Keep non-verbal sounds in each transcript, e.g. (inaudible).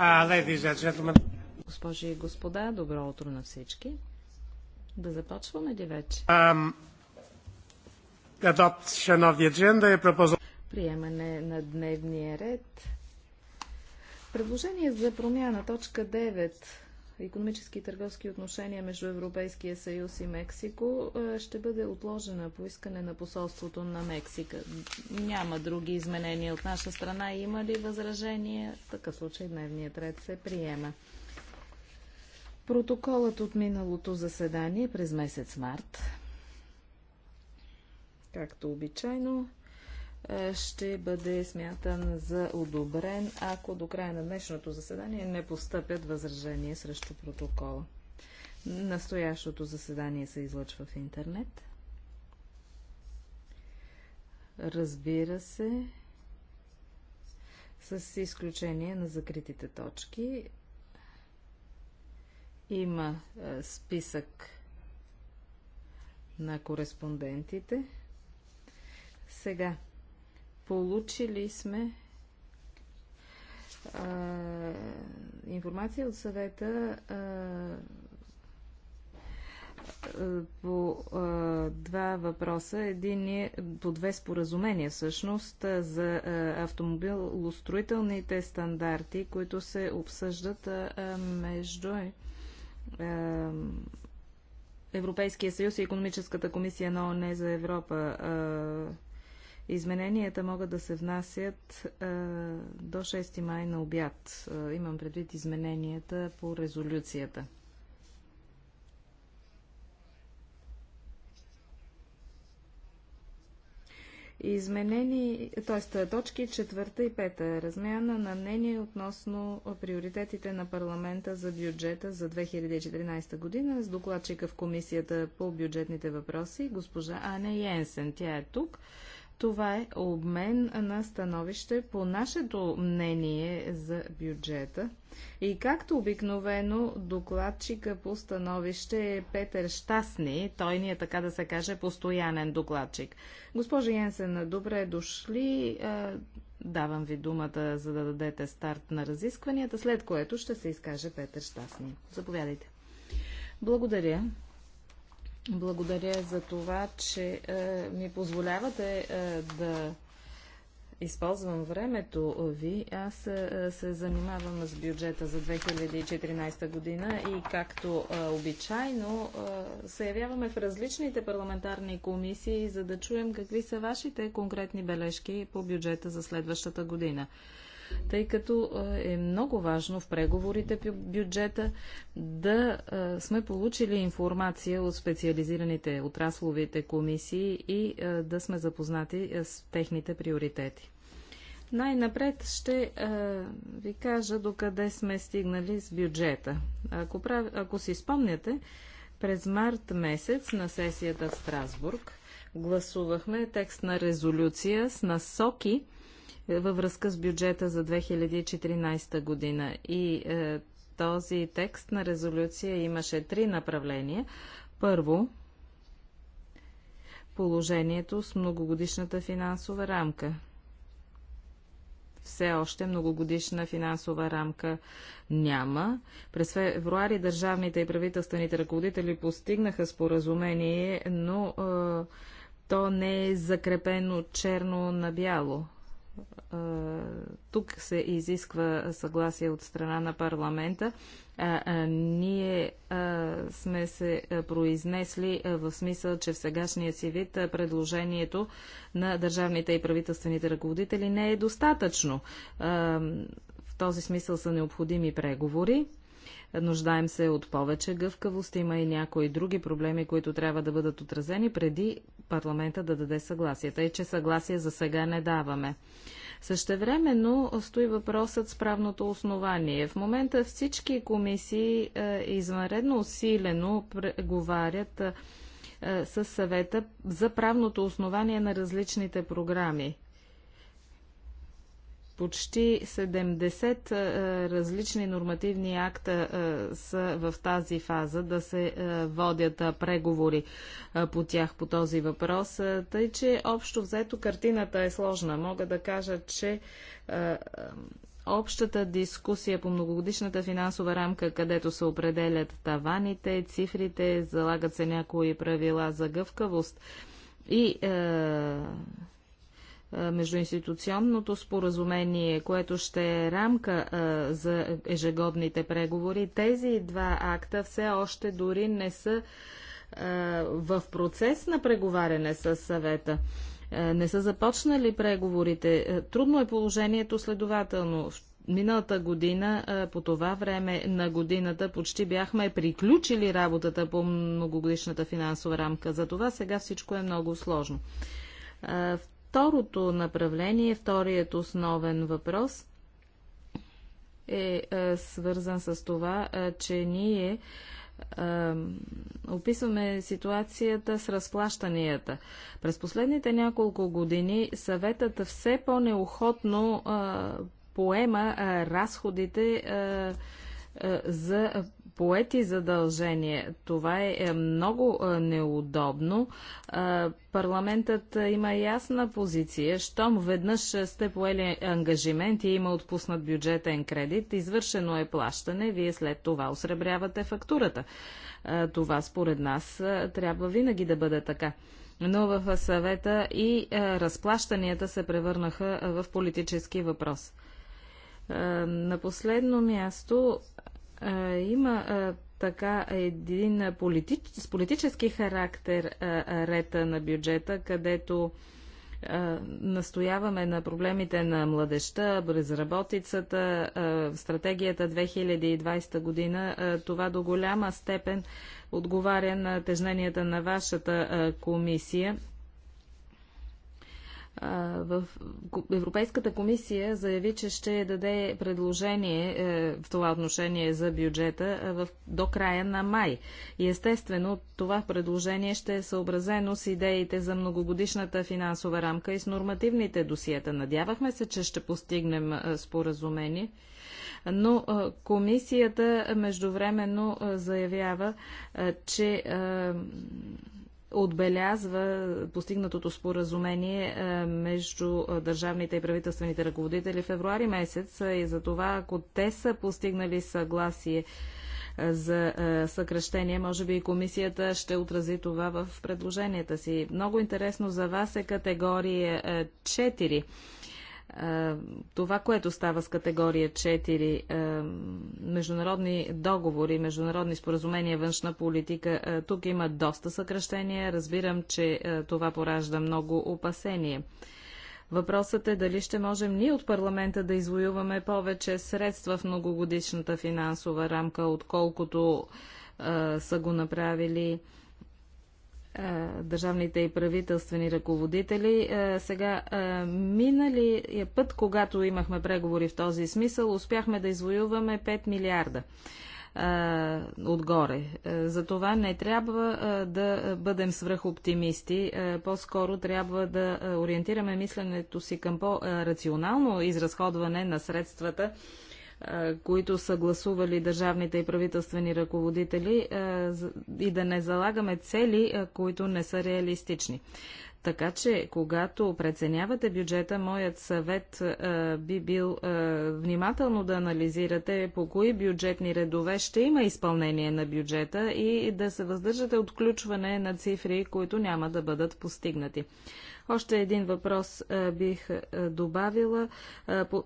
Uh, Госпожи и господа, добро утро на всички. Да започваме ли вече? Um, proposal... Приемане на дневния ред. Предложение за промяна точка 9 економически и търговски отношения между Европейския съюз и Мексико е, ще бъде отложена по искане на посолството на Мексика. Няма други изменения от наша страна. Има ли възражения? В такъв случай дневният ред се приема. Протоколът от миналото заседание през месец март. Както обичайно, е, ще бъде смятан за одобрен, ако до края на днешното заседание не постъпят възражения срещу протокола. Настоящото заседание се излъчва в интернет. Разбира се, с изключение на закритите точки. Има е, списък на кореспондентите. Сега Получили сме а, информация от съвета а, по а, два въпроса. Един е по две споразумения всъщност за а, автомобилостроителните стандарти, които се обсъждат а, между а, Европейския съюз и Економическата комисия на ОНЕ за Европа. А, Измененията могат да се внасят а, е, до 6 май на обяд. А, е, имам предвид измененията по резолюцията. Изменени, т.е. точки 4 и 5. Размяна на мнение относно приоритетите на парламента за бюджета за 2014 година с докладчика в Комисията по бюджетните въпроси, госпожа Ане Йенсен. Тя е тук. Това е обмен на становище по нашето мнение за бюджета. И както обикновено, докладчика по становище е Петър Щастни. Той ни е, така да се каже, постоянен докладчик. Госпожа Янсена, добре дошли. Е, давам ви думата, за да дадете старт на разискванията, след което ще се изкаже Петър Щастни. Заповядайте. Благодаря. Благодаря за това, че е, ми позволявате е, да използвам времето ви. Аз е, се занимавам с бюджета за 2014 година и както е, обичайно е, се явяваме в различните парламентарни комисии, за да чуем какви са вашите конкретни бележки по бюджета за следващата година тъй като е много важно в преговорите по бюджета да сме получили информация от специализираните отрасловите комисии и да сме запознати с техните приоритети. Най-напред ще ви кажа докъде сме стигнали с бюджета. Ако, прав... Ако си спомняте, през март месец на сесията в Страсбург гласувахме текст на резолюция с насоки във връзка с бюджета за 2014 година. И е, този текст на резолюция имаше три направления. Първо, положението с многогодишната финансова рамка. Все още многогодишна финансова рамка няма. През февруари държавните и правителствените ръководители постигнаха споразумение, но е, то не е закрепено черно на бяло. Е, тук се изисква съгласие от страна на парламента. А, е, а, е, ние а, сме се произнесли в смисъл, че в сегашния си вид предложението на държавните и правителствените ръководители не е достатъчно. В този смисъл са необходими преговори. Нуждаем се от повече гъвкавост. Има и някои други проблеми, които трябва да бъдат отразени преди парламента да даде съгласие. Тъй, че съгласие за сега не даваме. Същевременно стои въпросът с правното основание. В момента всички комисии е, извънредно усилено преговарят е, е, с съвета за правното основание на различните програми. Почти 70 е, различни нормативни акта е, са в тази фаза да се е, водят преговори по тях по този въпрос. Тъй, че общо взето картината е сложна. Мога да кажа, че общата дискусия по многогодишната финансова рамка, където се определят таваните, цифрите, залагат се някои правила за гъвкавост и междуинституционното споразумение, което ще е рамка за ежегодните преговори, тези два акта все още дори не са в процес на преговаряне с съвета. не са започнали преговорите. Трудно е положението следователно. В миналата година, по това време на годината, почти бяхме приключили работата по многогодишната финансова рамка. За това сега всичко е много сложно. В Второто направление, вторият основен въпрос е, свързан с това, че ние описваме ситуацията с разплащанията. През последните няколко години съветът все по-неохотно поема разходите за поети задължение Това е, е много е, неудобно. Е, парламентът има ясна позиция. Щом веднъж сте поели ангажимент и има отпуснат бюджетен кредит, извършено е плащане, вие след това осребрявате фактурата. Това според нас трябва винаги да бъде така но в съвета и разплащанията се превърнаха в политически въпрос. на последно място има така един политич, с политически характер рета на бюджета, където настояваме на проблемите на младеща, безработицата, стратегията 2020 година. Това до голяма степен отговаря на тежненията на вашата комисия в Европейската комисия заяви, че ще даде предложение е, в това отношение за бюджета е, до края на май. И естествено, това предложение ще е съобразено с идеите за многогодишната финансова рамка и с нормативните досиета. Надявахме се, че ще постигнем споразумени. споразумение. Но е, комисията междувременно заявява, че отбелязва постигнатото споразумение е, между е, държавните и правителствените ръководители в февруари месец е, и за това, ако те са постигнали съгласие за съкръщение, може би и комисията ще отрази това в предложенията си. Много интересно за вас е категория 4 това, което става с категория 4, международни договори, международни споразумения, външна политика, тук има доста съкръщения. Разбирам, че това поражда много опасение. Въпросът е дали ще можем ние от парламента да извоюваме повече средства в многогодишната финансова рамка, отколкото са го направили държавните и правителствени ръководители. Сега, е път, когато имахме преговори в този смисъл, успяхме да извоюваме 5 милиарда отгоре. За това не трябва да бъдем свръхоптимисти. По-скоро трябва да ориентираме мисленето си към по-рационално изразходване на средствата, които са гласували държавните и правителствени ръководители и да не залагаме цели, които не са реалистични. Така че, когато преценявате бюджета, моят съвет а, би бил а, внимателно да анализирате по кои бюджетни редове ще има изпълнение на бюджета и да се въздържате от на цифри, които няма да бъдат постигнати. Още един въпрос бих добавила.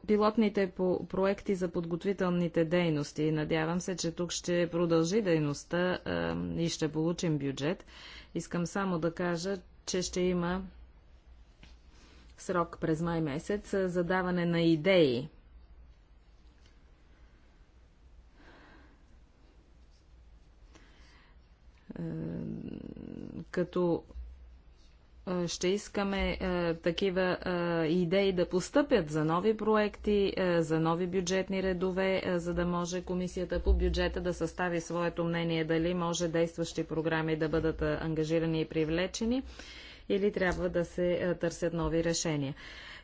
Пилотните по проекти за подготвителните дейности. Надявам се, че тук ще продължи дейността и ще получим бюджет. Искам само да кажа, че ще има срок през май месец за даване на идеи като е, ще искаме е, такива е, идеи да постъпят за нови проекти, за нови бюджетни редове, за да може комисията по бюджета да състави своето мнение дали може действащи програми да бъдат ангажирани и привлечени или трябва да се търсят нови решения.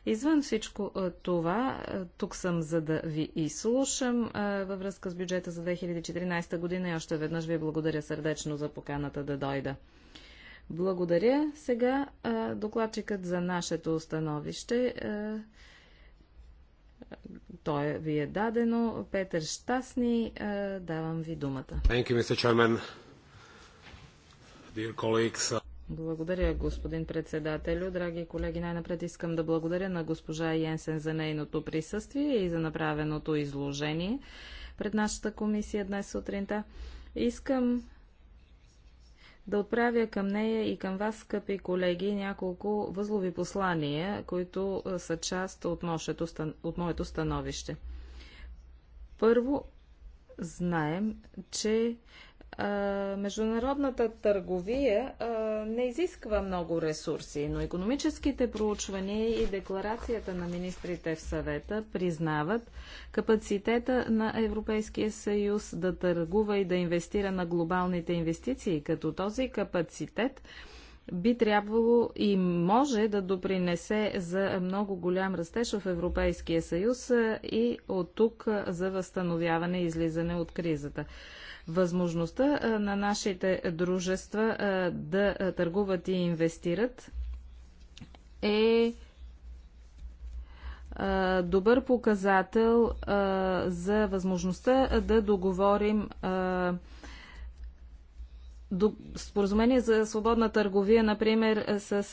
Извън всичко това, тук съм за да ви изслушам във връзка с бюджета за 2014 година и още веднъж ви благодаря сърдечно за поканата да дойда. Благодаря. Сега докладчикът за нашето установище. Той то е, ви е дадено. Петър Штасни, давам ви думата. Uh, благодаря, господин председателю. Драги колеги, най-напред искам да благодаря на госпожа Йенсен за нейното присъствие и за направеното изложение пред нашата комисия днес сутринта. Искам да отправя към нея и към вас, скъпи колеги, няколко възлови послания, които са част от, нашето, от моето становище. Първо, знаем, че международната търговия не изисква много ресурси, но економическите проучвания и декларацията на министрите в съвета признават капацитета на Европейския съюз да търгува и да инвестира на глобалните инвестиции, като този капацитет би трябвало и може да допринесе за много голям растеж в Европейския съюз и от тук за възстановяване и излизане от кризата възможността на нашите дружества да търгуват и инвестират е добър показател за възможността да договорим до споразумение за свободна търговия, например, с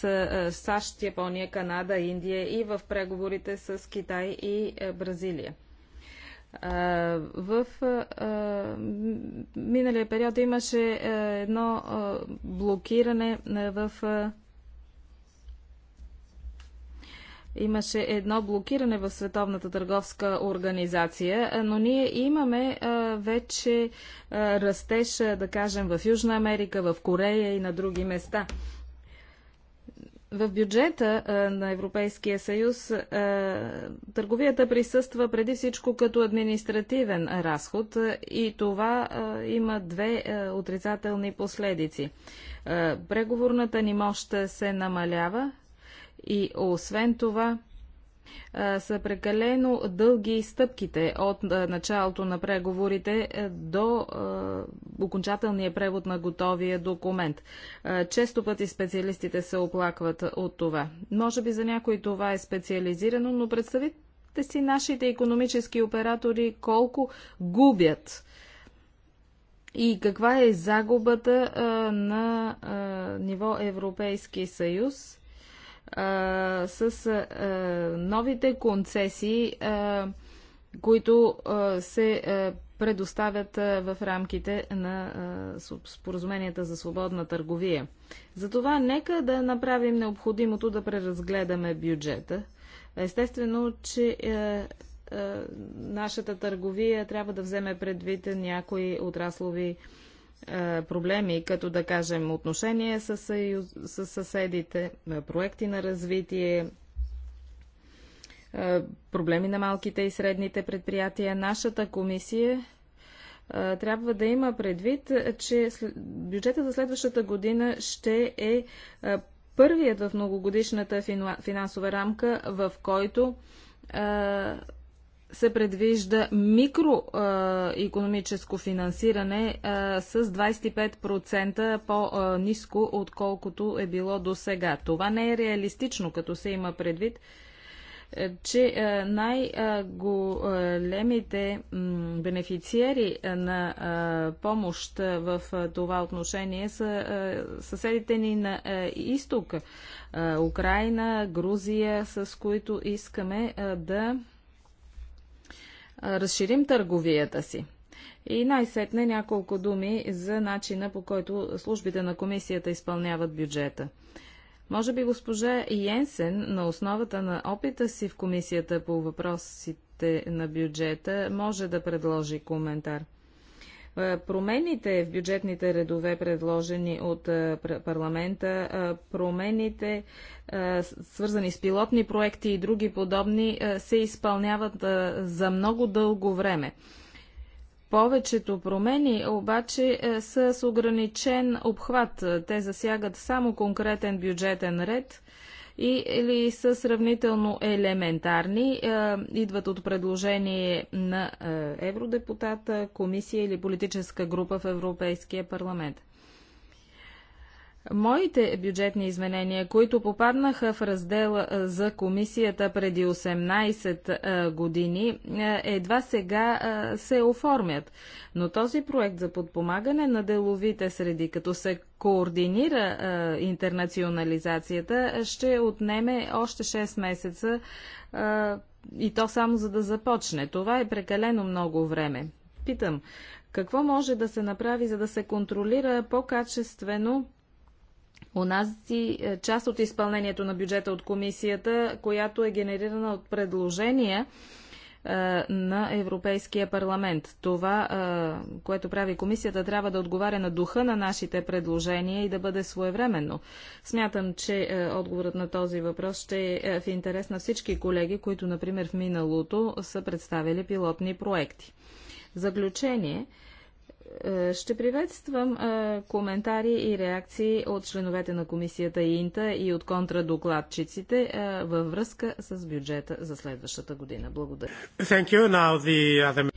САЩ, Япония, Канада, Индия и в преговорите с Китай и Бразилия. В миналия период имаше едно блокиране в имаше едно блокиране в Световната търговска организация, но ние имаме вече растеж, да кажем, в Южна Америка, в Корея и на други места. В бюджета на Европейския съюз търговията присъства преди всичко като административен разход и това има две отрицателни последици. Преговорната ни мощ се намалява и освен това са прекалено дълги стъпките от началото на преговорите е, до окончателния превод на готовия документ. Често пъти специалистите се оплакват от това. Може би за някой това е специализирано, но представите си нашите економически оператори колко губят и каква е загубата на ниво Европейски съюз с а, новите концесии, а, които а, се а, предоставят а, в рамките на а, споразуменията за свободна търговия. Затова нека да направим необходимото да преразгледаме бюджета. Естествено, че а, нашата търговия трябва да вземе предвид някои отраслови е, проблеми, като да кажем отношения с, съюз, с съседите, е, проекти на развитие, е, проблеми на малките и средните предприятия. Нашата комисия трябва да има предвид, че бюджета за следващата година ще е първият в многогодишната финансова рамка, в който се предвижда микроекономическо финансиране а, с 25% по-ниско, отколкото е било до сега. Това не е реалистично, като се има предвид, е, че най-големите бенефициери на помощ в това отношение са съседите ни на изток, Украина, Грузия, с които искаме да разширим търговията си. И най-сетне няколко думи за начина по който службите на комисията изпълняват бюджета. Може би госпожа Йенсен, на основата на опита си в комисията по въпросите на бюджета, може да предложи коментар. Е, промените в бюджетните редове, предложени от е, парламента, е, промените, свързани с пилотни проекти и други подобни, се изпълняват за много дълго време. Повечето промени обаче са с ограничен обхват. Те засягат само конкретен бюджетен ред или са сравнително елементарни, е, идват от предложение на е, евродепутата, комисия или политическа група в Европейския парламент. Моите бюджетни изменения, които попаднаха в раздел за комисията преди 18 години, едва сега се оформят. Но този проект за подпомагане на деловите среди, като се координира интернационализацията, ще отнеме още 6 месеца и то само за да започне. Това е прекалено много време. Питам, какво може да се направи, за да се контролира по-качествено у нас си е, част от изпълнението на бюджета от комисията, която е генерирана от предложения е, на Европейския парламент. Това, е, което прави комисията, трябва да отговаря на духа на нашите предложения и да бъде своевременно. Смятам, че отговорът на този въпрос ще е в интерес на всички колеги, които, например, в миналото са представили пилотни проекти. заключение, е, ще приветствам е, коментари и реакции от членовете на комисията ИНТА и от контрадокладчиците е, във връзка с бюджета за следващата година. Благодаря. Other...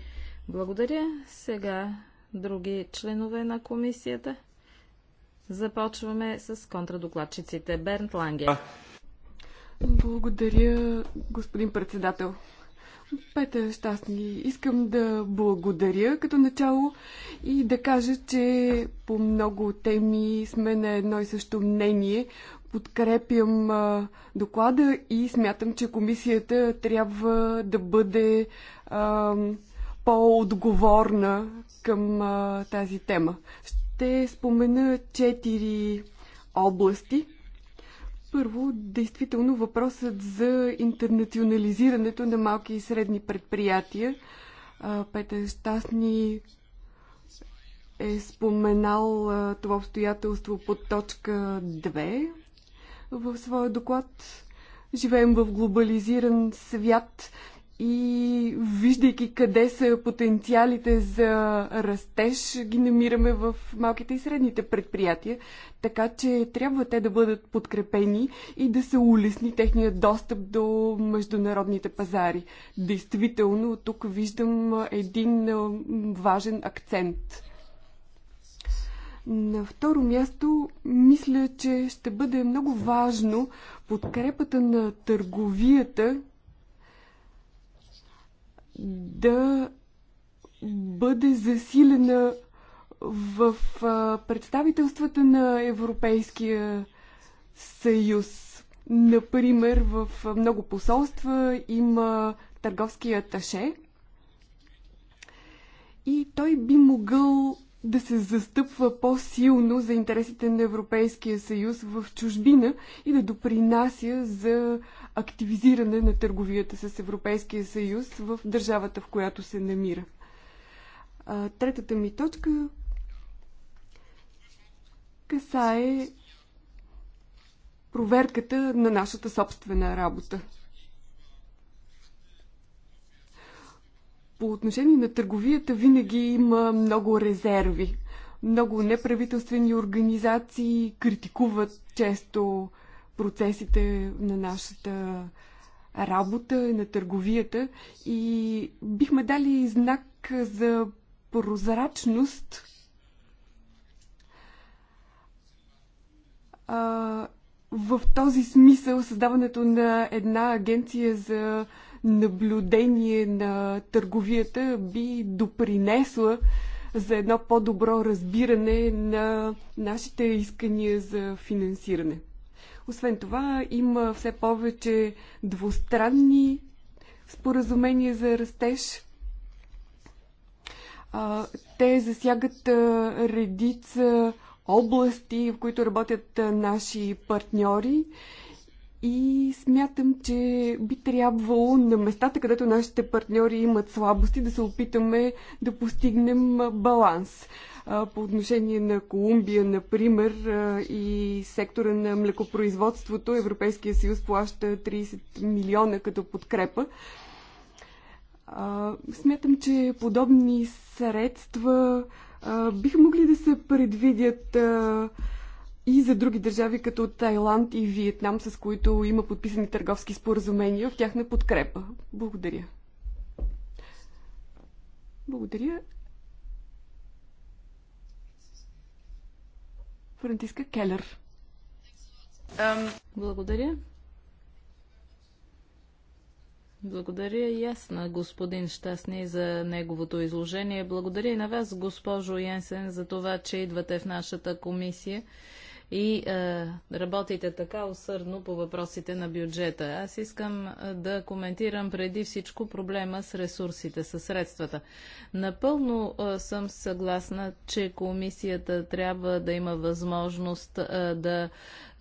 Благодаря. Сега други членове на комисията. Започваме с контрадокладчиците. Бернт Ланге. Благодаря, господин председател. Петър е Щастни, искам да благодаря като начало и да кажа, че по много теми сме на едно и също мнение. Подкрепям а, доклада и смятам, че комисията трябва да бъде а, по-отговорна към а, тази тема. Ще спомена четири области, първо, действително въпросът за интернационализирането на малки и средни предприятия. Петър Щастни е споменал това обстоятелство под точка 2 в своя доклад. Живеем в глобализиран свят и виждайки къде са потенциалите за растеж, ги намираме в малките и средните предприятия, така че трябва те да бъдат подкрепени и да се улесни техния достъп до международните пазари. Действително, тук виждам един важен акцент. На второ място, мисля, че ще бъде много важно подкрепата на търговията да бъде засилена в представителствата на Европейския съюз. Например, в много посолства има търговски аташе и той би могъл да се застъпва по-силно за интересите на Европейския съюз в чужбина и да допринася за активизиране на търговията с Европейския съюз в държавата, в която се намира. Третата ми точка касае проверката на нашата собствена работа. По отношение на търговията винаги има много резерви. Много неправителствени организации критикуват често процесите на нашата работа, и на търговията и бихме дали знак за прозрачност а, в този смисъл създаването на една агенция за наблюдение на търговията би допринесла за едно по-добро разбиране на нашите искания за финансиране. Освен това, има все повече двустранни споразумения за растеж. Те засягат редица области, в които работят наши партньори и смятам, че би трябвало на местата, където нашите партньори имат слабости, да се опитаме да постигнем баланс. По отношение на Колумбия, например, и сектора на млекопроизводството, Европейския съюз плаща 30 милиона като подкрепа. Смятам, че подобни средства биха могли да се предвидят и за други държави като Тайланд и Виетнам, с които има подписани търговски споразумения в тяхна подкрепа. Благодаря. Благодаря. Франциска Келер. Благодаря. Благодаря и аз на господин Щастни за неговото изложение. Благодаря и на вас, госпожо Янсен, за това, че идвате в нашата комисия и е, работите така усърдно по въпросите на бюджета. Аз искам е, да коментирам преди всичко проблема с ресурсите, с средствата. Напълно е, съм съгласна, че комисията трябва да има възможност е, да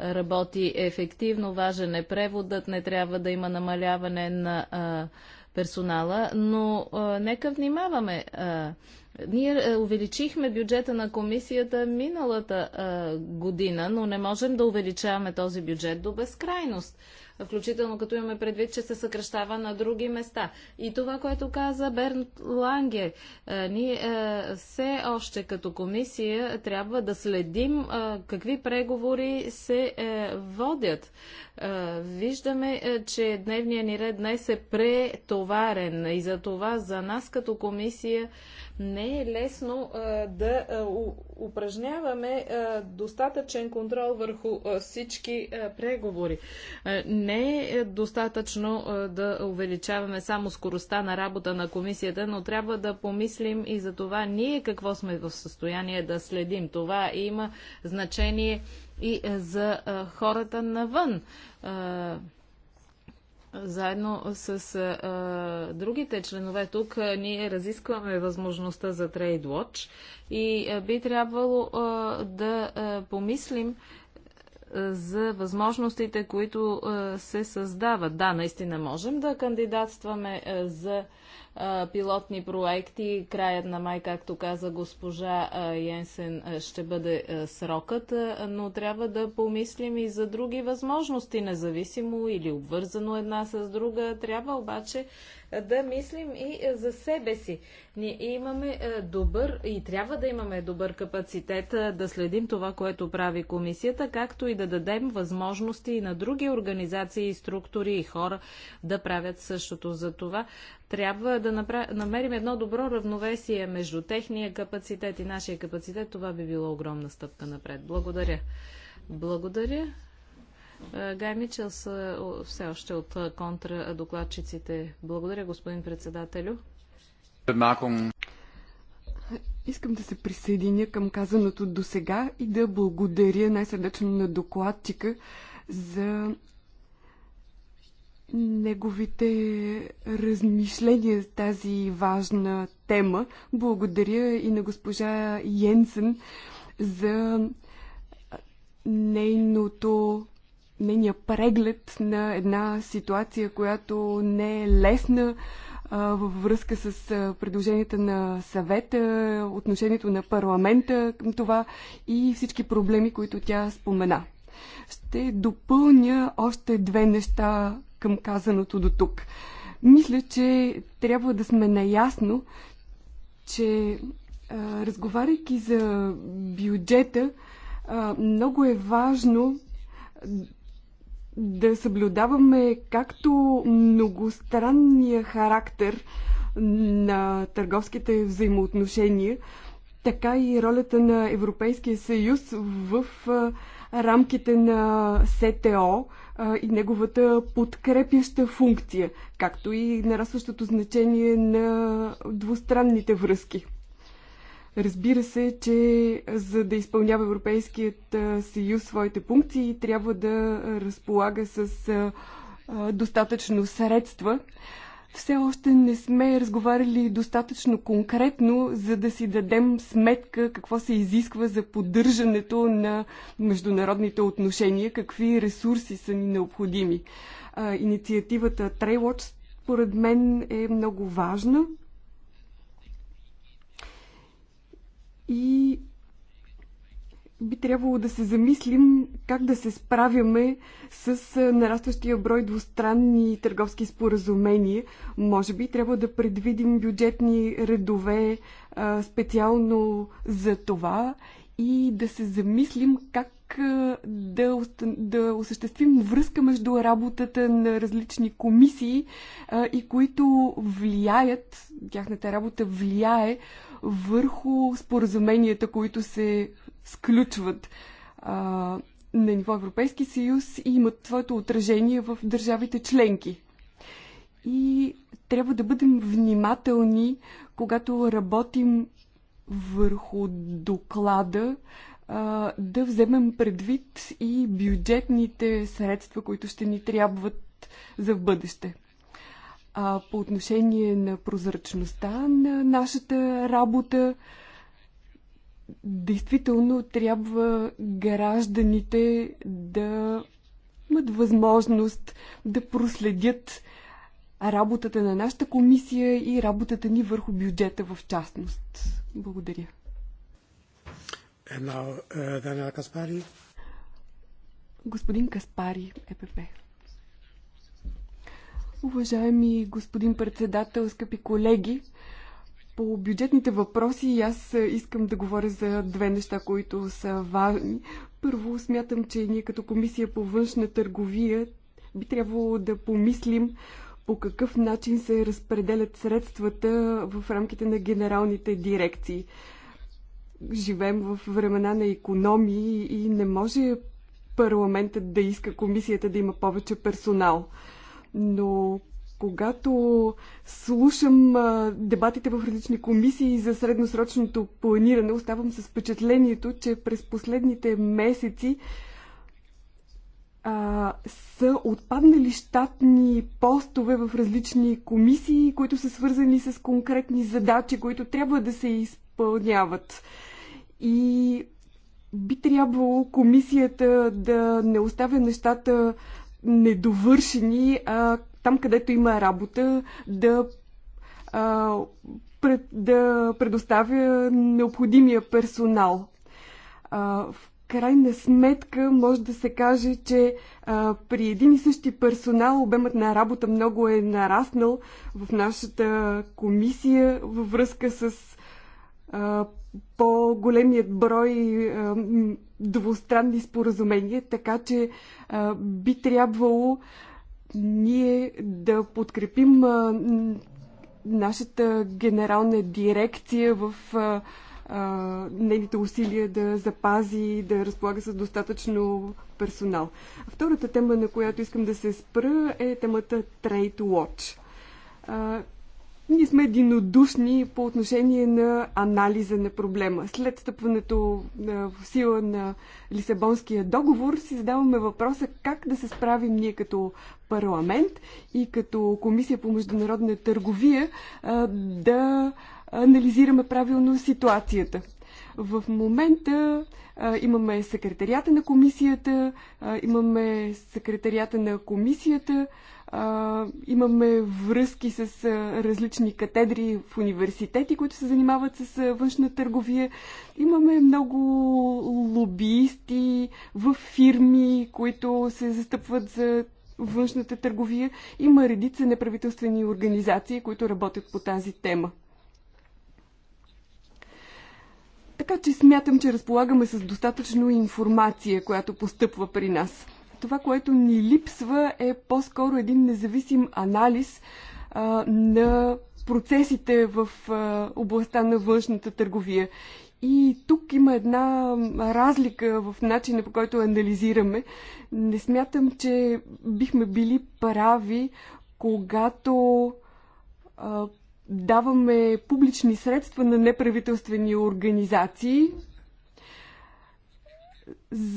работи ефективно. Важен е преводът, не трябва да има намаляване на е, персонала, но е, нека внимаваме. Е, ние е, увеличихме бюджета на комисията миналата е, година, но не можем да увеличаваме този бюджет до безкрайност включително като имаме предвид, че се съкръщава на други места. И това, което каза Берн Ланге, е, ние е, все още като комисия трябва да следим е, какви преговори се водят. Виждаме, че дневният ни ред днес е претоварен и за това за нас като комисия не е лесно да упражняваме достатъчен контрол върху всички преговори. Не не е достатъчно е, да увеличаваме само скоростта на работа на комисията, но трябва да помислим и за това ние какво сме в състояние да следим. Това има значение и е, за е, хората навън заедно с а, другите членове тук а, ние разискваме възможността за TradeWatch и а, би трябвало а, да а, помислим за възможностите, които е, се създават. Да, наистина можем да кандидатстваме е, за пилотни проекти. Краят на май, както каза госпожа Йенсен, ще бъде срокът, но трябва да помислим и за други възможности, независимо или обвързано една с друга. Трябва обаче да мислим и за себе си. Ние имаме добър и трябва да имаме добър капацитет да следим това, което прави комисията, както и да дадем възможности и на други организации, и структури и хора да правят същото. За това трябва да направ... намерим едно добро равновесие между техния капацитет и нашия капацитет. Това би било огромна стъпка напред. Благодаря. Благодаря. Е, Гай Мичел са все още от е, контрадокладчиците. Благодаря, господин председателю. Искам да се присъединя към казаното до сега и да благодаря най-сърдечно на докладчика за неговите размишления за тази важна тема. Благодаря и на госпожа Йенсен за нейното нейния преглед на една ситуация, която не е лесна във връзка с предложенията на съвета, отношението на парламента към това и всички проблеми, които тя спомена. Ще допълня още две неща към казаното до тук. Мисля, че трябва да сме наясно, че а, разговаряйки за бюджета, а, много е важно да съблюдаваме както многостранния характер на търговските взаимоотношения, така и ролята на Европейския съюз в рамките на СТО и неговата подкрепяща функция, както и нарастващото значение на двустранните връзки. Разбира се, че за да изпълнява Европейският съюз своите функции, трябва да разполага с достатъчно средства все още не сме разговаряли достатъчно конкретно, за да си дадем сметка какво се изисква за поддържането на международните отношения, какви ресурси са ни необходими. А, инициативата Trailwatch, според мен, е много важна. И би трябвало да се замислим как да се справяме с нарастващия брой двустранни търговски споразумения. Може би трябва да предвидим бюджетни редове специално за това и да се замислим как да, да осъществим връзка между работата на различни комисии а, и които влияят, тяхната работа влияе върху споразуменията, които се сключват а, на ниво Европейски съюз и имат своето отражение в държавите членки. И трябва да бъдем внимателни, когато работим върху доклада, а, да вземем предвид и бюджетните средства, които ще ни трябват за в бъдеще. А по отношение на прозрачността на нашата работа, действително трябва гражданите да имат възможност да проследят работата на нашата комисия и работата ни върху бюджета в частност. Благодаря. Една, uh, Каспари. Господин Каспари, ЕПП. Уважаеми господин председател, скъпи колеги, по бюджетните въпроси аз искам да говоря за две неща, които са важни. Първо, смятам, че ние като комисия по външна търговия би трябвало да помислим по какъв начин се разпределят средствата в рамките на генералните дирекции. Живеем в времена на економии и не може парламентът да иска комисията да има повече персонал. Но когато слушам дебатите в различни комисии за средносрочното планиране, оставам с впечатлението, че през последните месеци а, са отпаднали щатни постове в различни комисии, които са свързани с конкретни задачи, които трябва да се изпълняват. И би трябвало комисията да не оставя нещата недовършени, а там, където има работа, да, а, пред, да предоставя необходимия персонал. А, в крайна сметка може да се каже, че а, при един и същи персонал обемът на работа много е нараснал в нашата комисия във връзка с а, по-големият брой а, двустранни споразумения, така че а, би трябвало ние да подкрепим нашата генерална дирекция в нейните усилия да запази и да разполага с достатъчно персонал. Втората тема, на която искам да се спра, е темата Trade Watch. Ние сме единодушни по отношение на анализа на проблема. След стъпването в сила на Лисабонския договор си задаваме въпроса как да се справим ние като парламент и като Комисия по международна търговия да анализираме правилно ситуацията. В момента а, имаме секретарията на комисията, а, имаме секретарията на комисията, а, имаме връзки с а, различни катедри в университети, които се занимават с а, външна търговия. Имаме много лобисти в фирми, които се застъпват за външната търговия. Има редица неправителствени организации, които работят по тази тема. Така че смятам, че разполагаме с достатъчно информация, която постъпва при нас. Това, което ни липсва е по-скоро един независим анализ а, на процесите в а, областта на външната търговия. И тук има една разлика в начина по който анализираме. Не смятам, че бихме били прави, когато а, даваме публични средства на неправителствени организации,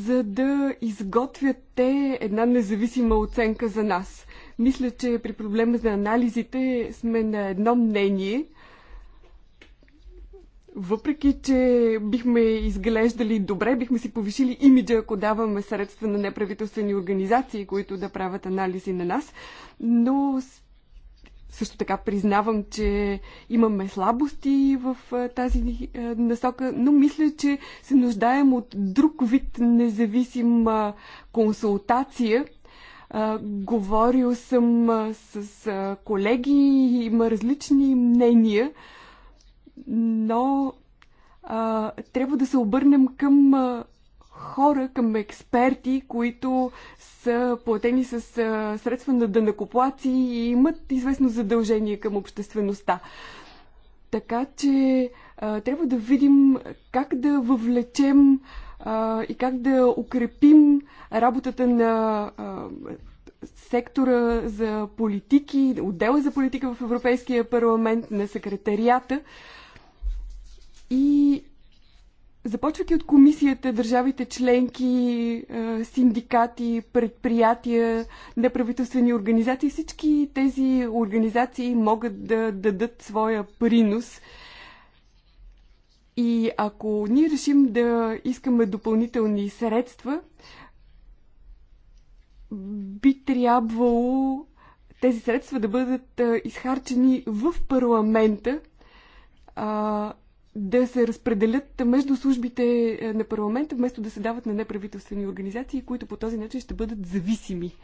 за да изготвят те една независима оценка за нас. Мисля, че при проблема за анализите сме на едно мнение. Въпреки, че бихме изглеждали добре, бихме си повишили имиджа, ако даваме средства на неправителствени организации, които да правят анализи на нас, но също така признавам, че имаме слабости в тази насока, но мисля, че се нуждаем от друг вид независима консултация. Говорил съм с колеги, има различни мнения, но трябва да се обърнем към хора, към експерти, които са платени с средства на дънакоплаци и имат известно задължение към обществеността. Така че а, трябва да видим как да въвлечем а, и как да укрепим работата на а, сектора за политики, отдела за политика в Европейския парламент, на секретарията и Започвайки от комисията, държавите членки, е, синдикати, предприятия, неправителствени организации, всички тези организации могат да дадат своя принос. И ако ние решим да искаме допълнителни средства, би трябвало тези средства да бъдат е, изхарчени в парламента, да се разпределят между службите е, на парламента, вместо да се дават на неправителствени организации, които по този начин ще бъдат зависими.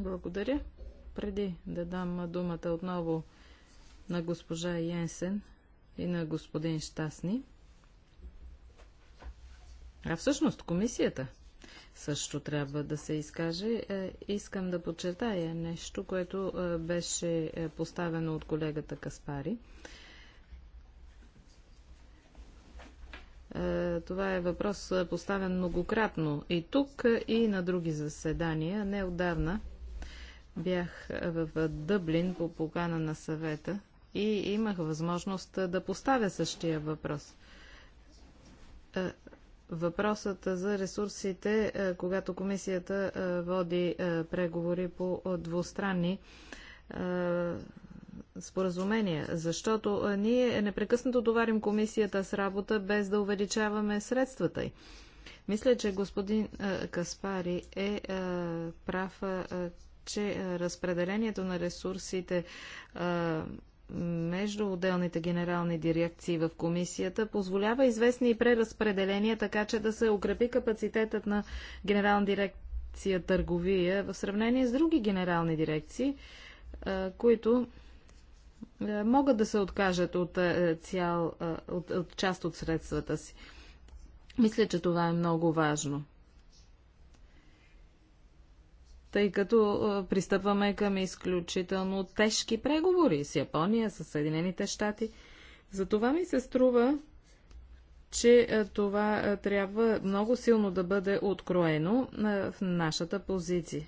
Благодаря. Преди да дам думата отново на госпожа Йенсен и на господин Щастни. А всъщност комисията също трябва да се изкаже. Е, искам да подчертая нещо, което е, беше е, поставено от колегата Каспари. Това е въпрос поставен многократно и тук, и на други заседания. Неодавна бях в Дъблин по покана на съвета и имах възможност да поставя същия въпрос Въпросът за ресурсите, е, когато комисията е, води е, преговори по двустранни споразумения, защото ние непрекъснато доварим комисията с работа, без да увеличаваме средствата й. Мисля, че господин Каспари е прав, че разпределението на ресурсите между отделните генерални дирекции в комисията позволява известни преразпределения, така че да се укрепи капацитетът на генерална дирекция търговия в сравнение с други генерални дирекции, които могат да се откажат от, цял, от, от част от средствата си. Мисля, че това е много важно тъй като пристъпваме към изключително тежки преговори с Япония, с Съединените щати. Затова ми се струва, че това трябва много силно да бъде откроено в нашата позиция.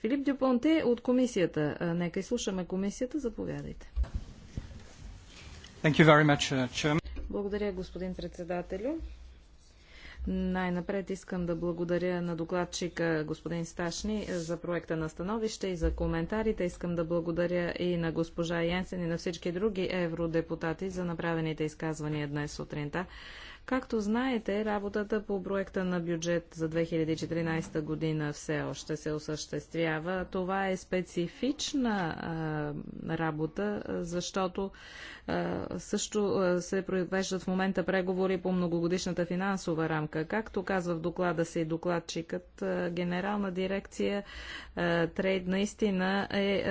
Филип Дюпонте от комисията. Нека изслушаме комисията. Заповядайте. Uh, Благодаря, господин председателю. Най-напред искам да благодаря на докладчика господин Сташни за проекта на становище и за коментарите. Искам да благодаря и на госпожа Янсен и на всички други евродепутати за направените изказвания днес сутринта. Както знаете, работата по проекта на бюджет за 2014 година все още се осъществява. Това е специфична а, работа, защото а, също а, се провеждат в момента преговори по многогодишната финансова рамка. Както казва в доклада си докладчикът, генерална дирекция Трейд наистина е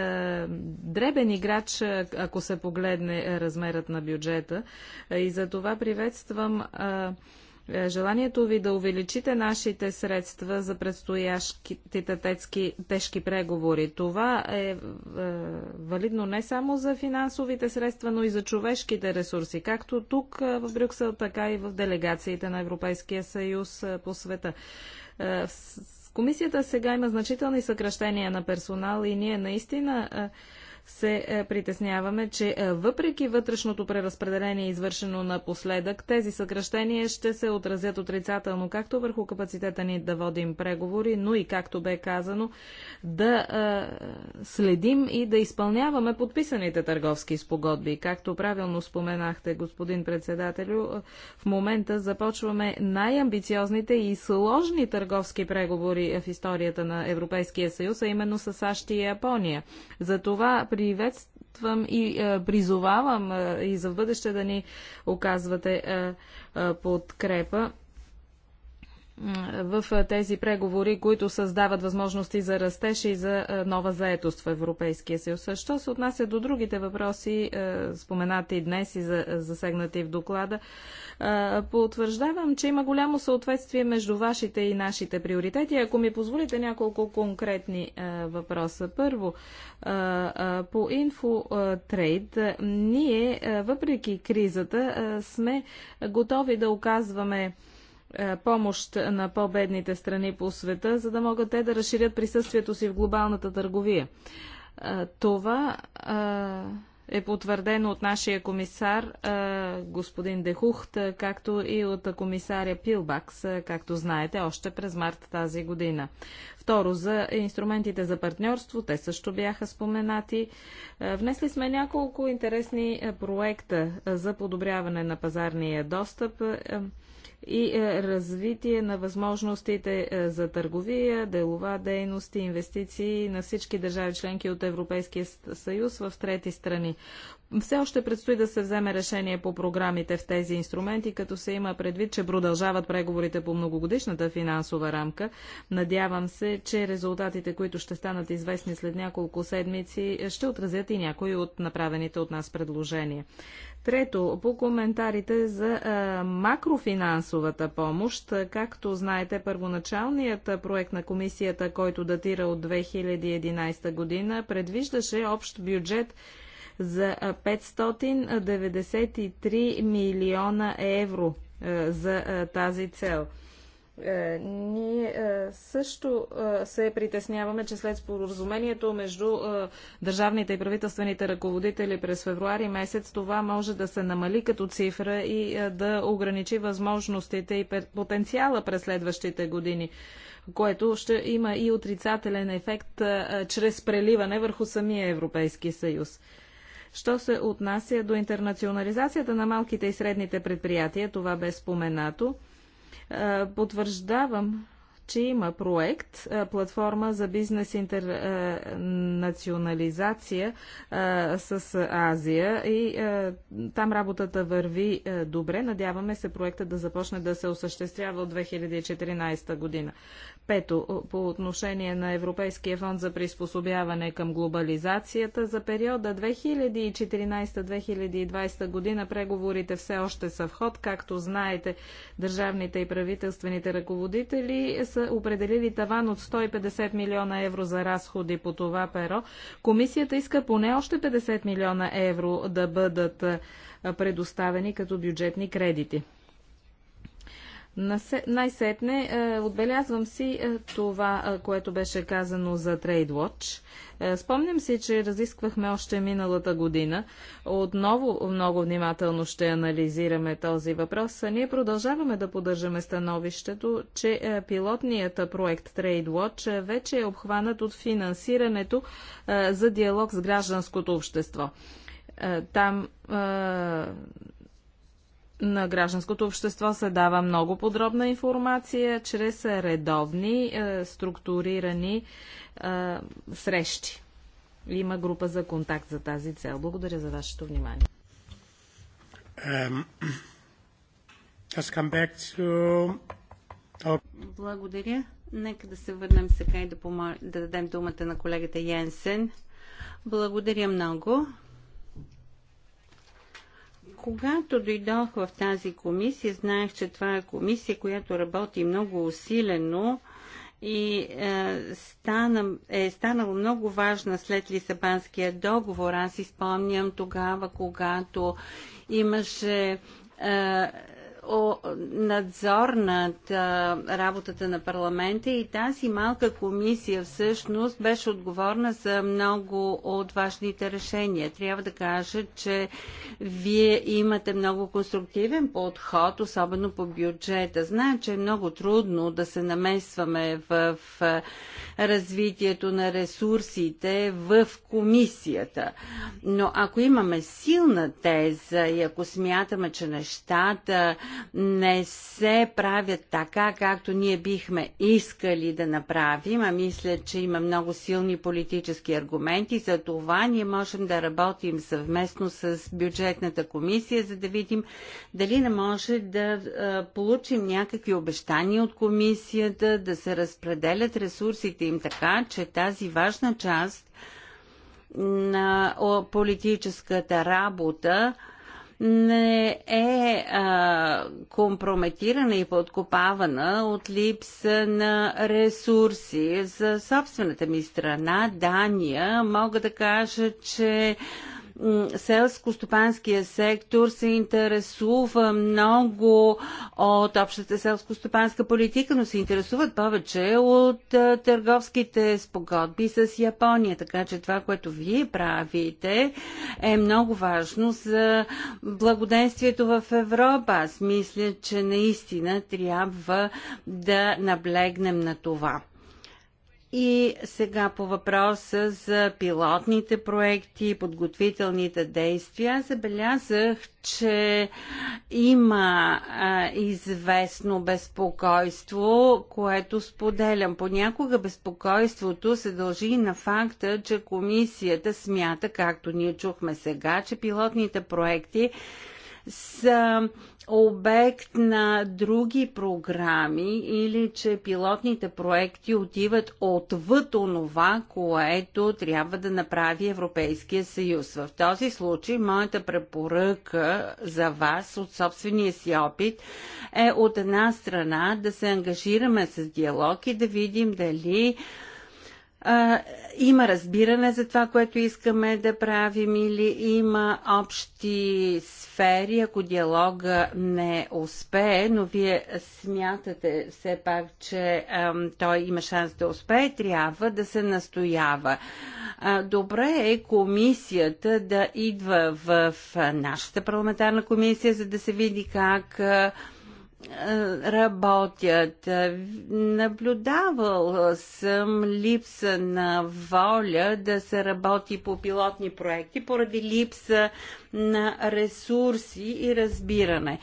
дребен играч, ако се погледне размерът на бюджета. И за това приветствам е, желанието ви да увеличите нашите средства за предстоящите тецки, тежки преговори. Това е, е валидно не само за финансовите средства, но и за човешките ресурси, както тук е, в Брюксел, така и в делегациите на Европейския съюз е, по света. Комисията сега има значителни съкръщения на персонал и ние наистина се е, притесняваме, че е, въпреки вътрешното преразпределение, извършено напоследък, тези съкръщения ще се отразят отрицателно както върху капацитета ни да водим преговори, но и, както бе казано, да е, следим и да изпълняваме подписаните търговски спогодби. Както правилно споменахте, господин председателю, в момента започваме най-амбициозните и сложни търговски преговори в историята на Европейския съюз, а именно с САЩ и Япония. За това приветствам и е, призовавам е, и за бъдеще да ни оказвате е, подкрепа в тези преговори, които създават възможности за растеж и за нова заетост в Европейския съюз. Що се отнася до другите въпроси, споменати днес и засегнати в доклада, потвърждавам, че има голямо съответствие между вашите и нашите приоритети. Ако ми позволите няколко конкретни въпроса. Първо, по Инфотрейд, ние, въпреки кризата, сме готови да оказваме е, помощ на по-бедните страни по света, за да могат те да разширят присъствието си в глобалната търговия. Е, това е, е потвърдено от нашия комисар господин Дехухт, както и от комисаря Пилбакс, както знаете, още през март тази година. Второ, за инструментите за партньорство, те също бяха споменати. Внесли сме няколко интересни проекта за подобряване на пазарния достъп и е, развитие на възможностите е, за търговия, делова дейност и инвестиции на всички държави членки от Европейския съюз в трети страни. Все още предстои да се вземе решение по програмите в тези инструменти, като се има предвид, че продължават преговорите по многогодишната финансова рамка. Надявам се, че резултатите, които ще станат известни след няколко седмици, ще отразят и някои от направените от нас предложения. Трето, по коментарите за а, макрофинансовата помощ. Както знаете, първоначалният проект на комисията, който датира от 2011 година, предвиждаше общ бюджет за 593 милиона евро а, за а, тази цел. Е, ние е, също е, се притесняваме, че след споразумението между държавните и правителствените ръководители през февруари месец, това може да се намали като цифра и да ограничи възможностите и потенциала през следващите години което ще има и отрицателен ефект чрез преливане върху самия Европейски съюз. Що се отнася до интернационализацията на малките и средните предприятия, това бе споменато. Е, потвърждавам, че има проект, е, платформа за бизнес интернационализация е, с Азия и там работата върви добре. Надяваме се проекта да започне да се осъществява от 2014 година. Пето, по отношение на Европейския фонд за приспособяване към глобализацията, за периода 2014-2020 година преговорите все още са в ход. Както знаете, държавните и правителствените ръководители са определили таван от 150 милиона евро за разходи по това перо. Комисията иска поне още 50 милиона евро да бъдат предоставени като бюджетни кредити. Най-сетне е, отбелязвам си е, това, е, което беше казано за TradeWatch. Спомням си, че разисквахме още миналата година. Отново много внимателно ще анализираме този въпрос. Ние продължаваме да поддържаме становището, че пилотният проект TradeWatch вече е обхванат от финансирането за диалог с гражданското общество. Там на гражданското общество се дава много подробна информация чрез редовни, е, структурирани е, срещи. Има група за контакт за тази цел. Благодаря за вашето внимание. Благодаря. Нека да се върнем сега и да, да дадем думата на колегата Йенсен. Благодаря много. Когато дойдох в тази комисия, знаех, че това е комисия, която работи много усилено и е, стана, е станало много важна след Лисабанския договор. Аз изпомням тогава, когато имаше е, надзор над работата на парламента и тази малка комисия всъщност беше отговорна за много от важните решения. Трябва да кажа, че вие имате много конструктивен подход, особено по бюджета. Знае, че е много трудно да се намесваме в развитието на ресурсите в комисията. Но ако имаме силна теза и ако смятаме, че нещата не се правят така, както ние бихме искали да направим, а мисля, че има много силни политически аргументи. За това ние можем да работим съвместно с бюджетната комисия, за да видим дали не може да получим някакви обещания от комисията, да се разпределят ресурсите им така, че тази важна част на политическата работа не е а, компрометирана и подкопавана от липса на ресурси. За собствената ми страна, Дания, мога да кажа, че селско-стопанския сектор се интересува много от общата селско-стопанска политика, но се интересуват повече от търговските спогодби с Япония. Така че това, което вие правите, е много важно за благоденствието в Европа. Аз мисля, че наистина трябва да наблегнем на това. И сега по въпроса за пилотните проекти, подготвителните действия, забелязах, че има а, известно безпокойство, което споделям. Понякога безпокойството се дължи и на факта, че комисията смята, както ние чухме сега, че пилотните проекти са обект на други програми или че пилотните проекти отиват отвъд онова, което трябва да направи Европейския съюз. В този случай моята препоръка за вас от собствения си опит е от една страна да се ангажираме с диалог и да видим дали а, има разбиране за това, което искаме да правим или има общи сфери, ако диалога не успее, но вие смятате все пак, че а, той има шанс да успее, трябва да се настоява. А, добре е комисията да идва в, в нашата парламентарна комисия, за да се види как а, работят. Наблюдавал съм липса на воля да се работи по пилотни проекти поради липса на ресурси и разбиране.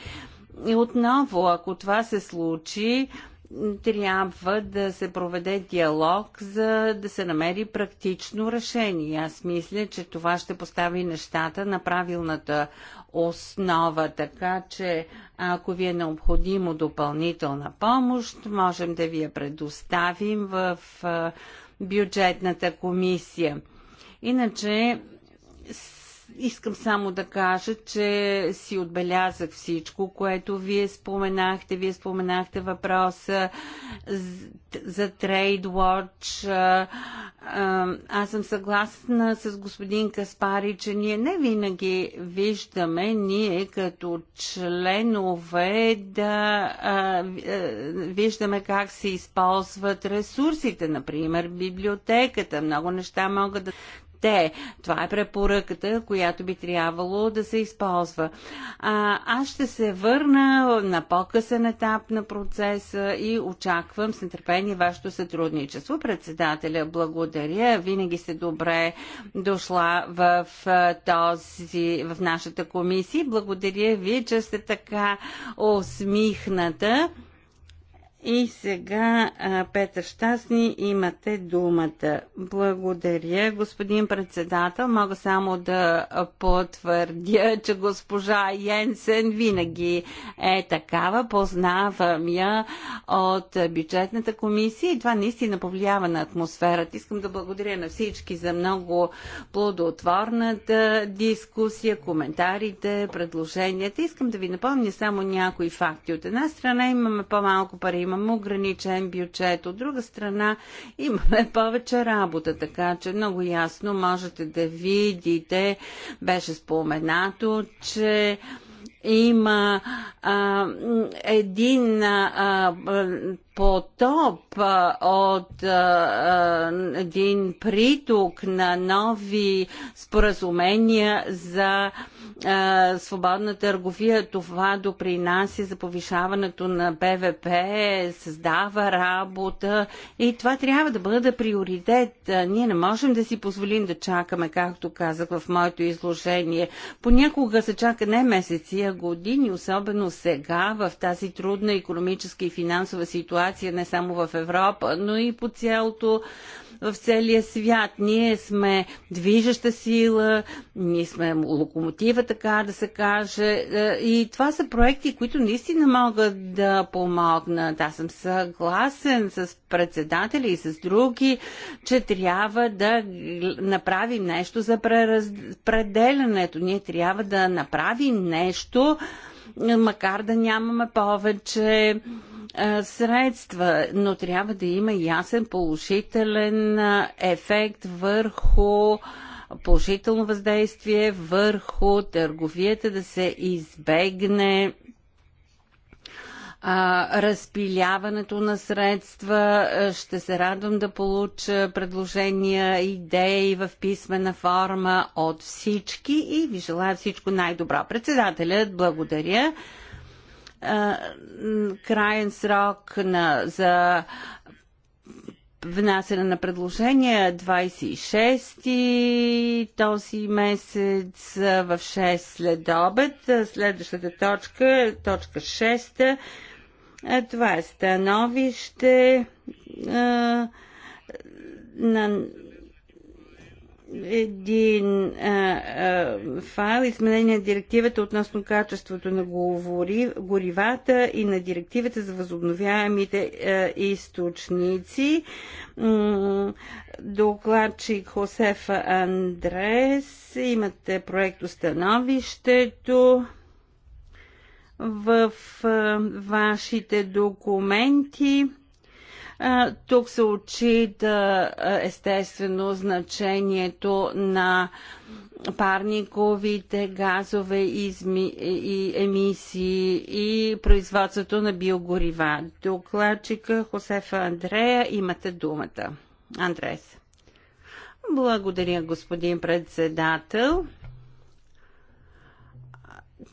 И отново, ако това се случи, трябва да се проведе диалог, за да се намери практично решение. Аз мисля, че това ще постави нещата на правилната основа, така че ако ви е необходимо допълнителна помощ, можем да ви я предоставим в бюджетната комисия. Иначе Искам само да кажа, че си отбелязах всичко, което вие споменахте. Вие споменахте въпроса за TradeWatch. Аз съм съгласна с господин Каспари, че ние не винаги виждаме, ние като членове, да виждаме как се използват ресурсите, например библиотеката. Много неща могат да дете. Това е препоръката, която би трябвало да се използва. А, аз ще се върна на по-късен етап на процеса и очаквам с нетърпение вашето сътрудничество. Председателя, благодаря. Винаги сте добре дошла в, този, в нашата комисия. Благодаря ви, че сте така усмихната. И сега, Петър Щастни, имате думата. Благодаря, господин председател. Мога само да потвърдя, че госпожа Йенсен винаги е такава. Познавам я от бюджетната комисия и това наистина повлиява на атмосферата. Искам да благодаря на всички за много плодотворната дискусия, коментарите, предложенията. Искам да ви напомня само някои факти. От една страна имаме по-малко пари имаме ограничен бюджет. От друга страна имаме повече работа, така че много ясно можете да видите, беше споменато, че има а, един а, потоп от един приток на нови споразумения за свободна търговия. Това допринася за повишаването на БВП, създава работа и това трябва да бъде приоритет. Ние не можем да си позволим да чакаме, както казах в моето изложение. Понякога се чака не месеци, а години, особено сега в тази трудна економическа и финансова ситуация ситуация не само в Европа, но и по цялото в целия свят. Ние сме движеща сила, ние сме локомотива, така да се каже. Е, и това са проекти, които наистина могат да помогнат. Аз съм съгласен с председатели и с други, че трябва да направим нещо за преразпределянето. Ние трябва да направим нещо, макар да нямаме повече средства, но трябва да има ясен положителен ефект върху положително въздействие върху търговията, да се избегне а, разпиляването на средства. Ще се радвам да получа предложения, идеи в писмена форма от всички и ви желая всичко най-добро. Председателят, благодаря краен срок на, за внасяне на предложения 26 този месец в 6 след обед. Следващата точка е точка 6. Това е становище на един а, а, файл, изменение на директивата относно качеството на говори, горивата и на директивата за възобновяемите а, източници. М- докладчик Хосефа Андрес. Имате проект установището в а, вашите документи. Тук се отчита естествено значението на парниковите газове и емисии и производството на биогорива. Докладчика Хосефа Андрея, имате думата. Андрес. Благодаря, господин председател.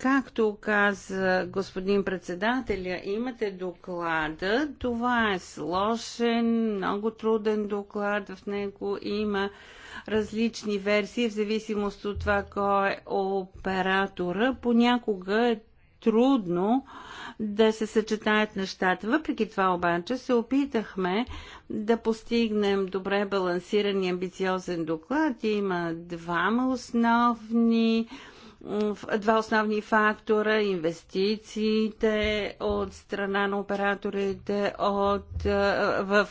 Както каза господин председателя, имате доклада. Това е сложен, много труден доклад. В него има различни версии, в зависимост от това кой е оператора. Понякога е трудно да се съчетаят нещата. Въпреки това обаче се опитахме да постигнем добре балансиран и амбициозен доклад. Има двама основни два основни фактора инвестициите от страна на операторите от, в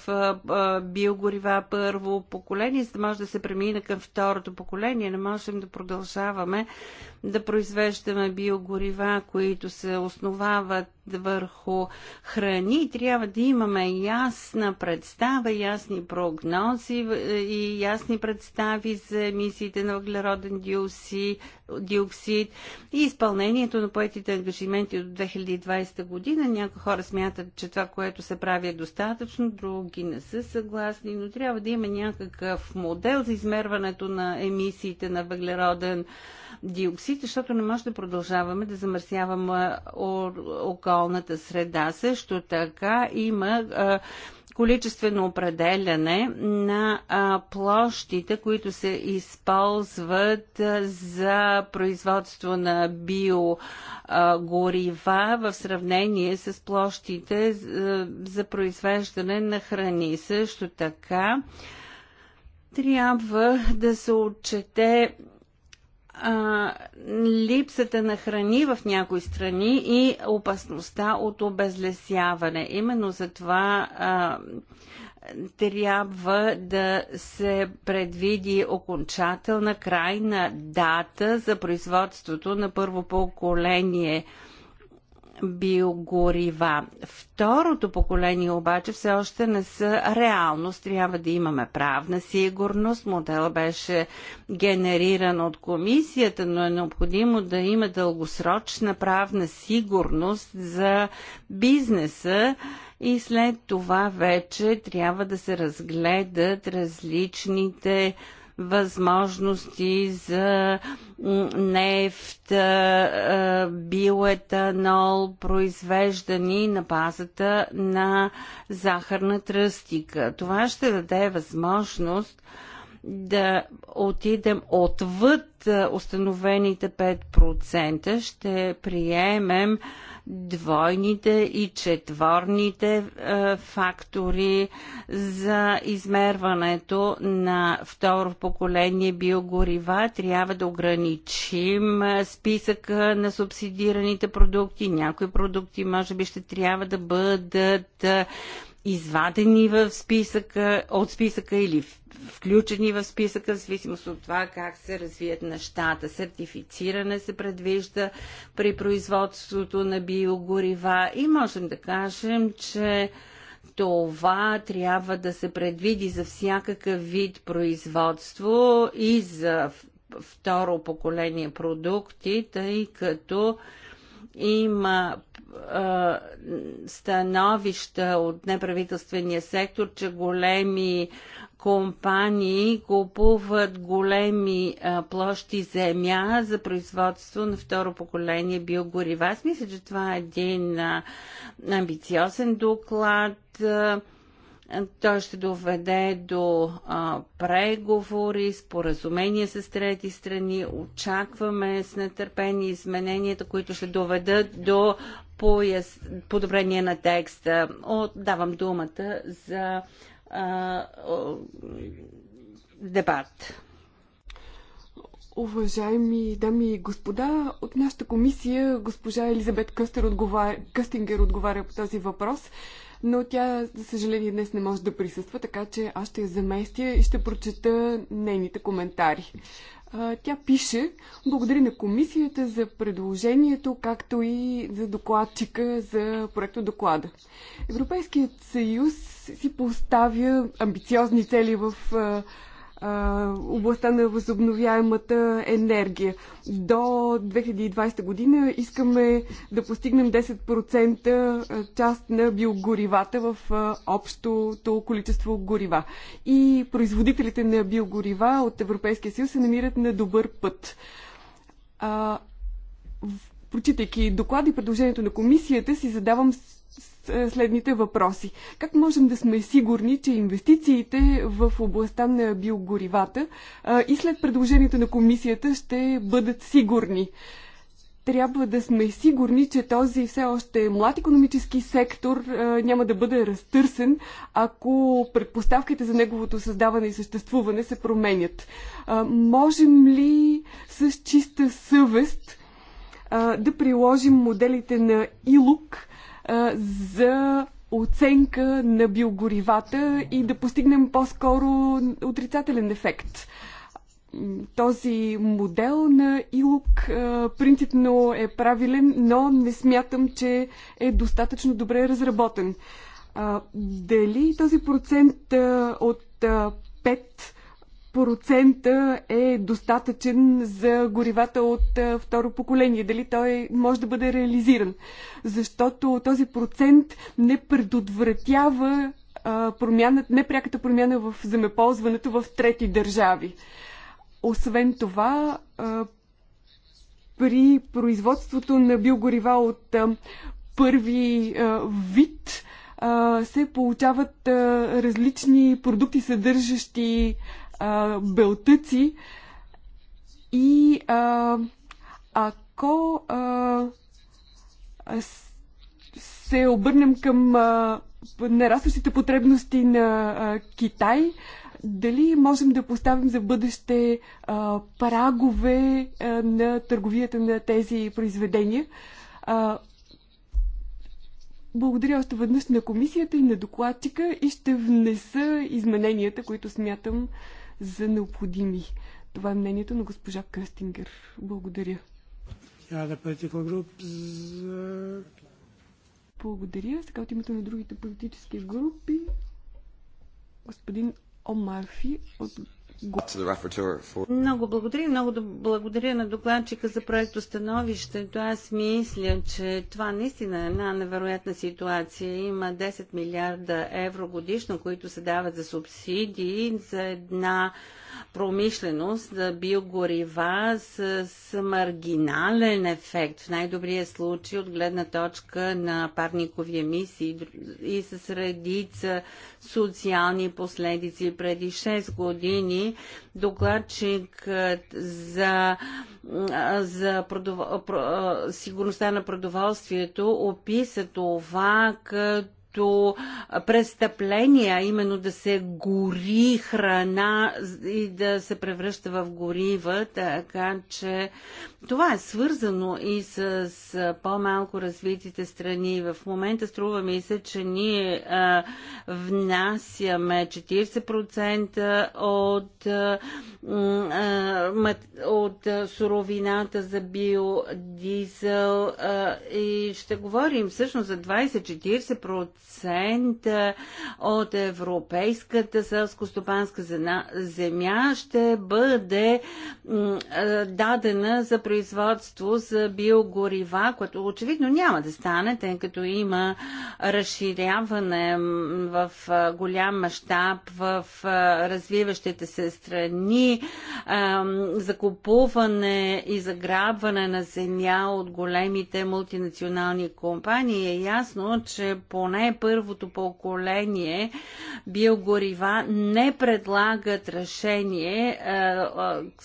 биогорива първо поколение, за да може да се премине към второто поколение. Не можем да продължаваме да произвеждаме биогорива, които се основават върху храни. Трябва да имаме ясна представа, ясни прогнози е, и ясни представи за емисиите на въглероден диоксид, и изпълнението на поетите ангажименти от 2020 година. Някои хора смятат, че това, което се прави е достатъчно, други не са съгласни, но трябва да има някакъв модел за измерването на емисиите на въглероден диоксид си, защото не може да продължаваме да замърсяваме околната среда. Също така има количествено определяне на площите, които се използват за производство на биогорива в сравнение с площите за произвеждане на храни. Също така трябва да се отчете а, липсата на храни в някои страни и опасността от обезлесяване. Именно за това а, трябва да се предвиди окончателна крайна дата за производството на първо поколение а, биогорива. Второто поколение обаче все още не са реалност. Трябва да имаме правна сигурност. Модел беше генериран от комисията, но е необходимо да има дългосрочна правна сигурност за бизнеса и след това вече трябва да се разгледат различните възможности за нефт, биоетанол, произвеждани на базата на захарна тръстика. Това ще даде възможност да отидем отвъд установените 5%, ще приемем двойните и четворните е, фактори за измерването на второ поколение биогорива. Трябва да ограничим е, списъка на субсидираните продукти. Някои продукти може би ще трябва да бъдат е, извадени в списъка, от списъка или включени в списъка, в зависимост от това как се развият нещата. Сертифициране се предвижда при производството на биогорива и можем да кажем, че това трябва да се предвиди за всякакъв вид производство и за второ поколение продукти, тъй като има становища от неправителствения сектор, че големи компании купуват големи площи земя за производство на второ поколение биогорива. Аз мисля, че това е един амбициозен доклад. А, той ще доведе до а, преговори, споразумения с трети страни. Очакваме с нетърпение измененията, които ще доведат до пояс... подобрение на текста. Отдавам думата за а, о, дебат. Уважаеми дами и господа, от нашата комисия госпожа Елизабет Къстер отговаря, Къстингер отговаря по този въпрос но тя, за съжаление, днес не може да присъства, така че аз ще я заместя и ще прочета нейните коментари. Тя пише, благодари на комисията за предложението, както и за докладчика за проекта доклада. Европейският съюз си поставя амбициозни цели в областта на възобновяемата енергия. До 2020 година искаме да постигнем 10% част на биогоривата в общото количество горива. И производителите на биогорива от Европейския съюз се намират на добър път. Прочитайки доклади и предложението на комисията, си задавам е, следните въпроси. Как можем да сме сигурни, че инвестициите в областта на биогоривата и след предложението на комисията ще бъдат сигурни? трябва да сме сигурни, че този все още млад економически сектор няма да бъде разтърсен, ако предпоставките за неговото създаване и съществуване се променят. можем ли с чиста съвест да приложим моделите на ИЛУК за оценка на биогоривата и да постигнем по-скоро отрицателен ефект. Този модел на ИЛУК принципно е правилен, но не смятам, че е достатъчно добре разработен. Дали този процент от 5 процента е достатъчен за горивата от второ поколение? Дали той може да бъде реализиран? Защото този процент не предотвратява промяната, непряката промяна в земеползването в трети държави. Освен това, при производството на биогорива от първи вид се получават различни продукти, съдържащи а, белтъци и а, ако а, се обърнем към а, нарастващите потребности на а, Китай, дали можем да поставим за бъдеще а, прагове а, на търговията на тези произведения? А, благодаря още веднъж на комисията и на докладчика и ще внеса измененията, които смятам, за необходими. Това е мнението на госпожа Кръстингер. Благодаря. Благодаря. Сега от името на другите политически групи господин Омарфи от много благодаря, и много благодаря на докладчика за становището. Аз мисля, че това наистина е една невероятна ситуация. Има 10 милиарда евро годишно, които се дават за субсидии за една промишленост, за биогорива с, с маргинален ефект, в най-добрия случай от гледна точка на парникови емисии и с редица социални последици. Преди 6 години докладчик за, за продов... сигурността на продоволствието описа това като като престъпления, именно да се гори храна и да се превръща в горива, така че това е свързано и с по-малко развитите страни. В момента струва ми се, че ние внасяме 40% от, от суровината за биодизел и ще говорим всъщност за 20-40% 10% от европейската селско-стопанска земя ще бъде дадена за производство за биогорива, което очевидно няма да стане, тъй като има разширяване в голям мащаб в развиващите се страни, закупуване и заграбване на земя от големите мултинационални компании. Е ясно, че поне първото поколение биогорива не предлагат решение е, е,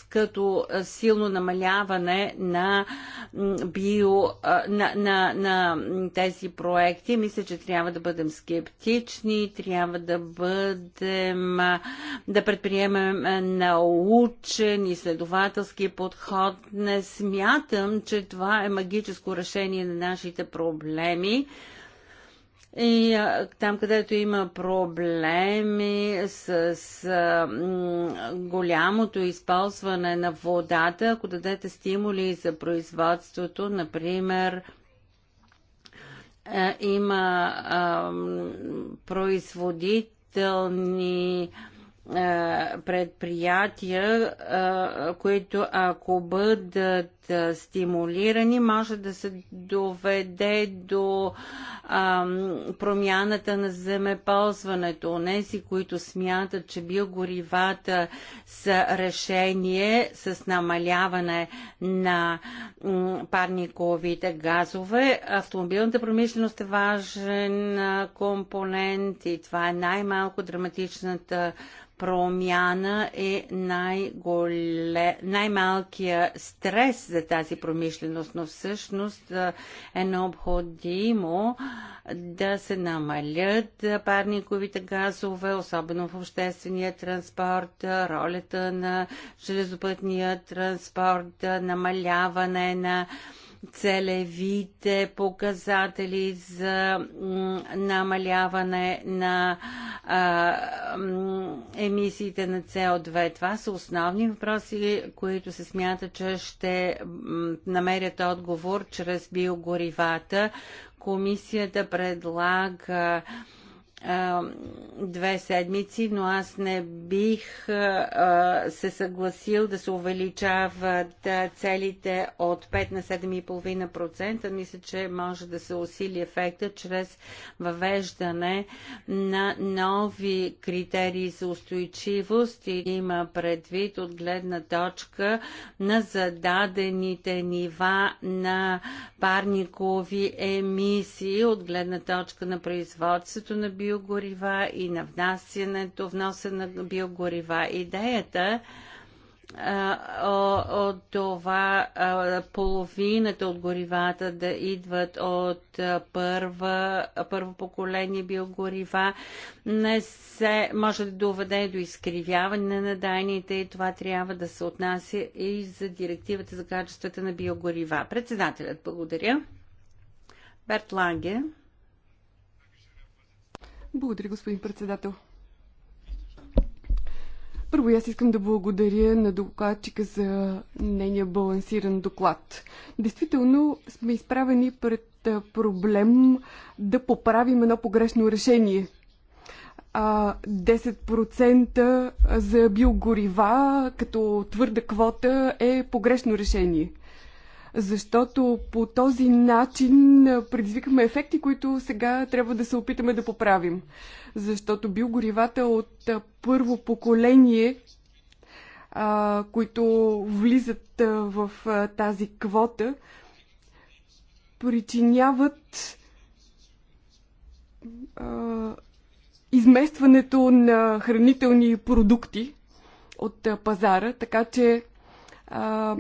като силно намаляване на, био, е, на, на, на тези проекти. Мисля, че трябва да бъдем скептични, трябва да бъдем да предприемем научен изследователски подход. Не смятам, че това е магическо решение на нашите проблеми. И а, там, където има проблеми с, с а, м, голямото използване на водата, ако дадете стимули за производството, например, е, има а, производителни е, предприятия, е, които ако бъдат стимулирани, може да се доведе до ам, промяната на земеползването. Нези, които смятат, че биогоривата са решение с намаляване на парниковите газове, автомобилната промишленост е важен компонент и това е най-малко драматичната промяна е най-малкия най стрес за тази промишленост, но всъщност е необходимо да се намалят парниковите газове, особено в обществения транспорт, ролята на железопътния транспорт, намаляване на целевите показатели за намаляване на а, емисиите на CO2. Това са основни въпроси, които се смята, че ще намерят отговор чрез биогоривата. Комисията предлага две седмици, но аз не бих се съгласил да се увеличават целите от 5 на 7,5%. Мисля, че може да се усили ефекта чрез въвеждане на нови критерии за устойчивост и има предвид от гледна точка на зададените нива на парникови емисии от гледна точка на производството на био биогорива и на внасянето, вноса на биогорива. Идеята от това половината от горивата да идват от първа, първо поколение биогорива не се може да доведе до изкривяване на дайните и това трябва да се отнася и за директивата за качествата на биогорива. Председателят, благодаря. Берт Ланге. Благодаря, господин председател. Първо, аз искам да благодаря на докладчика за нейния балансиран доклад. Действително сме изправени пред проблем да поправим едно погрешно решение. 10% за биогорива като твърда квота е погрешно решение защото по този начин предизвикаме ефекти, които сега трябва да се опитаме да поправим. Защото биогоривата от първо поколение, а, които влизат в а, тази квота, причиняват а, изместването на хранителни продукти от пазара, така че а,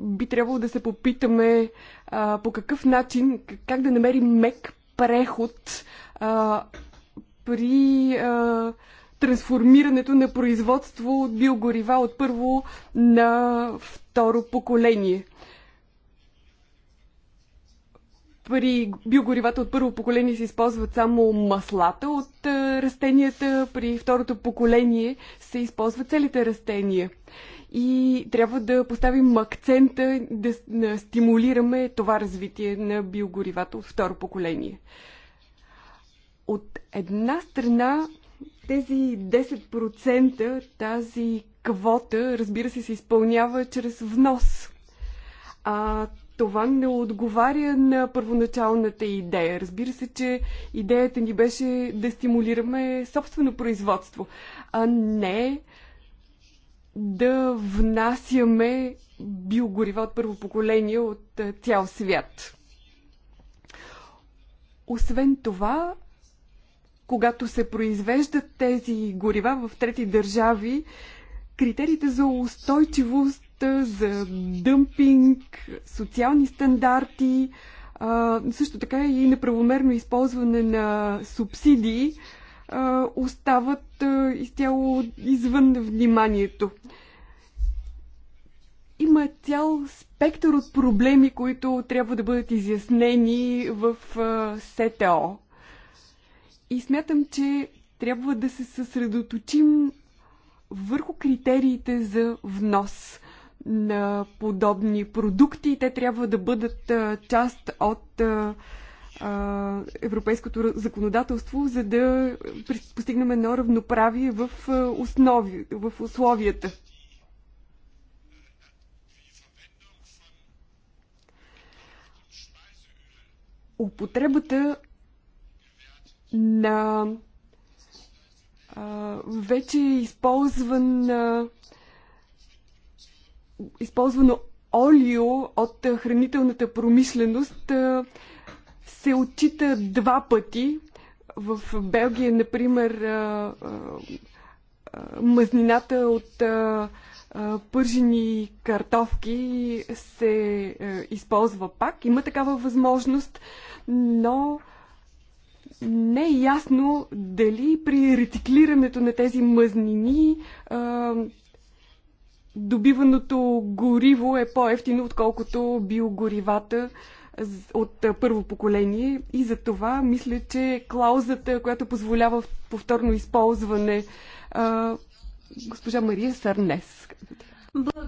би трябвало да се попитаме а, по какъв начин, как да намерим мек преход а, при а, трансформирането на производство от биогорива от първо на второ поколение. При биогоривата от първо поколение се използват само маслата от растенията, при второто поколение се използват целите растения и трябва да поставим акцента да стимулираме това развитие на биогоривата от второ поколение. От една страна тези 10%, тази квота, разбира се, се изпълнява чрез внос. А това не отговаря на първоначалната идея. Разбира се, че идеята ни беше да стимулираме собствено производство, а не да внасяме биогорива от първо поколение от е, цял свят. Освен това, когато се произвеждат тези горива в трети държави, критериите за устойчивост, е, за дъмпинг, социални стандарти, също така и неправомерно използване на субсидии – остават изцяло извън вниманието. Има цял спектър от проблеми, които трябва да бъдат изяснени в СТО. И смятам, че трябва да се съсредоточим върху критериите за внос на подобни продукти. Те трябва да бъдат част от европейското законодателство, за да постигнем едно равноправие в, основи, в условията. Употребата на а, вече използван, а, използвано олио от хранителната промишленост а, се отчита два пъти. В Белгия, например, мазнината от пържени картофки се използва пак. Има такава възможност, но не е ясно дали при рециклирането на тези мъзнини добиваното гориво е по-ефтино, отколкото биогоривата, от първо поколение и за това мисля, че клаузата, която позволява повторно използване, госпожа Мария Сарнес. Благодаря.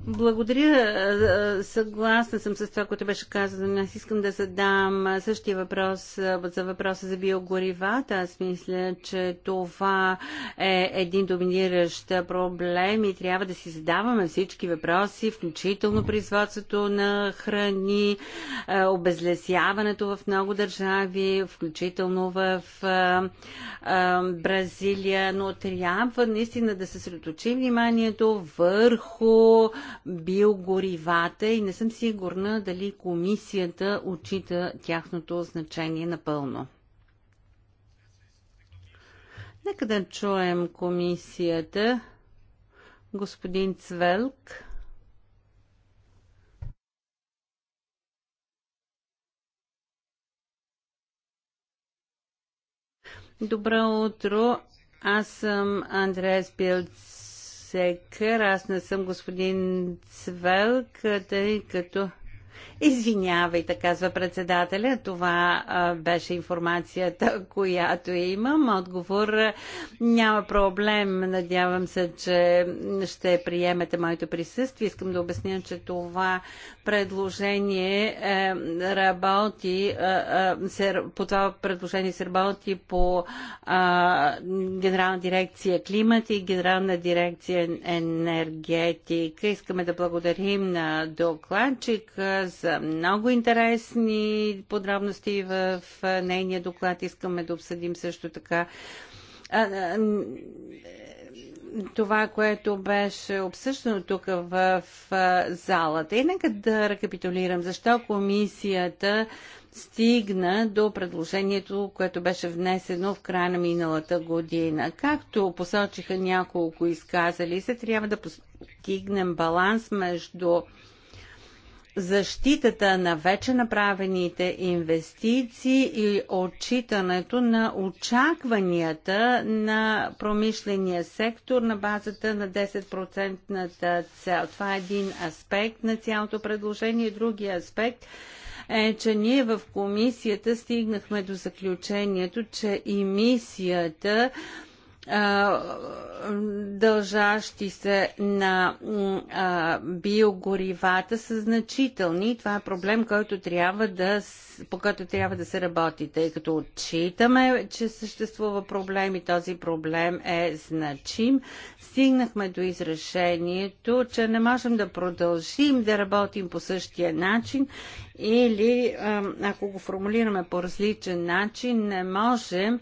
Благодаря. Съгласна съм с това, което беше казано. Аз искам да задам същия въпрос за въпроса за биогоривата. Аз мисля, че това е един доминиращ проблем и трябва да си задаваме всички въпроси, включително производството на храни, е, обезлесяването в много държави, включително в е, е, Бразилия, но трябва наистина да се средоточи вниманието върху върху биогоривата и не съм сигурна дали комисията отчита тяхното значение напълно. Нека да чуем комисията. Господин Цвелк. Добро утро! Аз съм Андреас Билц Секер, аз не съм господин Цвелк, тъй като Извинявайте, казва председателя, това а, беше информацията, която имам. Отговор няма проблем. Надявам се, че ще приемете моето присъствие. Искам да обясня, че това предложение е, работи, е, се, по това предложение се работи по е, Генерална дирекция климат и Генерална дирекция енергетика. Искаме да благодарим на докладчик за много интересни подробности в нейния доклад. Искаме да обсъдим също така това, което беше обсъждано тук в залата. И нека да рекапитулирам защо комисията стигна до предложението, което беше внесено в края на миналата година. Както посочиха няколко изказали се, трябва да постигнем баланс между защитата на вече направените инвестиции и отчитането на очакванията на промишления сектор на базата на 10% цел. Това е един аспект на цялото предложение. Другия аспект е, че ние в комисията стигнахме до заключението, че емисията дължащи се на биогоривата са значителни. Това е проблем, който трябва да, по който трябва да се работи, тъй като отчитаме, че съществува проблем и този проблем е значим. Стигнахме до изрешението, че не можем да продължим да работим по същия начин или ако го формулираме по различен начин, не можем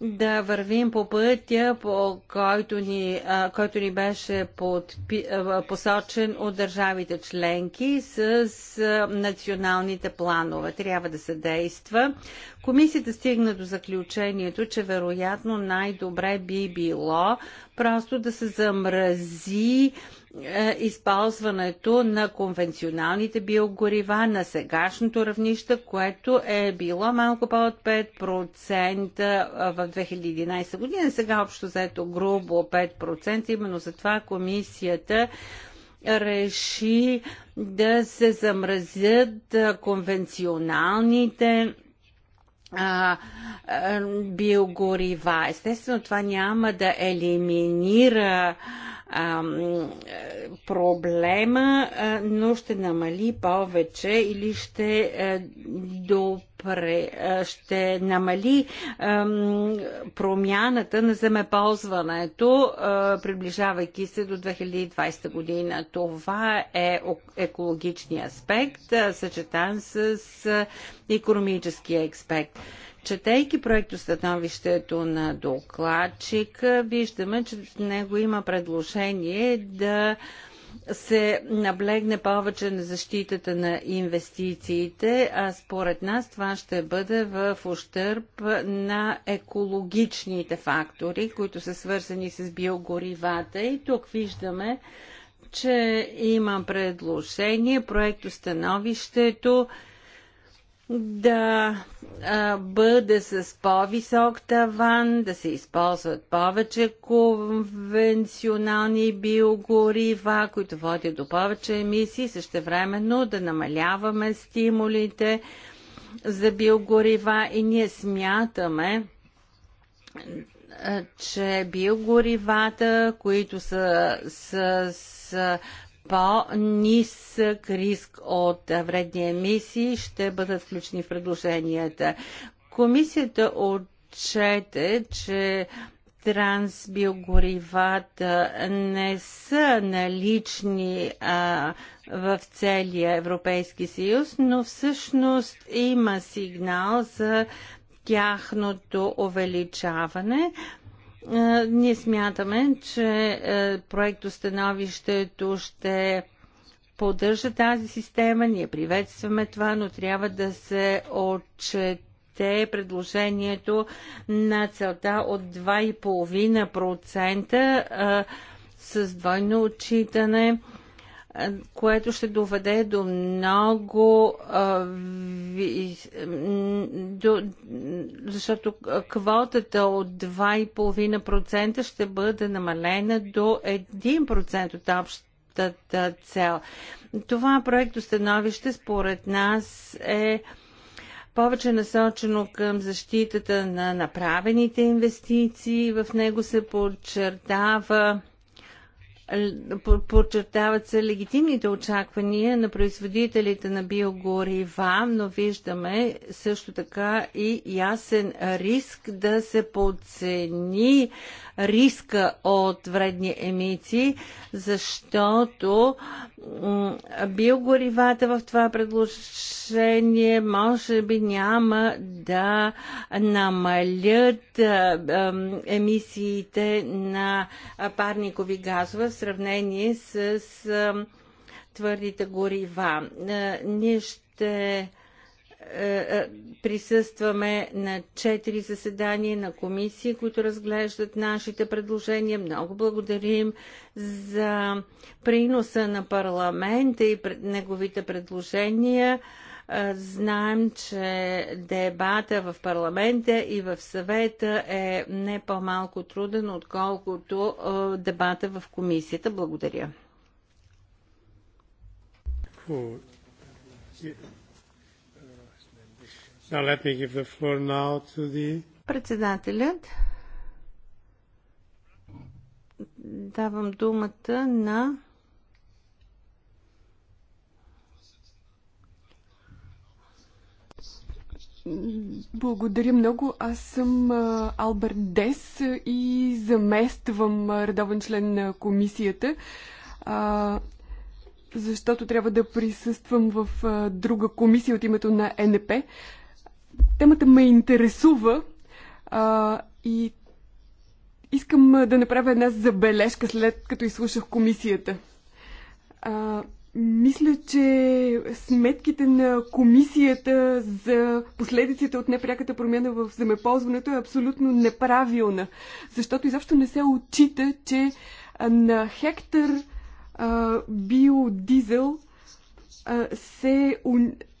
да вървим по пътя, по който ни, който ни беше а, посочен от държавите членки с националните планове. Трябва да се действа. Комисията стигна до заключението, че вероятно най-добре би било просто да се замрази е, използването на конвенционалните биогорива на сегашното равнище, което е било малко по-от 5% е, в 2011 година. Сега общо заето грубо 5%. Именно за това комисията реши да се замразят е, конвенционалните биогорива. Естествено, това няма да елиминира а, а, е, проблема, а, е, но ще намали повече или ще а, е, допре, а, ще намали промяната на земеползването, а, приближавайки се до 2020 година. Това е екологичния аспект, а, съчетан с економическия аспект. Четейки становището на докладчик, виждаме, че в него има предложение да се наблегне повече на защитата на инвестициите, а според нас това ще бъде в ущърп на екологичните фактори, които са свързани с биогоривата. И тук виждаме, че има предложение, проекто становището да а, бъде с по-висок таван, да се използват повече конвенционални биогорива, които водят до повече емисии, същевременно да намаляваме стимулите за биогорива и ние смятаме, че биогоривата, които са с по-нисък риск от вредни емисии ще бъдат включени в предложенията. Комисията отчете, че трансбиогоривата не са налични а, в целия Европейски съюз, но всъщност има сигнал за тяхното увеличаване. Ние смятаме, че е, проектостановището ще поддържа тази система, ние приветстваме това, но трябва да се отчете предложението на целта от 2,5% с двойно отчитане което ще доведе до много. До, защото квотата от 2,5% ще бъде намалена до 1% от общата цел. Това проекто становище според нас е повече насочено към защитата на направените инвестиции. В него се подчертава подчертават се легитимните очаквания на производителите на биогорива, но виждаме също така и ясен риск да се подцени риска от вредни емисии, защото биогоривата в това предложение може би няма да намалят емисиите на парникови газове в сравнение с твърдите горива. Ние ще е, е, присъстваме на четири заседания на комисии, които разглеждат нашите предложения. Много благодарим за приноса на парламента и неговите предложения. Е, знаем, че дебата в парламента и в съвета е не по-малко труден, отколкото дебата в комисията. Благодаря let me give the floor now to the... Председателят. Давам думата на Благодаря много. Аз съм Алберт Дес и замествам редовен член на комисията, защото трябва да присъствам в друга комисия от името на НП темата ме интересува а, и искам да направя една забележка след като изслушах комисията. А, мисля, че сметките на комисията за последиците от непряката промяна в земеползването е абсолютно неправилна, защото изобщо не се отчита, че на хектар а, биодизел а, се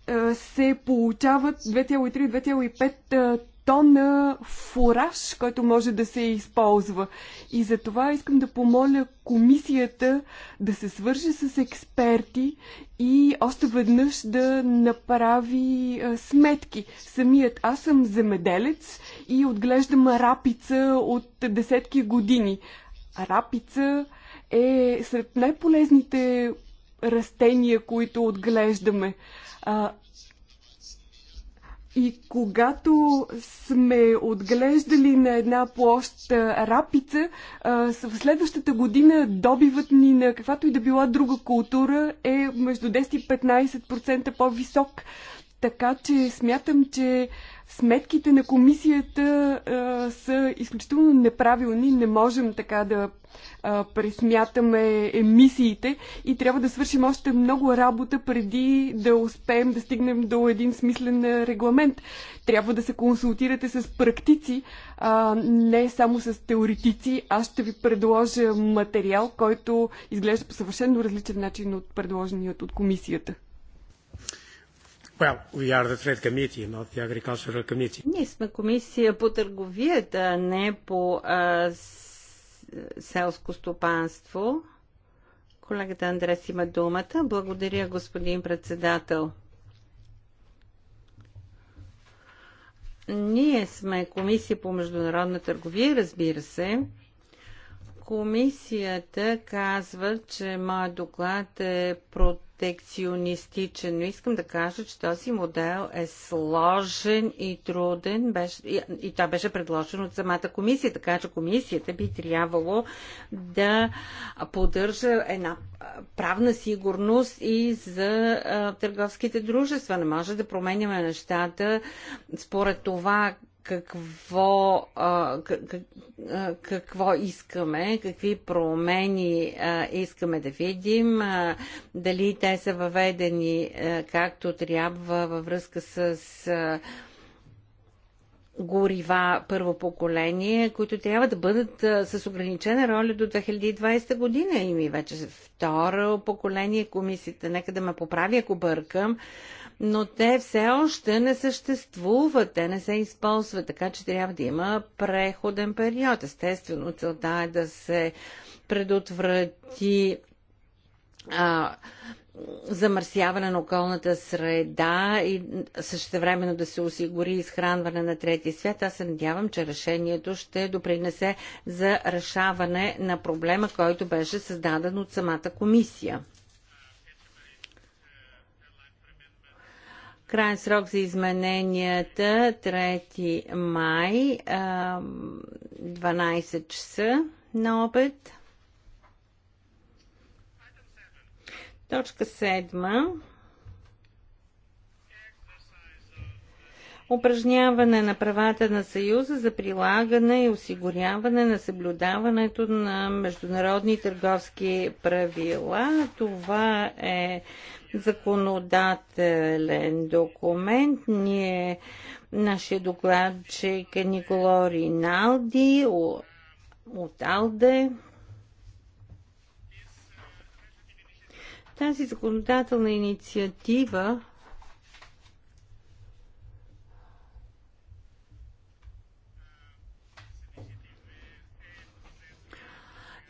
е, се получават 2,3-2,5 е, тона фураж, който може да се използва. И за това искам да помоля комисията да се свърже с експерти и още веднъж да направи е, сметки. Самият аз съм земеделец и отглеждам рапица от десетки години. Рапица е сред най-полезните растения, които отглеждаме. А, и когато сме отглеждали на една площ рапица, в следващата година добивът ни на каквато и да била друга култура е между 10 и 15% по-висок. Така че смятам, че Сметките на комисията а, са изключително неправилни. Не можем така да а, пресмятаме емисиите и трябва да свършим още много работа преди да успеем да стигнем до един смислен регламент. Трябва да се консултирате с практици, а, не само с теоретици. Аз ще ви предложа материал, който изглежда по съвършенно различен начин от предложеният от комисията. Well, we are the Trade Committee, not the Agricultural Committee. Ние сме комисия по търговията, не по селско стопанство. Колегата Андрес има думата. Благодаря, господин председател. Ние сме комисия по международна търговия, разбира се. Комисията казва, че моят доклад е против протекционистичен, но искам да кажа, че този модел е сложен и труден беше, и, и той беше предложен от самата комисия, така че комисията би трябвало да поддържа една правна сигурност и за а, търговските дружества. Не може да променяме нещата според това какво, а, какво искаме, какви промени а, искаме да видим, а, дали те са въведени както трябва във връзка с горива първо поколение, които трябва да бъдат с ограничена роля до 2020 година. Ими вече второ поколение комисията, нека да ме поправи ако бъркам, но те все още не съществуват, те не се използват, така че трябва да има преходен период. Естествено, целта е да се предотврати а, замърсяване на околната среда и същевременно да се осигури изхранване на третия свят. Аз се надявам, че решението ще допринесе за решаване на проблема, който беше създаден от самата комисия. Крайен срок за измененията 3 май, 12 часа на обед. Точка 7. упражняване на правата на Съюза за прилагане и осигуряване на съблюдаването на международни търговски правила. Това е законодателен документ. Ние, нашия докладчик е Николо Риналди от Алде. Тази законодателна инициатива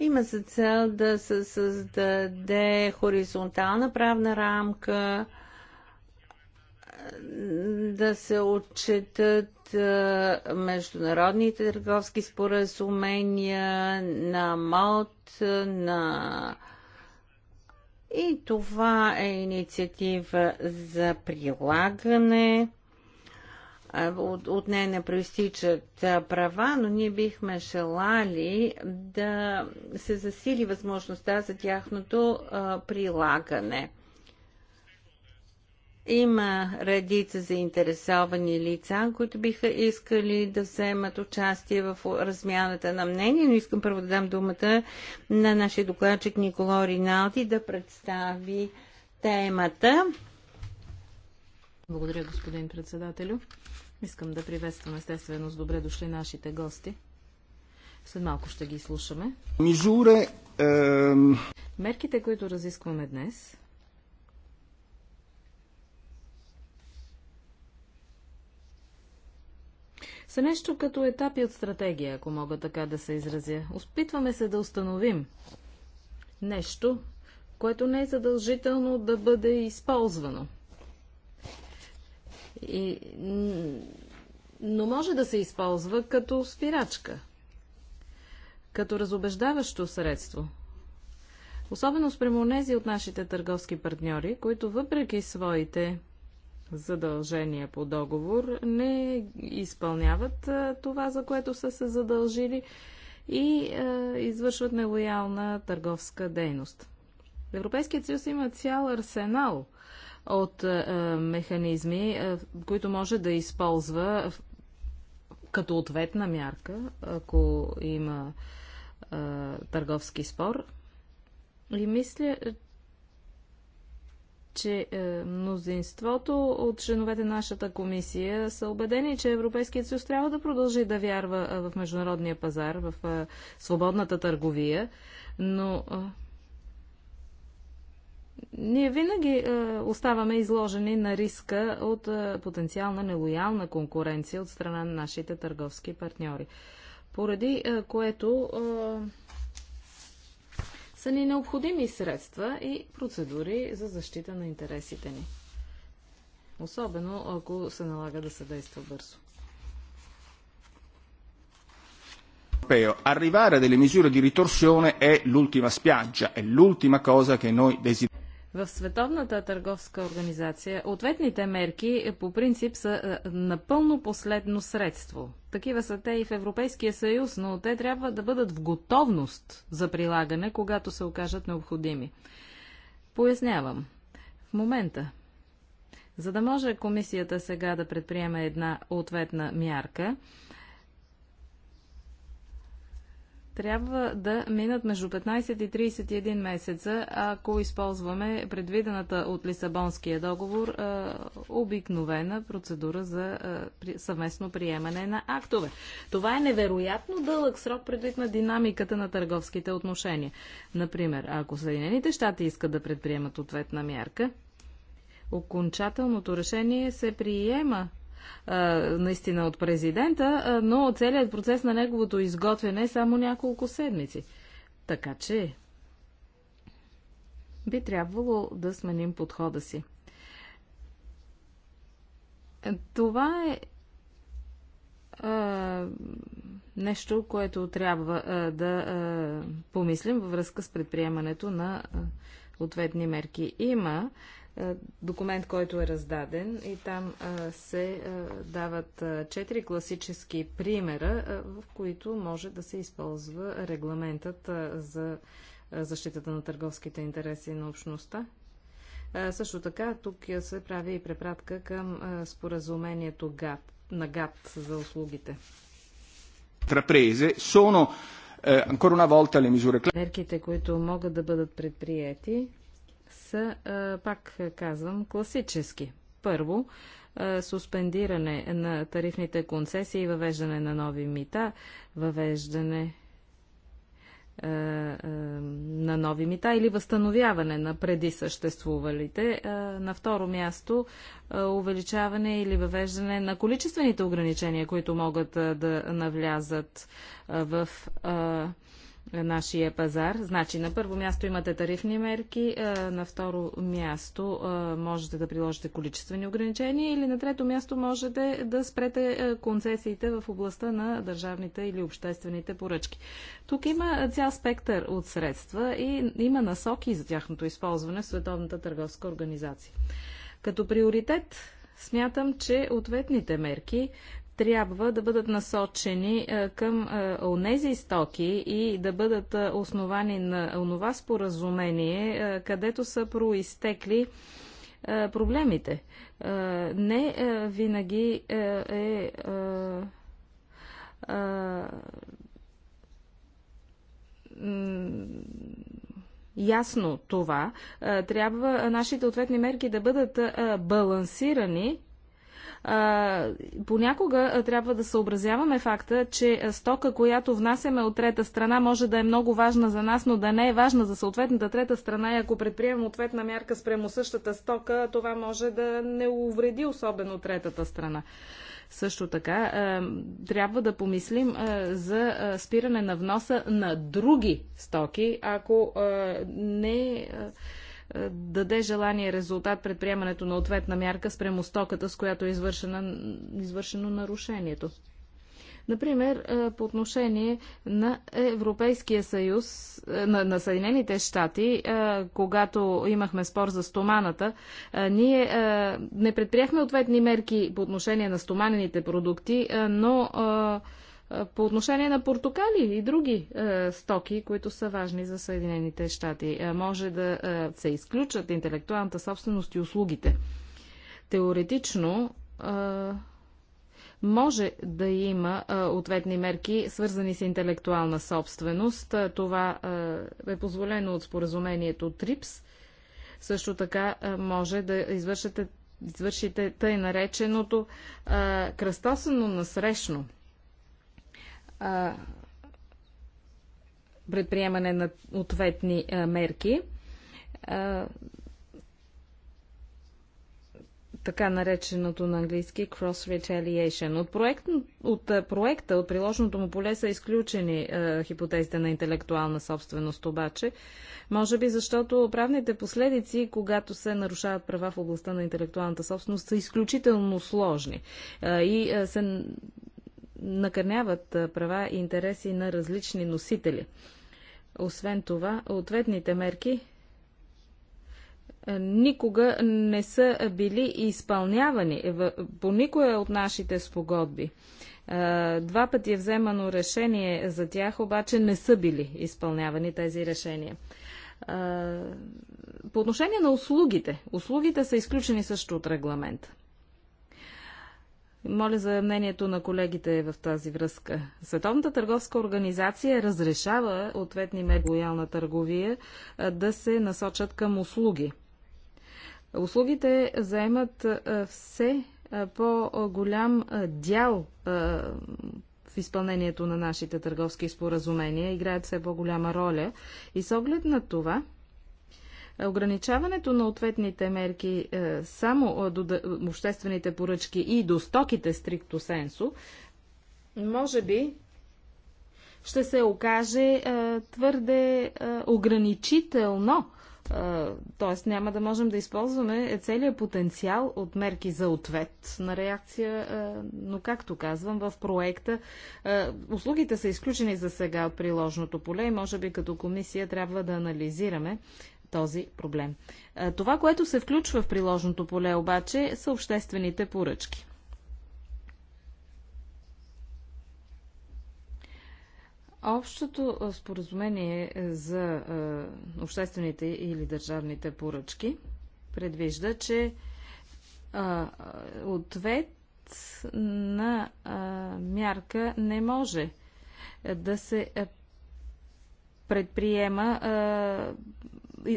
има за цел да се създаде хоризонтална правна рамка, да се отчетат международните търговски споразумения на МОД, на и това е инициатива за прилагане от, от нея не проистичат права, но ние бихме желали да се засили възможността за тяхното прилагане. Има редица заинтересовани лица, които биха искали да вземат участие в размяната на мнение, но искам първо да дам думата на нашия докладчик Николо Риналди да представи темата. Благодаря, господин председателю. Искам да приветствам естествено с добре дошли нашите гости. След малко ще ги слушаме. Мижуре... Е... Мерките, които разискваме днес, са нещо като етапи от стратегия, ако мога така да се изразя. Опитваме се да установим нещо, което не е задължително да бъде използвано. И, но може да се използва като спирачка, като разобеждаващо средство. Особено спрямо нези от нашите търговски партньори, които въпреки своите задължения по договор не изпълняват това, за което са се задължили и е, извършват нелоялна търговска дейност. Европейският съюз има цял арсенал – от е, е, механизми, е, които може да използва като ответна мярка, ако има търговски спор. И мисля, че мнозинството от членовете на нашата комисия са убедени, че Европейският съюз трябва да продължи да вярва в международния пазар, в свободната търговия, но ние винаги е, оставаме изложени на риска от е, потенциална нелоялна конкуренция от страна на нашите търговски партньори, поради е, което е, са ни необходими средства и процедури за защита на интересите ни. Особено ако се налага да се действа бързо. Arrivare a delle misure di ritorsione è l'ultima spiaggia, è l'ultima cosa che noi desideriamo. В Световната търговска организация ответните мерки е, по принцип са е, напълно последно средство. Такива са те и в Европейския съюз, но те трябва да бъдат в готовност за прилагане, когато се окажат необходими. Пояснявам. В момента, за да може комисията сега да предприеме една ответна мярка, трябва да минат между 15 и 31 месеца, ако използваме предвидената от Лисабонския договор обикновена процедура за съвместно приемане на актове. Това е невероятно дълъг срок предвид на динамиката на търговските отношения. Например, ако Съединените щати искат да предприемат ответна мярка, окончателното решение се приема наистина от президента, но целият процес на неговото изготвяне е само няколко седмици. Така че би трябвало да сменим подхода си. Това е а, нещо, което трябва а, да а, помислим във връзка с предприемането на а, ответни мерки. Има а, е, документ, който е раздаден и там е, се е, дават четири класически примера, в които може да се използва регламентът за защитата на търговските интереси на общността. Също така, тук се прави и препратка към споразумението ГАТ, на ГАТ за услугите. Трапрезе, соно, ancora una volta, le misure... Мерките, които могат да бъдат предприяти, са, пак казвам, класически. Първо, суспендиране на тарифните концесии, въвеждане на нови мита, въвеждане на нови мита или възстановяване на преди съществувалите. На второ място увеличаване или въвеждане на количествените ограничения, които могат да навлязат в нашия пазар. Значи, на първо място имате тарифни мерки, на второ място можете да приложите количествени ограничения или на трето място можете да спрете концесиите в областта на държавните или обществените поръчки. Тук има цял спектър от средства и има насоки за тяхното използване в Световната търговска организация. Като приоритет смятам, че ответните мерки трябва да бъдат насочени е, към е, онези стоки и да бъдат е, основани на онова споразумение, където са проистекли проблемите. Не винаги е ясно това. Трябва нашите ответни мерки да бъдат балансирани понякога трябва да съобразяваме факта, че стока, която внасяме от трета страна, може да е много важна за нас, но да не е важна за съответната трета страна. И ако предприемем ответна мярка спрямо същата стока, това може да не увреди особено третата страна. Също така трябва да помислим за спиране на вноса на други стоки, ако е, не е, даде желание резултат предприемането на ответна мярка спрямо стоката, с която е извършено, извършено нарушението. Например, е, по отношение на Европейския съюз, е, на, на Съединените щати, когато имахме спор за стоманата, ние не предприехме ответни мерки по отношение на стоманените продукти, но по отношение на портокали и други стоки, които са важни за Съединените щати. може да се изключат интелектуалната собственост и услугите. Теоретично може да има ответни мерки, свързани с интелектуална собственост. Това е позволено от споразумението ТРИПС. Също така може да извършите, извършите тъй нареченото кръстосано насрещно – а, предприемане на ответни а, мерки. А, така нареченото на английски cross retaliation. От, проект, от проекта, от приложното му поле са изключени е, хипотезите на интелектуална собственост обаче. Може би защото правните последици, когато се нарушават права в областта на интелектуалната собственост, са изключително сложни е, и е, се накърняват права и интереси на различни носители. Освен това, ответните мерки никога не са били изпълнявани по никоя от нашите спогодби. Два пъти е вземано решение за тях, обаче не са били изпълнявани тези решения. По отношение на услугите, услугите са изключени също от регламента. Моля за мнението на колегите в тази връзка. Световната търговска организация разрешава ответни мерки лоялна търговия да се насочат към услуги. Услугите заемат все по-голям дял в изпълнението на нашите търговски споразумения, играят все по-голяма роля. И с оглед на това, Ограничаването на ответните мерки е, само е, до обществените поръчки и до стоките стрикто сенсо, може би ще се окаже е, твърде ограничително т.е. няма да можем да използваме целият потенциал от мерки за ответ на реакция, но както казвам, в проекта услугите са изключени за сега от приложното поле и може би като комисия трябва да анализираме този проблем. Това, което се включва в приложното поле обаче, са обществените поръчки. Общото споразумение е, за обществените или държавните поръчки предвижда, че ответ на мярка не може да се предприема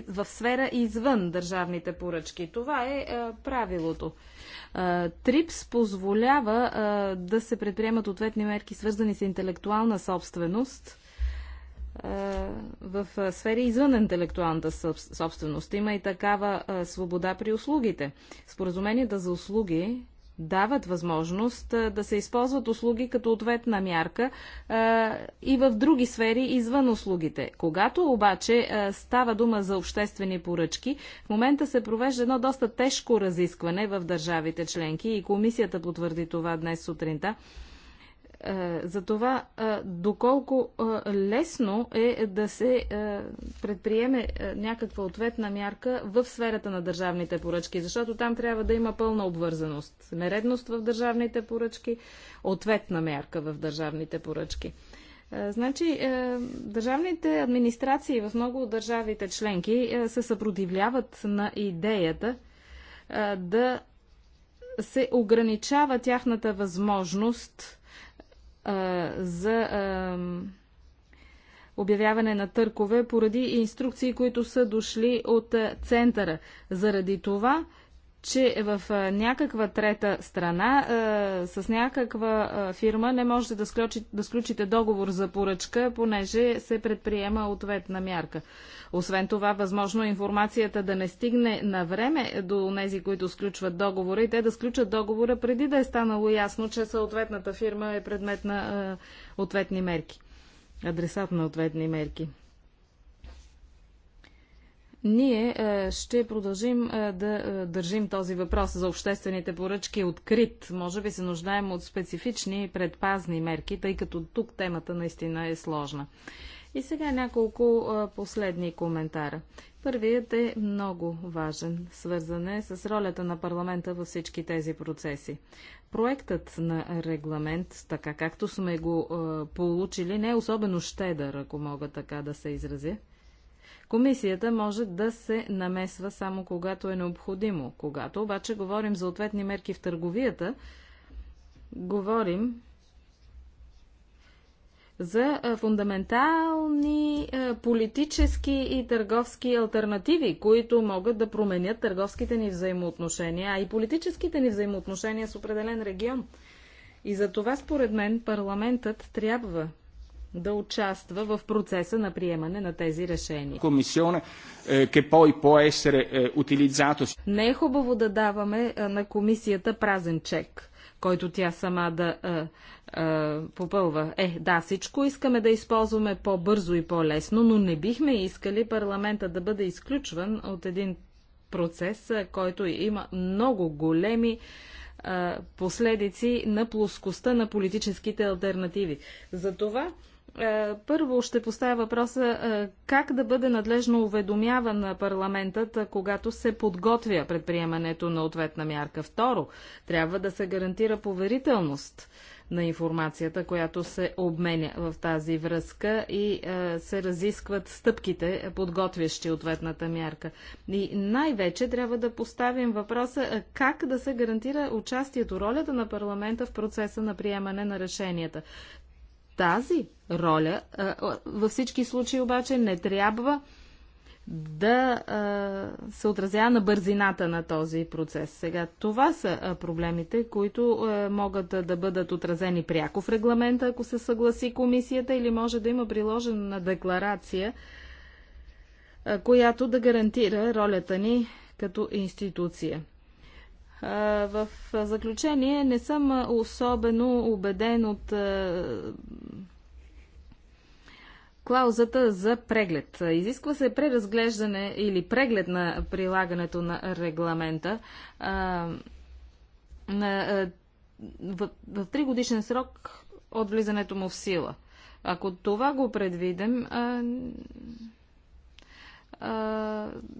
в сфера извън държавните поръчки. Това е, е правилото. Е, ТРИПС позволява е, да се предприемат ответни мерки, свързани с интелектуална собственост в сфери извън интелектуалната собственост. Има и такава свобода при услугите. Споразуменията за услуги дават възможност да се използват услуги като ответна мярка а, и в други сфери извън услугите. Когато обаче а, става дума за обществени поръчки, в момента се провежда едно доста тежко разискване в държавите членки и комисията потвърди това днес сутринта. Е, за това е, доколко е, лесно е да се предприеме някаква ответна мярка в сферата на държавните поръчки, защото там трябва да има пълна обвързаност. Нередност в държавните поръчки, ответна мярка в държавните поръчки. Значи, държавните администрации в много от държавите членки се съпротивляват на идеята да се ограничава тяхната възможност за обявяване на търкове поради инструкции, които са дошли от центъра. Заради това че е в някаква трета страна с някаква фирма не можете да, сключи, да сключите договор за поръчка, понеже се предприема ответна мярка. Освен това, възможно е информацията да не стигне на време до тези, които сключват договора и те да сключат договора преди да е станало ясно, че съответната фирма е предмет на ответни мерки. Адресат на ответни мерки. Ние е, ще продължим е, да е, държим този въпрос за обществените поръчки открит. Може би се нуждаем от специфични предпазни мерки, тъй като тук темата наистина е сложна. И сега няколко последни коментара. Първият е много важен, свързан е с ролята на парламента във всички тези процеси. Проектът на регламент, така както сме го е, получили, не е особено щедър, ако мога така да се изразя. Комисията може да се намесва само когато е необходимо. Когато обаче говорим за ответни мерки в търговията, говорим за фундаментални политически и търговски альтернативи, които могат да променят търговските ни взаимоотношения, а и политическите ни взаимоотношения с определен регион. И за това, според мен, парламентът трябва да участва в процеса на приемане на тези решения. che poi può essere Не е хубаво да даваме е, на комисията празен чек, който тя сама да а, е, а, е, попълва. Е, да, всичко искаме да използваме по-бързо и по-лесно, но не бихме искали парламента да бъде изключван от един процес, който има много големи последици на плоскостта на политическите альтернативи. Затова е, първо ще поставя въпроса е, как да бъде надлежно уведомяван на парламентът, е, когато се подготвя предприемането на ответна мярка. Второ, трябва да се гарантира поверителност на информацията, която се обменя в тази връзка и се разискват стъпките, подготвящи ответната мярка. И най-вече трябва да поставим въпроса как да се гарантира участието, ролята на парламента в процеса на приемане на решенията. Тази роля във всички случаи обаче не трябва да се отразява на бързината на този процес. Сега, това са проблемите, които могат да бъдат отразени пряко в регламента, ако се съгласи комисията, или може да има приложена декларация, която да гарантира ролята ни като институция. В заключение не съм особено убеден от клаузата за преглед. Изисква се преразглеждане или преглед на прилагането на регламента. В тригодишен срок от влизането му в сила. Ако това го предвидим,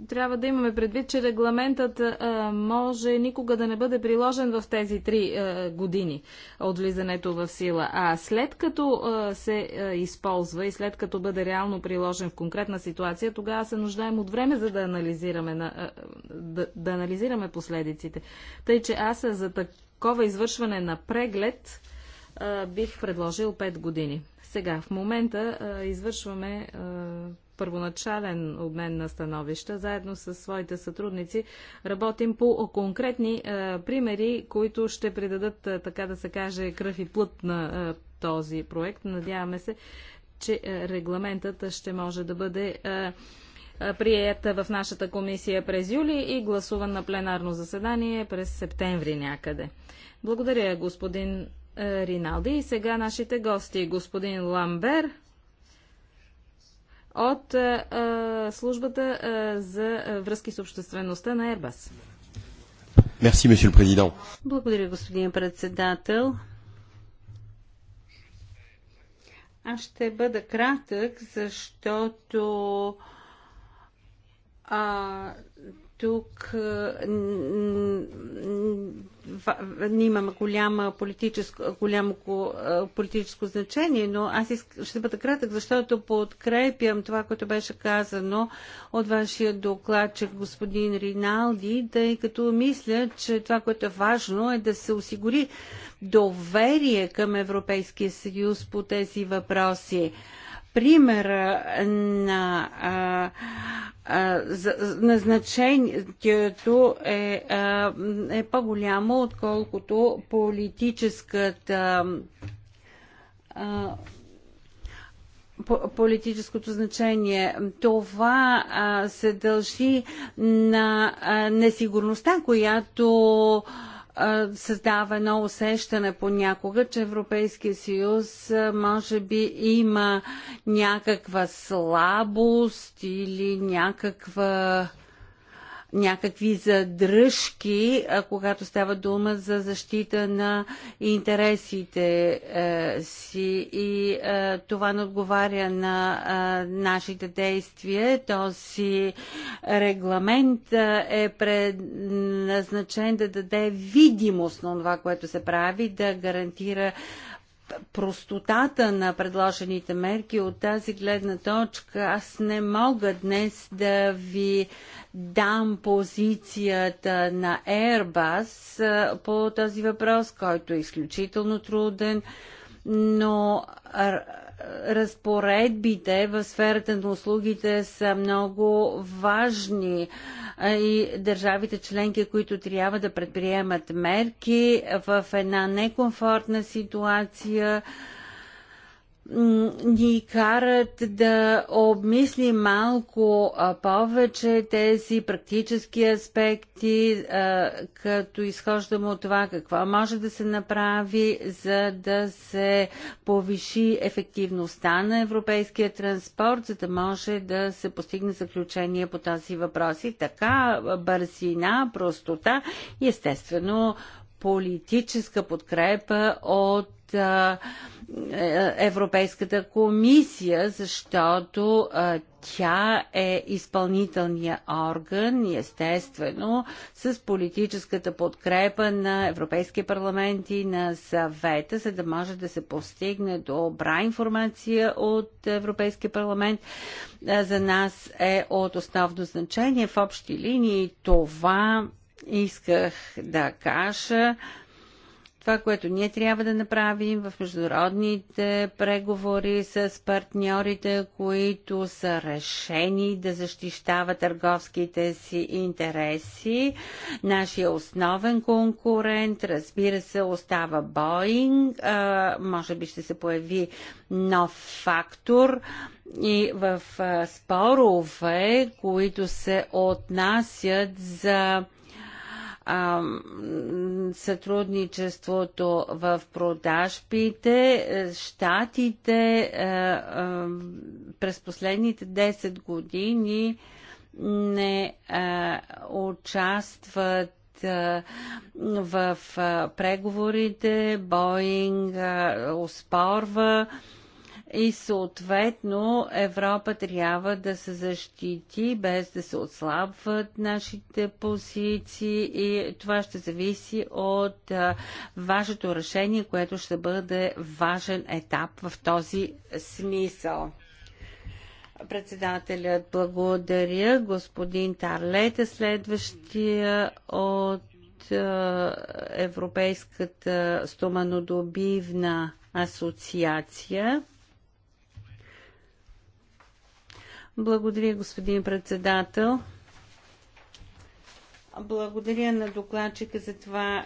трябва да имаме предвид, че регламентът а, може никога да не бъде приложен в тези три а, години от влизането в сила. А след като се използва и след като бъде реално приложен в конкретна ситуация, тогава се нуждаем от време, за да анализираме, на, да, да анализираме последиците. Тъй, че аз за такова извършване на преглед бих предложил 5 години. Сега, в момента извършваме първоначален обмен на становища. Заедно с своите сътрудници работим по конкретни е, примери, които ще придадат, е, така да се каже, кръв и плът на е, този проект. Надяваме се, че регламентът ще може да бъде приета в нашата комисия през юли и гласуван на пленарно заседание през септември някъде. Благодаря, господин Риналди. И сега нашите гости, господин Ламбер, от а, службата а, за връзки с обществеността на Airbus. Merci, le Благодаря, господин председател. Аз ще бъда кратък, защото а, тук имам голяма политическо, голямо политическо значение, но аз ще бъда кратък, защото подкрепям това, което беше казано от вашия докладчик господин Риналди, тъй като мисля, че това, което е важно е да се осигури доверие към Европейския съюз по тези въпроси примера на назначението е, е по-голямо, отколкото политическата политическото значение. Това а, се дължи на а, несигурността, която а, създава едно усещане понякога, че Европейския съюз може би има някаква слабост или някаква някакви задръжки, когато става дума за защита на интересите е, си и е, това не отговаря на е, нашите действия. Този регламент е предназначен да даде видимост на това, което се прави, да гарантира простотата на предложените мерки от тази гледна точка, аз не мога днес да ви дам позицията на Airbus по този въпрос, който е изключително труден, но разпоредбите в сферата на услугите са много важни и държавите членки, които трябва да предприемат мерки в една некомфортна ситуация, ни карат да обмислим малко повече тези практически аспекти, като изхождаме от това какво може да се направи, за да се повиши ефективността на европейския транспорт, за да може да се постигне заключение по този въпрос. И така, бързина, простота и естествено политическа подкрепа от е, Европейската комисия, защото тя е изпълнителния орган и естествено с политическата подкрепа на Европейския парламент и на съвета, за да може да се постигне добра информация от Европейския парламент. За нас е от основно значение в общи линии това исках да кажа. Това, което ние трябва да направим в международните преговори с партньорите, които са решени да защищават търговските си интереси. Нашия основен конкурент, разбира се, остава Боинг. Може би ще се появи нов фактор и в спорове, които се отнасят за сътрудничеството в продажбите, е, щатите е, е, през последните 10 години не участват в преговорите Боинг оспорва и съответно Европа трябва да се защити без да се отслабват нашите позиции и това ще зависи от вашето решение, което ще бъде важен етап в този смисъл. Председателят благодаря. Господин Тарлет е следващия от Европейската стоманодобивна асоциация. Благодаря, господин председател. Благодаря на докладчика за това,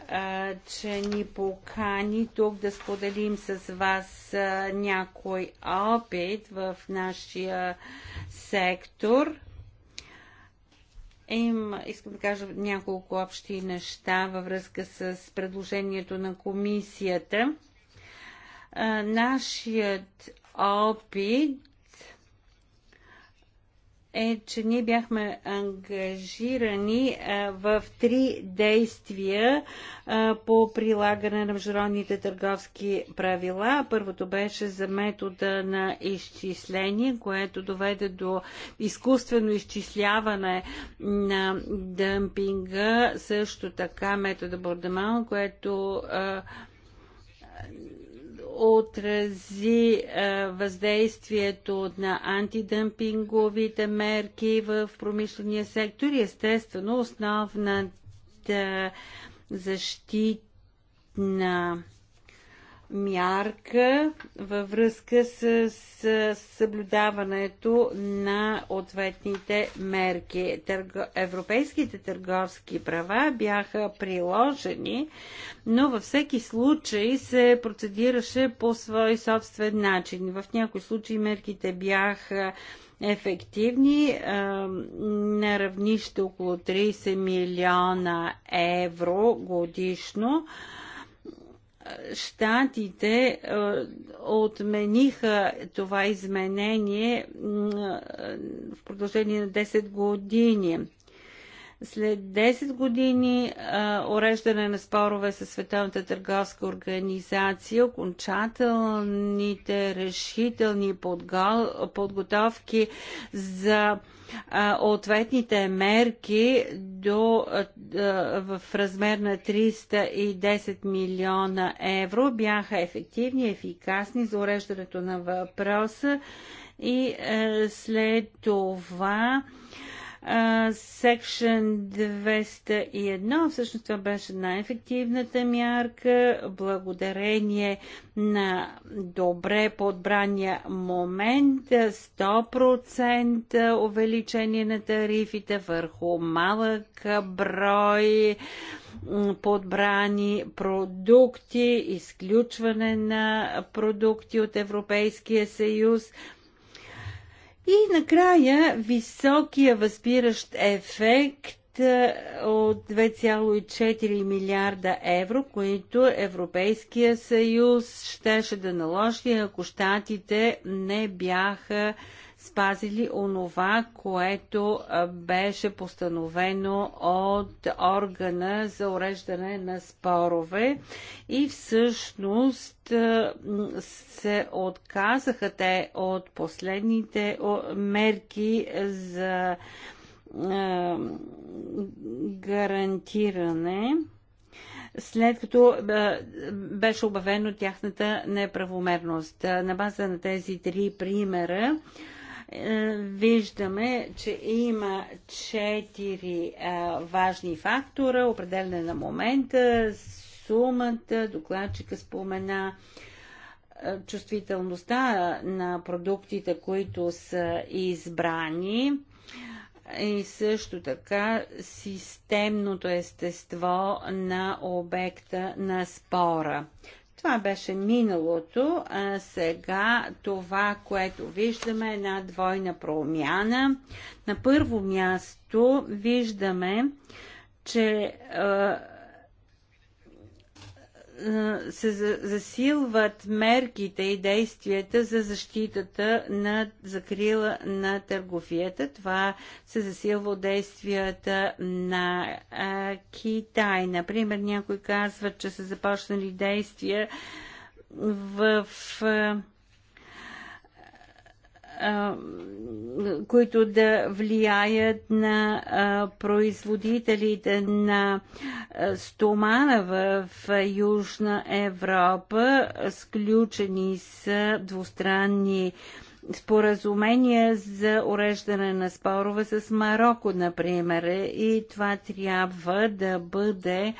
че ни покани тук да споделим с вас някой опит в нашия сектор. Им, искам да кажа няколко общи неща във връзка с предложението на комисията. Нашият опит е, че ние бяхме ангажирани в три действия по прилагане на международните търговски правила. Първото беше за метода на изчисление, което доведе до изкуствено изчисляване на дъмпинга, също така метода Бордемал, което отрази е, въздействието на антидъмпинговите мерки в промишления сектор и естествено основната защитна мярка във връзка с, с съблюдаването на ответните мерки. Търго... Европейските търговски права бяха приложени, но във всеки случай се процедираше по свой собствен начин. В някои случаи мерките бяха ефективни а, на равнище около 30 милиона евро годишно. А, Штатите е, отмениха това изменение е, в продължение на 10 години. След 10 години а, уреждане на спорове с Световната търговска организация, окончателните решителни подго... подготовки за а, ответните мерки до, а, в размер на 310 милиона евро бяха ефективни, ефикасни за уреждането на въпроса и а, е, след това Секшен 201. Всъщност това беше най-ефективната мярка, благодарение на добре подбрания момент, 100% увеличение на тарифите върху малък брой подбрани продукти, изключване на продукти от Европейския съюз. И накрая високия възпиращ ефект е, от 2,4 милиарда евро, които Европейския съюз щеше да наложи, ако щатите не бяха спазили онова, което беше постановено от органа за уреждане на спорове и всъщност се отказаха те от последните мерки за гарантиране след като беше обявено тяхната неправомерност. На база на тези три примера е, виждаме, че има четири е, важни фактора. Определене на момента, сумата, докладчика спомена е, чувствителността на продуктите, които са избрани и също така системното естество на обекта на спора. Това беше миналото, а сега това, което виждаме е една двойна промяна. На първо място виждаме, че се засилват мерките и действията за защитата на закрила на търговията. Това се засилва от действията на а, Китай. Например, някой казва, че са започнали действия в а, които да влияят на производителите на стомана в Южна Европа. Сключени са двустранни споразумения за уреждане на спорове с Марокко, например. И това трябва да бъде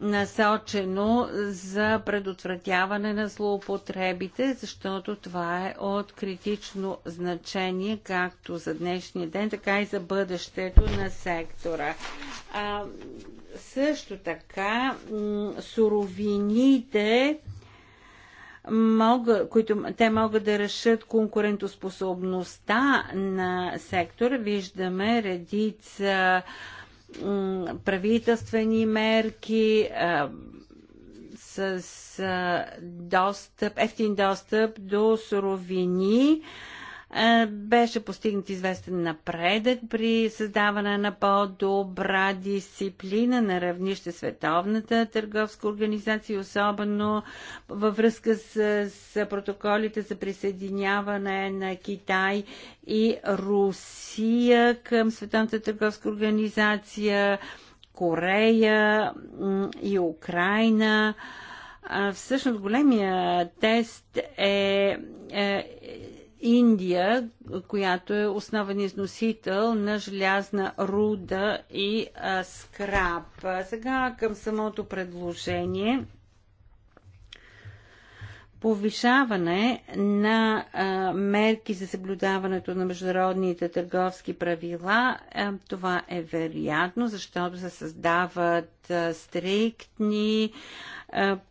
насочено за предотвратяване на злоупотребите, защото това е от критично значение както за днешния ден, така и за бъдещето на сектора. А, също така, суровините, мога, които те могат да решат конкурентоспособността на сектора. Виждаме редица правителствени мерки, с достъп, ефтин достъп до суровини, е, беше постигнат известен напредък при създаване на по-добра дисциплина на равнище Световната търговска организация, особено във връзка с, с протоколите за присъединяване на Китай и Русия към Световната търговска организация, Корея и Украина. Е, всъщност големия тест е, е Индия, която е основен износител на желязна руда и а, скраб. А сега към самото предложение. Повишаване на а, мерки за съблюдаването на международните търговски правила, а, е, това е вероятно, защото се създават а, стриктни а,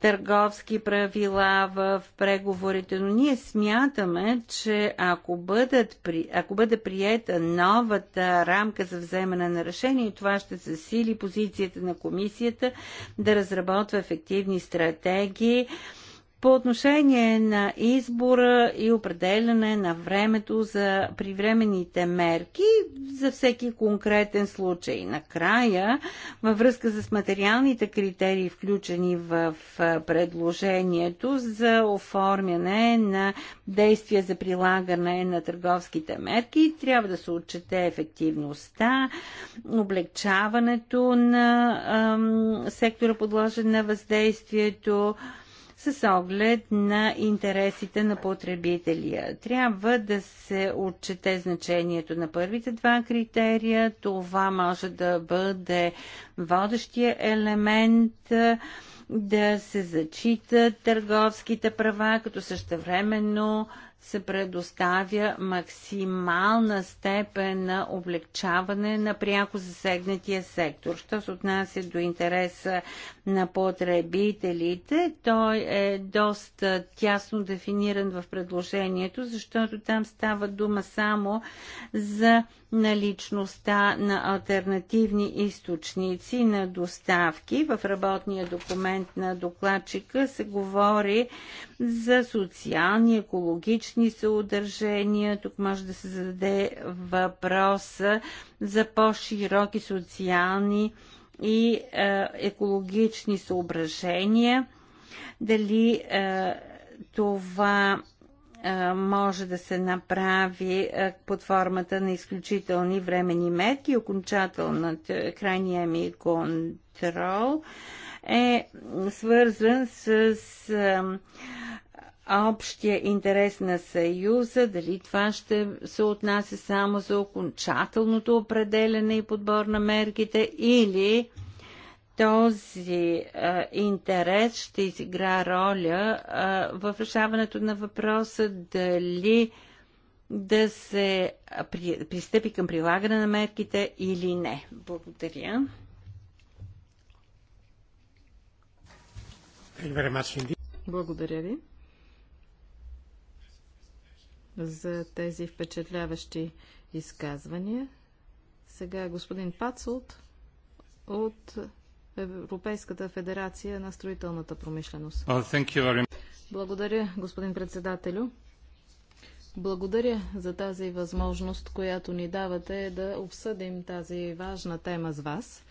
търговски правила в преговорите, но ние смятаме, че ако, бъдат при, ако бъде приета новата рамка за вземане на решение, това ще засили позицията на комисията да разработва ефективни стратегии по отношение на избора и определяне на времето за привременните мерки за всеки конкретен случай. Накрая, във връзка с материалните критерии, включени в предложението за оформяне на действия за прилагане на търговските мерки, трябва да се отчете ефективността, облегчаването на ам, сектора подложен на въздействието, с оглед на интересите на потребителя. Трябва да се отчете значението на първите два критерия. Това може да бъде водещия елемент да се зачитат търговските права, като същевременно се предоставя максимална степен на облегчаване на пряко засегнатия сектор. Що се отнася до интереса на потребителите, той е доста тясно дефиниран в предложението, защото там става дума само за наличността на альтернативни източници на доставки. В работния документ на докладчика се говори за социални, екологични съудържения. Тук може да се зададе въпроса за по-широки социални и е, екологични съображения. Дали е, това е, може да се направи е, под формата на изключителни времени мерки. Окончателната крайния ми контрол е свързан с е, общия интерес на Съюза, дали това ще се отнася само за окончателното определене и подбор на мерките или този а, интерес ще изигра роля а, в решаването на въпроса дали да се при, пристъпи към прилагане на мерките или не. Благодаря. Благодаря ви за тези впечатляващи изказвания. Сега господин Пацулт от Европейската федерация на строителната промишленост. Oh, Благодаря, господин председателю. Благодаря за тази възможност, която ни давате да обсъдим тази важна тема с вас.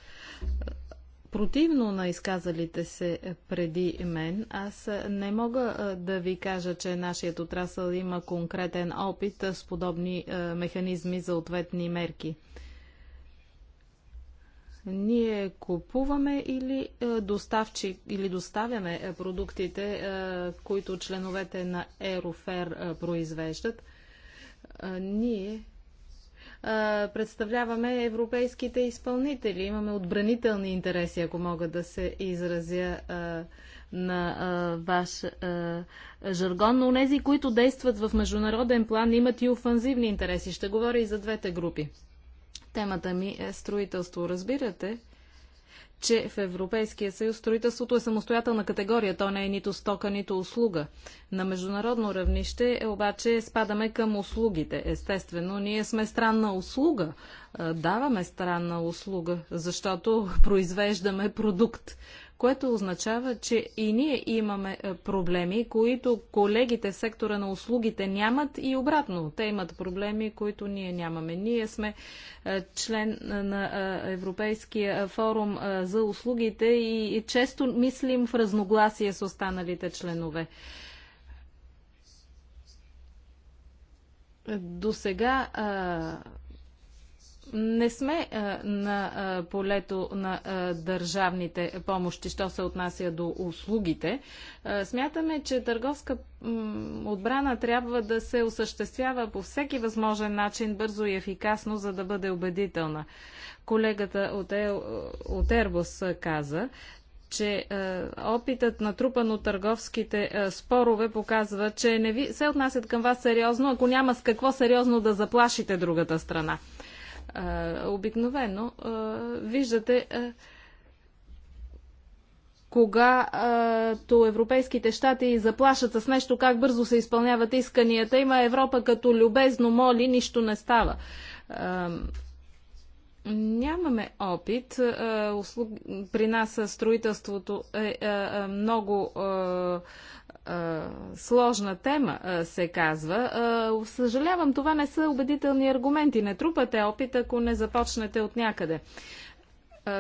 Противно на изказалите се е, преди мен, аз е, не мога е, да ви кажа, че нашият отрасъл има конкретен опит с подобни механизми за ответни мерки. Ние купуваме или, доставчи, или доставяме продуктите, които членовете на Ерофер произвеждат. Ние представляваме европейските изпълнители. Имаме отбранителни интереси, ако мога да се изразя на ваш жаргон, но тези, които действат в международен план, имат и офанзивни интереси. Ще говоря и за двете групи. Темата ми е строителство. Разбирате, че в Европейския съюз строителството е самостоятелна категория. То не е нито стока, нито услуга. На международно равнище е, обаче спадаме към услугите. Естествено, ние сме странна услуга. Е, даваме странна услуга, защото (laughs) произвеждаме продукт което означава, че и ние имаме е, проблеми, които колегите в сектора на услугите нямат и обратно. Те имат проблеми, които ние нямаме. Ние сме е, член на е, Европейския форум за услугите и често мислим в разногласие с останалите членове. До сега не сме на полето на държавните помощи, що се отнася до услугите. Смятаме, че търговска отбрана трябва да се осъществява по всеки възможен начин, бързо и ефикасно, за да бъде убедителна. Колегата от, е, от Ербус каза, че е, опитът натрупан от търговските е, спорове показва, че не ви, се отнасят към вас сериозно, ако няма с какво сериозно да заплашите другата страна. Обикновено виждате когато европейските щати заплашат с нещо, как бързо се изпълняват исканията, има Европа като любезно моли, нищо не става. Нямаме опит. При нас строителството е много сложна тема, се казва. Съжалявам, това не са убедителни аргументи. Не трупате опит, ако не започнете от някъде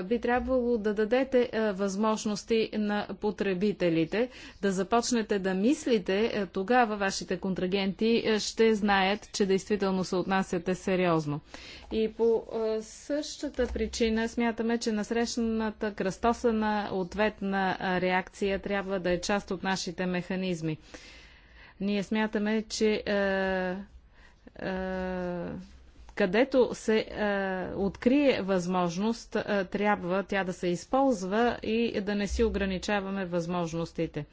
би трябвало да дадете възможности на потребителите, да започнете да мислите, тогава вашите контрагенти ще знаят, че действително се отнасяте сериозно. И по същата причина смятаме, че насрещната кръстосана ответна реакция трябва да е част от нашите механизми. Ние смятаме, че е, е, където се е, открие възможност, е, трябва тя да се използва и да не си ограничаваме възможностите.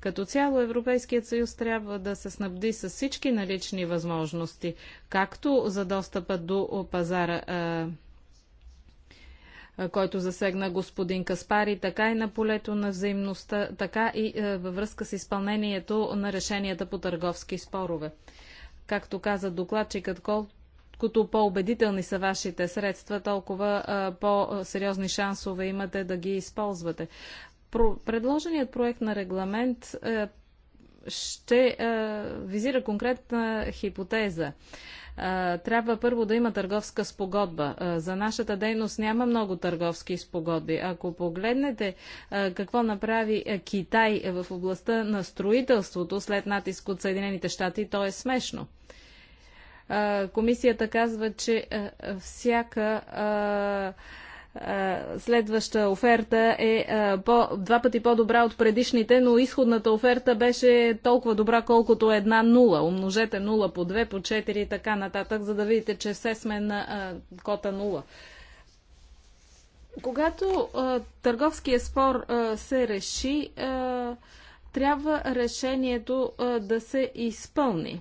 Като цяло Европейският съюз трябва да се снабди с всички налични възможности, както за достъпа до пазара. Е, е който засегна господин Каспари, така и на полето на взаимността, така и е, във връзка с изпълнението на решенията по търговски спорове. Както каза докладчикът Кол, колкото по-убедителни са вашите средства, толкова по-сериозни шансове имате да ги използвате. предложеният проект на регламент ще визира конкретна хипотеза. трябва първо да има търговска спогодба. За нашата дейност няма много търговски спогодби. Ако погледнете какво направи Китай в областта на строителството след натиск от Съединените щати, то е смешно. Комисията казва, че всяка следваща оферта е по, два пъти по-добра от предишните, но изходната оферта беше толкова добра, колкото една нула. Умножете нула по две, по четири и така нататък, за да видите, че все сме на а, кота нула. Когато а, търговския спор а, се реши, а, трябва решението а, да се изпълни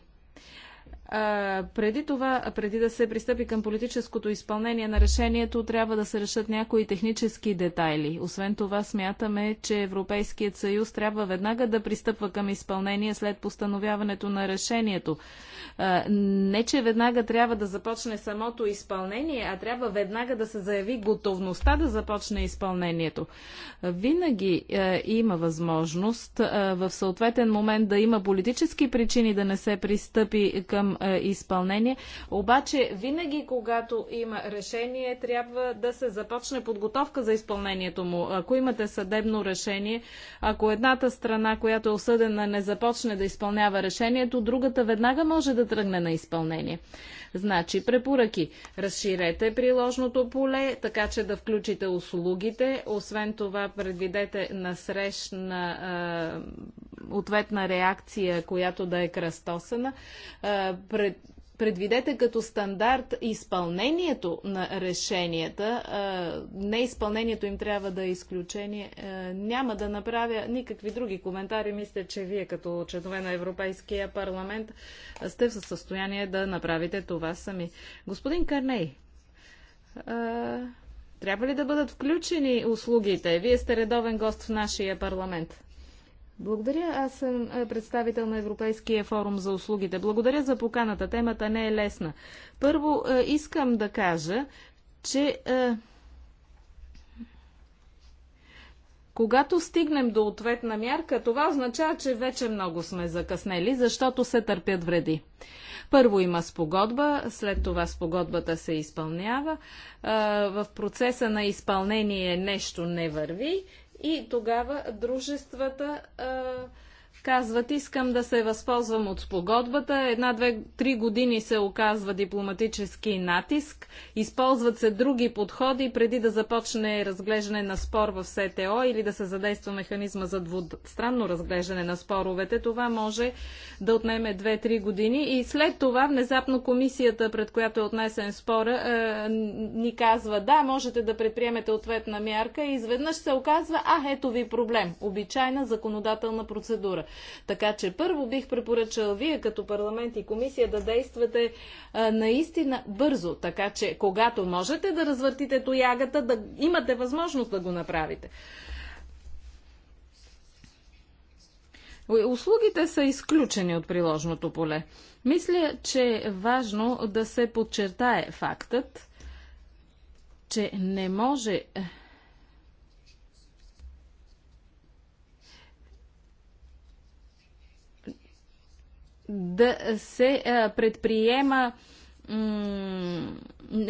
преди това, преди да се пристъпи към политическото изпълнение на решението, трябва да се решат някои технически детайли. Освен това, смятаме, че Европейският съюз трябва веднага да пристъпва към изпълнение след постановяването на решението. Не, че веднага трябва да започне самото изпълнение, а трябва веднага да се заяви готовността да започне изпълнението. Винаги е, има възможност е, в съответен момент да има политически причини да не се пристъпи към е, изпълнение, обаче винаги, когато има решение, трябва да се започне подготовка за изпълнението му. Ако имате съдебно решение, ако едната страна, която е осъдена, не започне да изпълнява решението, другата веднага може може да тръгне на изпълнение. Значи, препоръки. Разширете приложното поле, така че да включите услугите. Освен това, предвидете насрещна срещна ответна реакция, която да е кръстосана. пред, предвидете като стандарт изпълнението на решенията. Не изпълнението им трябва да е изключение. Няма да направя никакви други коментари. Мисля, че вие като членове на Европейския парламент сте в състояние да направите това сами. Господин Карней, трябва ли да бъдат включени услугите? Вие сте редовен гост в нашия парламент. Благодаря. Аз съм е, представител на Европейския форум за услугите. Благодаря за поканата. Темата не е лесна. Първо е, искам да кажа, че е, когато стигнем до ответна мярка, това означава, че вече много сме закъснели, защото се търпят вреди. Първо има спогодба, след това спогодбата се изпълнява. В процеса на изпълнение нещо не върви и тогава дружествата казват искам да се възползвам от спогодбата. Една, две, три години се оказва дипломатически натиск. Използват се други подходи преди да започне разглеждане на спор в СТО или да се задейства механизма за двустранно разглеждане на споровете. Това може да отнеме две-три години и след това внезапно комисията, пред която е отнесен спора, е, ни казва да, можете да предприемете ответна мярка и изведнъж се оказва, а ето ви проблем. Обичайна законодателна процедура. Така че първо бих препоръчал вие като парламент и комисия да действате а, наистина бързо, така че когато можете да развъртите тоягата, да имате възможност да го направите. Услугите са изключени от приложното поле. Мисля, че е важно да се подчертае фактът, че не може е, да се предприема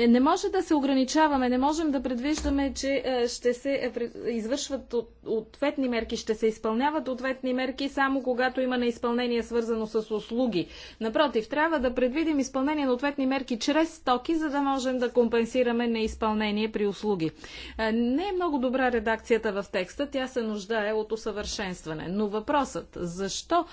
не може да се ограничаваме, не можем да предвиждаме, че е, ще се е, извършват ответни мерки, ще се изпълняват ответни мерки само когато има неизпълнение свързано с услуги. Напротив, трябва да предвидим изпълнение на ответни мерки чрез стоки, за да можем да компенсираме неизпълнение при услуги. Е, не е много добра редакцията в текста, тя се нуждае от усъвършенстване. Но въпросът, защо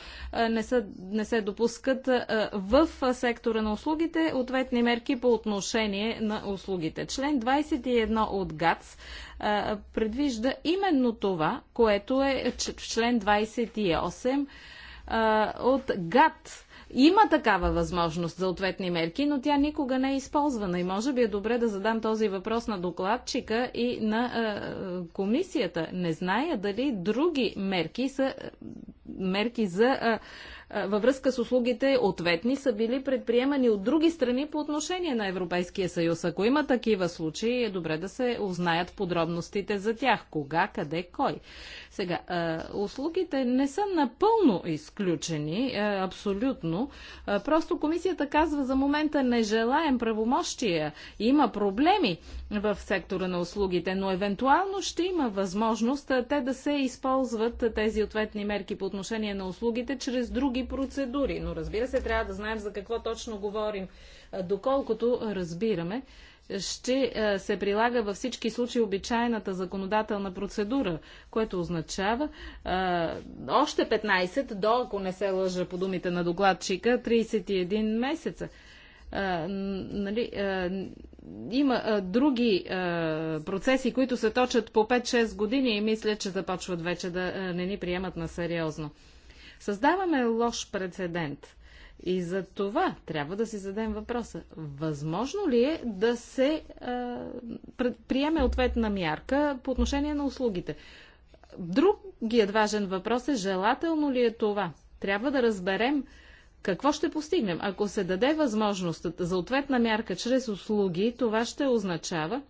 не се, не се допускат в сектора на услугите ответни конкретни мерки по отношение на услугите. Член 21 от ГАЦ а, предвижда именно това, което е в член 28 а, от ГАТ. Има такава възможност за ответни мерки, но тя никога не е използвана. И може би е добре да задам този въпрос на докладчика и на е, комисията. Не зная дали други мерки са мерки за е, във връзка с услугите ответни са били предприемани от други страни по отношение на Европейския съюз. Ако има такива случаи, е добре да се узнаят подробностите за тях. Кога, къде, кой. Сега, услугите не са напълно изключени, абсолютно. Просто комисията казва за момента не желаем правомощия. Има проблеми в сектора на услугите, но евентуално ще има възможност те да се използват тези ответни мерки по отношение на услугите чрез други процедури. Но разбира се, трябва да знаем за какво точно говорим, доколкото разбираме ще е, се прилага във всички случаи обичайната законодателна процедура, което означава а, е, още 15 до, ако не се лъжа по думите на докладчика, 31 месеца. А, е, нали, а, има а, други а, процеси, които се точат по 5-6 години и мисля, че започват вече да а, не ни приемат на сериозно. Създаваме лош прецедент – и за това трябва да си зададем въпроса. Възможно ли е да се а, приеме ответна мярка по отношение на услугите? Другият важен въпрос е желателно ли е това? Трябва да разберем какво ще постигнем. Ако се даде възможност за ответна мярка чрез услуги, това ще означава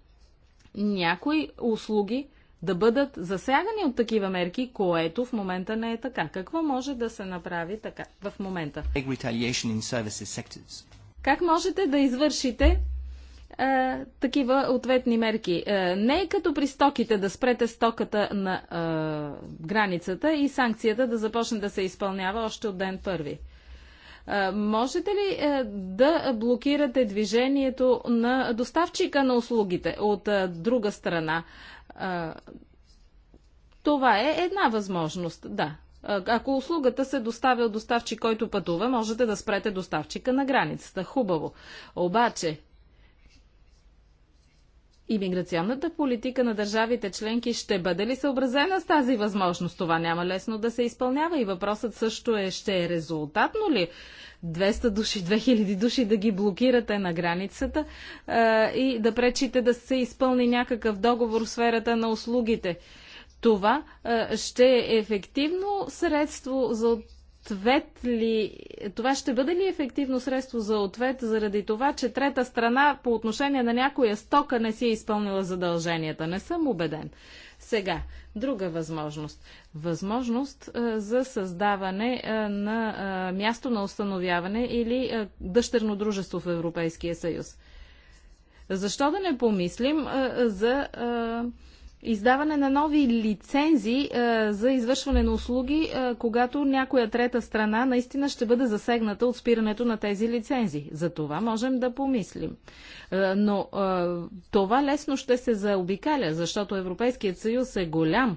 някои услуги да бъдат засягани от такива мерки, което в момента не е така. Какво може да се направи така в момента? Как можете да извършите е, такива ответни мерки? Е, не е като при стоките да спрете стоката на е, границата и санкцията да започне да се изпълнява още от ден първи. Е, можете ли е, да блокирате движението на доставчика на услугите от е, друга страна? А, това е една възможност, да. Ако услугата се доставя от доставчик, който пътува, можете да спрете доставчика на границата. Хубаво. Обаче, Имиграционната политика на държавите членки ще бъде ли съобразена с тази възможност? Това няма лесно да се изпълнява и въпросът също е, ще е резултатно ли 200 души, 2000 души да ги блокирате на границата а, и да пречите да се изпълни някакъв договор в сферата на услугите. Това а, ще е ефективно средство за ответ ли, това ще бъде ли ефективно средство за ответ заради това, че трета страна по отношение на някоя стока не си е изпълнила задълженията? Не съм убеден сега. Друга възможност. Възможност а, за създаване а, на а, място на установяване или а, дъщерно дружество в Европейския съюз. Защо да не помислим а, за. А, издаване на нови лицензи а, е, за извършване на услуги, а, е, когато някоя трета страна наистина ще бъде засегната от спирането на тези лицензи. За това можем да помислим. А, е, но това лесно ще се заобикаля, защото Европейският съюз е голям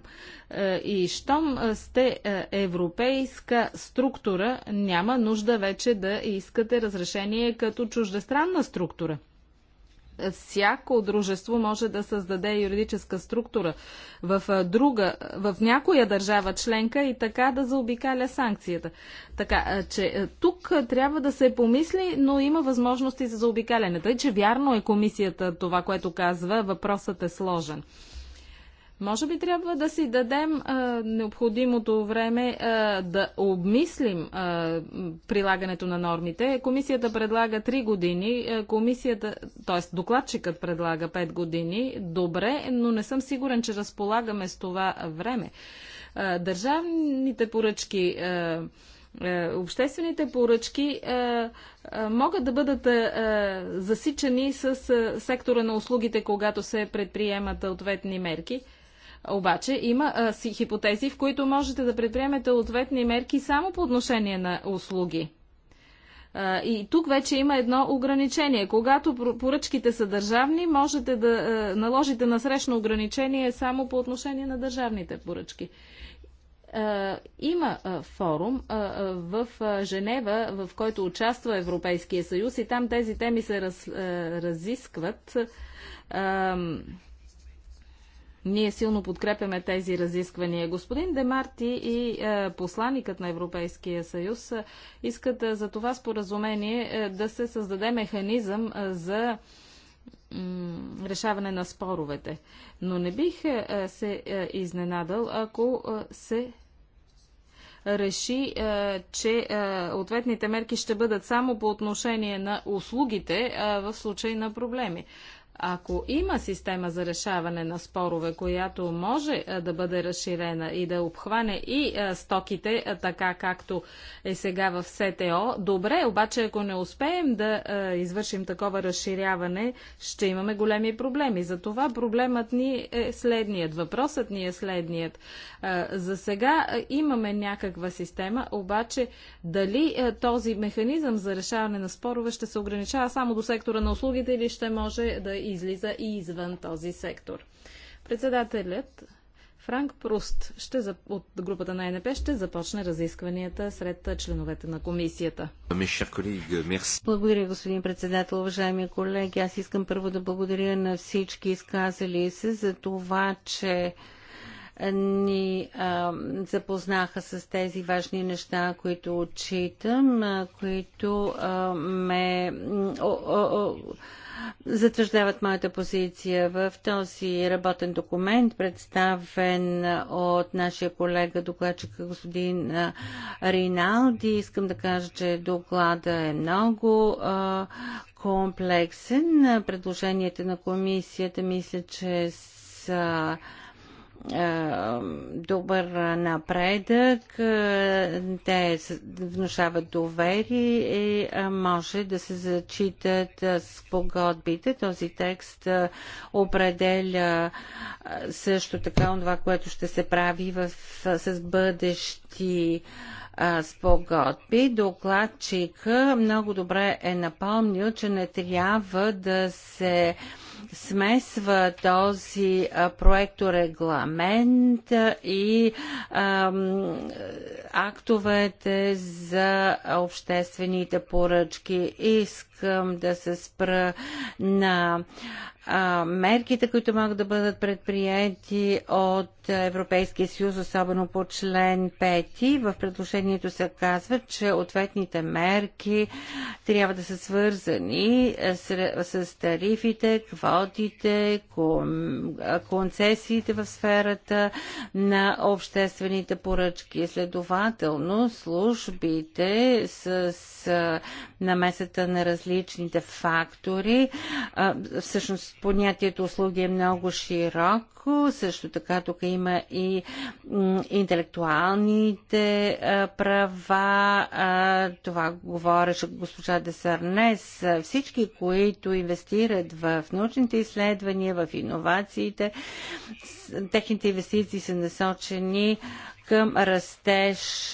и щом сте европейска структура, няма нужда вече да искате разрешение като чуждестранна структура всяко дружество може да създаде юридическа структура в друга, в някоя държава членка и така да заобикаля санкцията. Така, че тук трябва да се помисли, но има възможности за заобикаляне. Тъй, че вярно е комисията това, което казва, въпросът е сложен. Може би трябва да си дадем а, необходимото време а, да обмислим а, прилагането на нормите. Комисията предлага 3 години, комисията, т.е. докладчикът предлага 5 години. Добре, но не съм сигурен, че разполагаме с това време. А, държавните поръчки. А, обществените поръчки могат да бъдат засичани с сектора на услугите, когато се предприемат ответни мерки. Обаче има а, си хипотези, в които можете да предприемете ответни мерки само по отношение на услуги. А, и тук вече има едно ограничение. Когато поръчките са държавни, можете да а, наложите насрещно ограничение само по отношение на държавните поръчки има форум в Женева, в който участва Европейския съюз и там тези теми се раз, разискват. Ние силно подкрепяме тези разисквания. Господин Демарти и е, посланикът на Европейския съюз е, искат е, за това споразумение да се създаде механизъм за решаване на споровете. Но не бих се изненадал, ако се реши, че ответните мерки ще бъдат само по отношение на услугите в случай на проблеми. Ако има система за решаване на спорове, която може да бъде разширена и да обхване и стоките, така както е сега в СТО, добре, обаче ако не успеем да извършим такова разширяване, ще имаме големи проблеми. Затова проблемът ни е следният, въпросът ни е следният. За сега имаме някаква система, обаче дали този механизъм за решаване на спорове ще се ограничава само до сектора на услугите или ще може да излиза и извън този сектор. Председателят Франк Пруст ще, от групата на НП ще започне разискванията сред членовете на комисията. Благодаря, господин председател, уважаеми колеги. Аз искам първо да благодаря на всички изказали се за това, че ни а, запознаха с тези важни неща, които отчитам, а, които а, ме о, о, о, затвърждават моята позиция в този работен документ, представен от нашия колега докладчик господин Риналди. Искам да кажа, че доклада е много а, комплексен. Предложенията на комисията мисля, че са е, добър напредък, е, те внушават доверие и е, може да се зачитат с погодбите. Този текст определя също така това, което ще се прави в, с бъдещи спогодби. Докладчика много добре е напомнил, че не трябва да се а, смесва този проекторегламент и актовете за обществените поръчки. Искам да се спра на а, мерките, които могат да бъдат предприяти от Европейския съюз, особено по член 5. В предложението се казва, че ответните мерки трябва да са свързани с, с тарифите, квотите, концесиите в сферата на обществените поръчки. Следователно, службите с намесата на различните фактори. Всъщност понятието услуги е много широко. Също така тук има и интелектуалните права. Това говореше госпожа Десарнес. Всички, които инвестират в научните изследвания, в иновациите, техните инвестиции са насочени към растеж.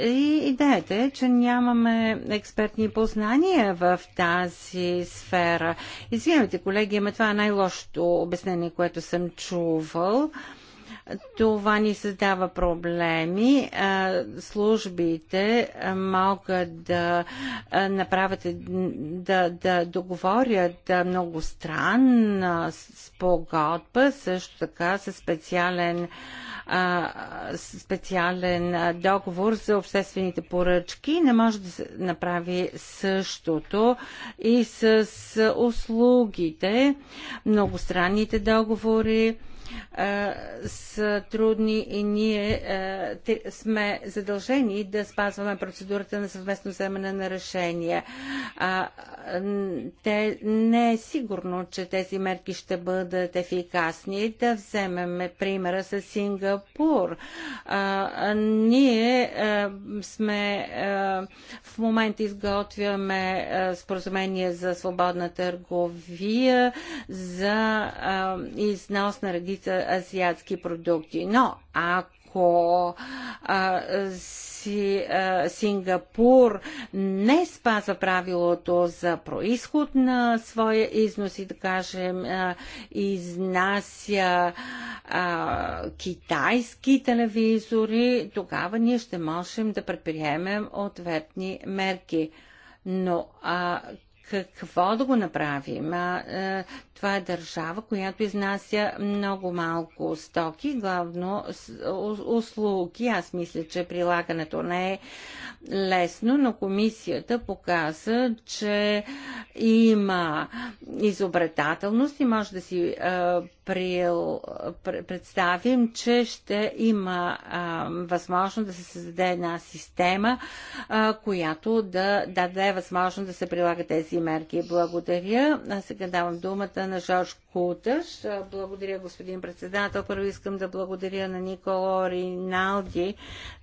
И идеята е, че нямаме експертни познания в тази сфера. Извинявайте, колеги, ама това е най-лошото обяснение, което съм чувал. Това ни създава проблеми. Службите могат да направят, да, да договорят много странна спогодба, също така със специален а, специален договор за обществените поръчки, не може да се направи същото и с услугите, многостранните договори са трудни и ние сме задължени да спазваме процедурата на съвместно вземане на решения. Те не е сигурно, че тези мерки ще бъдат ефикасни. Да вземем примера с Сингапур. Ние сме в момента изготвяме споразумение за свободна търговия, за износ на редица редица азиатски продукти. Но ако а, си, а, Сингапур не спазва правилото за происход на своя износ и да кажем а, изнася а, китайски телевизори, тогава ние ще можем да предприемем ответни мерки. Но а, какво да го направим. А, е, това е държава, която изнася много малко стоки, главно услуги. Аз мисля, че прилагането не е лесно, но комисията показа, че има изобретателност и може да си е, април представим, че ще има а, възможност да се създаде една система, а, която да, да даде възможност да се прилага тези мерки. Благодаря. А сега давам думата на Жорж Куташ. Благодаря, господин председател. Първо искам да благодаря на Николо Риналди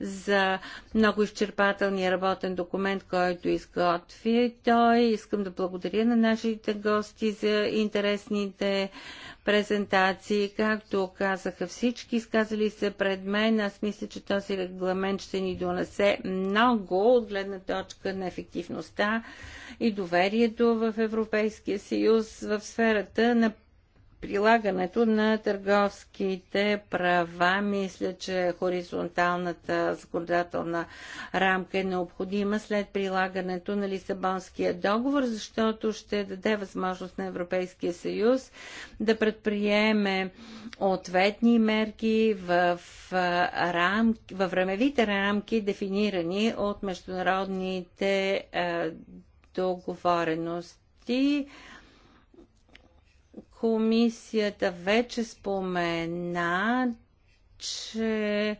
за много изчерпателния работен документ, който изготви той. Искам да благодаря на нашите гости за интересните презентации. Както казаха всички, изказали се пред мен, аз мисля, че този регламент ще ни донесе много от гледна точка на ефективността и доверието в Европейския съюз в сферата на прилагането на търговските права, мисля, че хоризонталната законодателна рамка е необходима след прилагането на Лисабонския договор, защото ще даде възможност на Европейския съюз да предприеме ответни мерки в, рам... в времевите рамки, дефинирани от международните договорености. Комисията вече спомена, че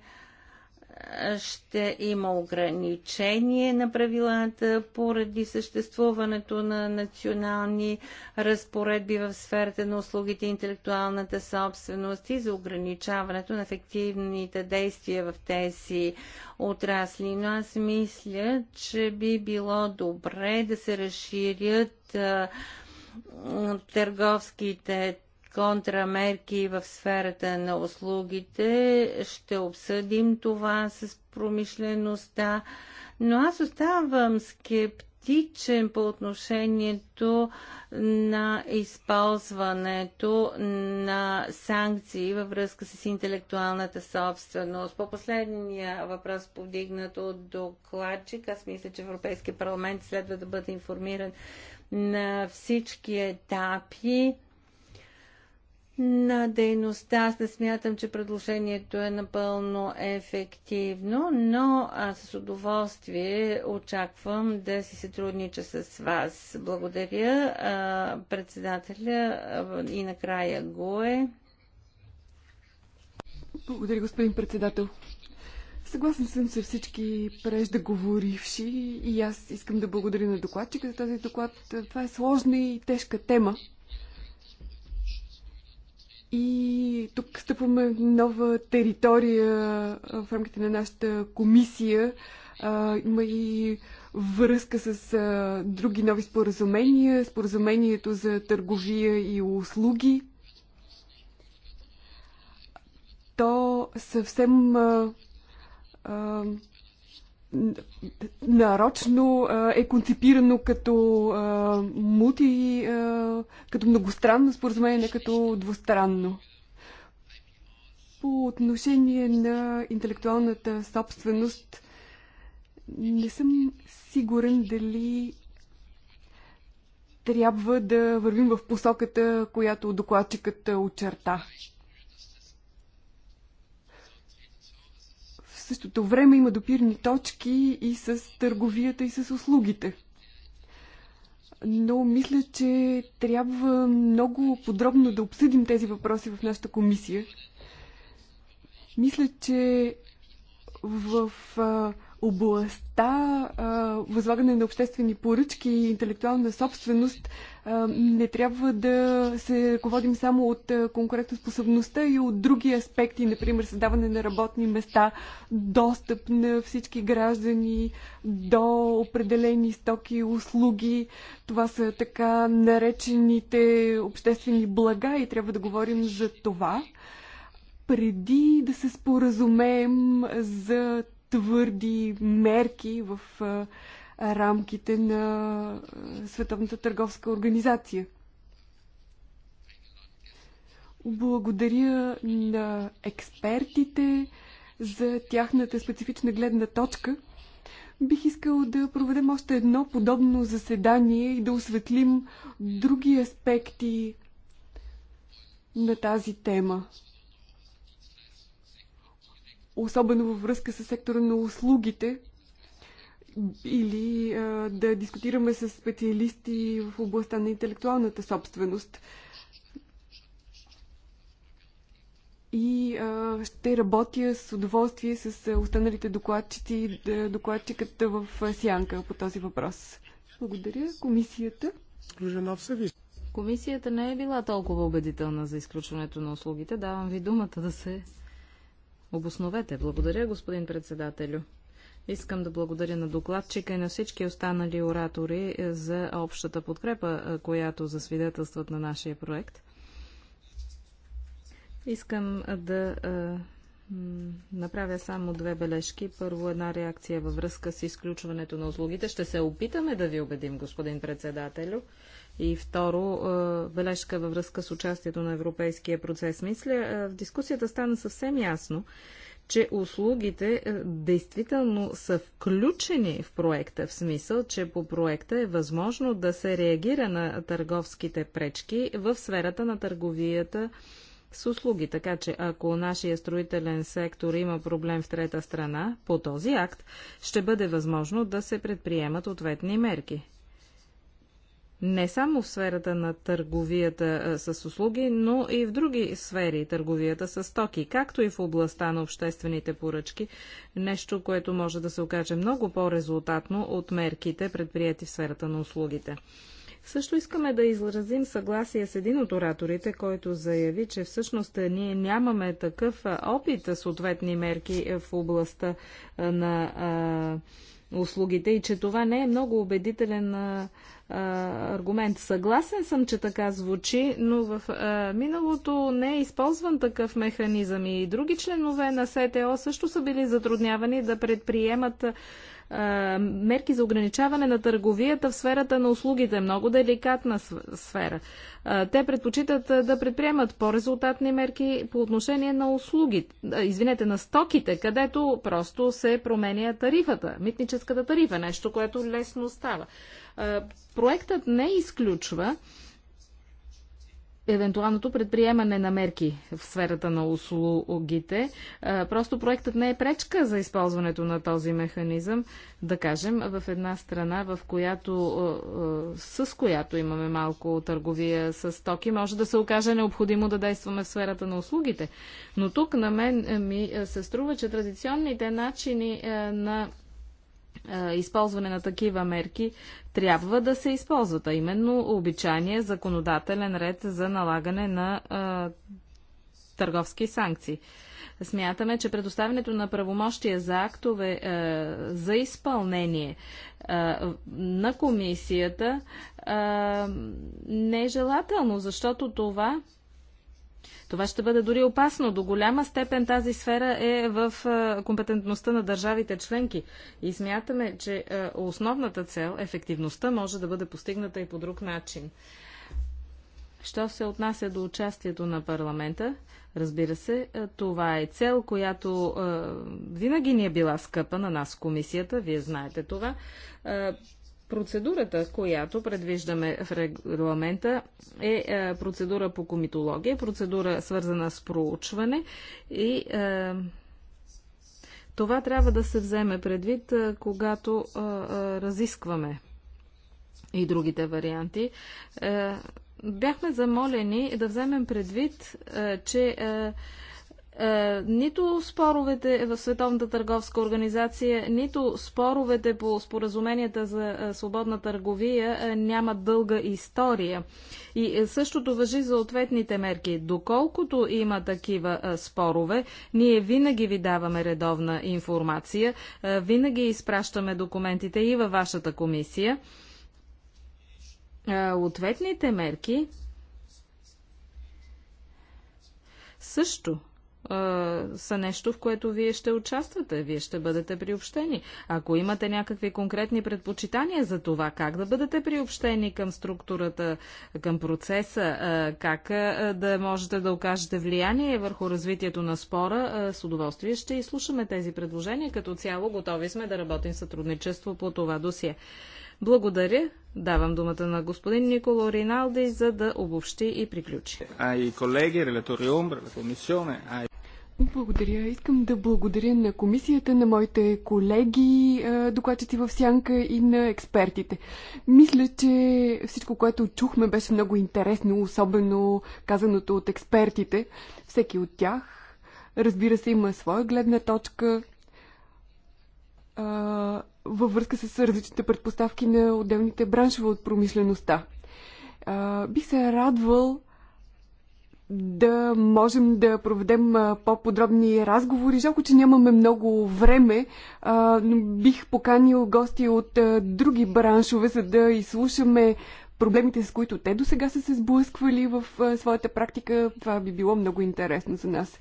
ще има ограничение на правилата поради съществуването на национални разпоредби в сферата на услугите и интелектуалната собственост и за ограничаването на ефективните действия в тези отрасли. Но аз мисля, че би било добре да се разширят търговските контрамерки в сферата на услугите. Ще обсъдим това с промишлеността, но аз оставам скептичен по отношението на използването на санкции във връзка с интелектуалната собственост. По последния въпрос, повдигнат от докладчик, аз мисля, че Европейския парламент следва да бъде информиран на всички етапи на дейността. Аз не смятам, че предложението е напълно ефективно, но аз с удоволствие очаквам да си сътруднича с вас. Благодаря председателя и накрая Гое. Благодаря, господин председател. Съгласна съм с всички преждеговоривши и аз искам да благодаря на докладчика за този доклад. Това е сложна и тежка тема. И тук стъпваме нова територия в рамките на нашата комисия. А, има и връзка с а, други нови споразумения, споразумението за търговия и услуги. То съвсем а, нарочно е концепирано като а, мути, а, като многостранно споразумение, не като двустранно. По отношение на интелектуалната собственост, не съм сигурен дали трябва да вървим в посоката, която докладчикът очерта. същото време има допирни точки и с търговията, и с услугите. Но мисля, че трябва много подробно да обсъдим тези въпроси в нашата комисия. Мисля, че в а, областта а, възлагане на обществени поръчки и интелектуална собственост а, не трябва да се ръководим само от конкурентоспособността и от други аспекти, например създаване на работни места, достъп на всички граждани до определени стоки и услуги. Това са така наречените обществени блага и трябва да говорим за това преди да се споразумеем за твърди мерки в рамките на Световната търговска организация. Благодаря на експертите за тяхната специфична гледна точка. Бих искал да проведем още едно подобно заседание и да осветлим други аспекти на тази тема особено във връзка с сектора на услугите, или а, да дискутираме с специалисти в областта на интелектуалната собственост. И а, ще работя с удоволствие с останалите докладчици, докладчиката в Сянка по този въпрос. Благодаря. Комисията. Комисията не е била толкова убедителна за изключването на услугите. Давам ви думата да се Обосновете. Благодаря, господин председателю. Искам да благодаря на докладчика и на всички останали оратори е, за общата подкрепа, е, която засвидетелстват на нашия проект. Искам е, да Направя само две бележки. Първо една реакция във връзка с изключването на услугите. Ще се опитаме да ви убедим, господин председателю. И второ, е, бележка във връзка с участието на европейския процес. Мисля, е, в дискусията стана съвсем ясно, че услугите е, действително са включени в проекта, в смисъл, че по проекта е възможно да се реагира на търговските пречки в сферата на търговията с услуги. Така че ако нашия строителен сектор има проблем в трета страна, по този акт ще бъде възможно да се предприемат ответни мерки не само в сферата на търговията с услуги, но и в други сфери търговията с стоки, както и в областта на обществените поръчки, нещо, което може да се окаже много по-резултатно от мерките, предприяти в сферата на услугите. Също искаме да изразим съгласие с един от ораторите, който заяви, че всъщност ние нямаме такъв опит с ответни мерки в областта на услугите и че това не е много убедителен а, аргумент. Съгласен съм, че така звучи, но в а, миналото не е използван такъв механизъм и други членове на СТО също са били затруднявани да предприемат мерки за ограничаване на търговията в сферата на услугите. Много деликатна сфера. те предпочитат да предприемат по-резултатни мерки по отношение на услугите, извинете, на стоките, където просто се променя тарифата, митническата тарифа, нещо, което лесно става. Проектът не изключва евентуалното предприемане на мерки в сферата на услугите. Просто проектът не е пречка за използването на този механизъм, да кажем, в една страна, в която, с която имаме малко търговия с стоки, може да се окаже необходимо да действаме в сферата на услугите. Но тук на мен ми се струва, че традиционните начини на е, използване на такива мерки трябва да се използват, а именно обичание, законодателен ред за налагане на а, е, търговски санкции. Смятаме, че предоставянето на правомощия за актове а, е, за изпълнение а, на комисията а, не е желателно, защото това това ще бъде дори опасно. До голяма степен тази сфера е в е, компетентността на държавите членки. И смятаме, че е, основната цел, ефективността, може да бъде постигната и по друг начин. Що се отнася до участието на парламента, разбира се, е, това е цел, която винаги ни е била скъпа на нас комисията, вие знаете това. Процедурата, която предвиждаме в регламента е, е процедура по комитология, процедура свързана с проучване и е, това трябва да се вземе предвид, е, когато е, е, разискваме и другите варианти. Е, бяхме замолени да вземем предвид, че е, нито споровете в Световната търговска организация, нито споровете по споразуменията за е, свободна търговия е, нямат дълга история. И същото въжи за ответните мерки. Доколкото има такива спорове, ние винаги ви даваме редовна информация, винаги изпращаме документите и във вашата комисия. Ответните мерки също са нещо, в което вие ще участвате, вие ще бъдете приобщени. Ако имате някакви конкретни предпочитания за това, как да бъдете приобщени към структурата, към процеса, как да можете да окажете влияние върху развитието на спора, с удоволствие ще изслушаме тези предложения. Като цяло готови сме да работим в сътрудничество по това досие. Благодаря. Давам думата на господин Николо Риналди, за да обобщи и приключи. Ай, колеги, релатори Умбра, комисионе, ай... Благодаря. Искам да благодаря на комисията, на моите колеги, докладчици в Сянка и на експертите. Мисля, че всичко, което чухме, беше много интересно, особено казаното от експертите. Всеки от тях, разбира се, има своя гледна точка във връзка с различните предпоставки на отделните браншове от промишлеността. Бих се радвал да можем да проведем по-подробни разговори. Жалко, че нямаме много време, но бих поканил гости от други браншове, за да изслушаме проблемите, с които те до сега са се сблъсквали в своята практика. Това би било много интересно за нас.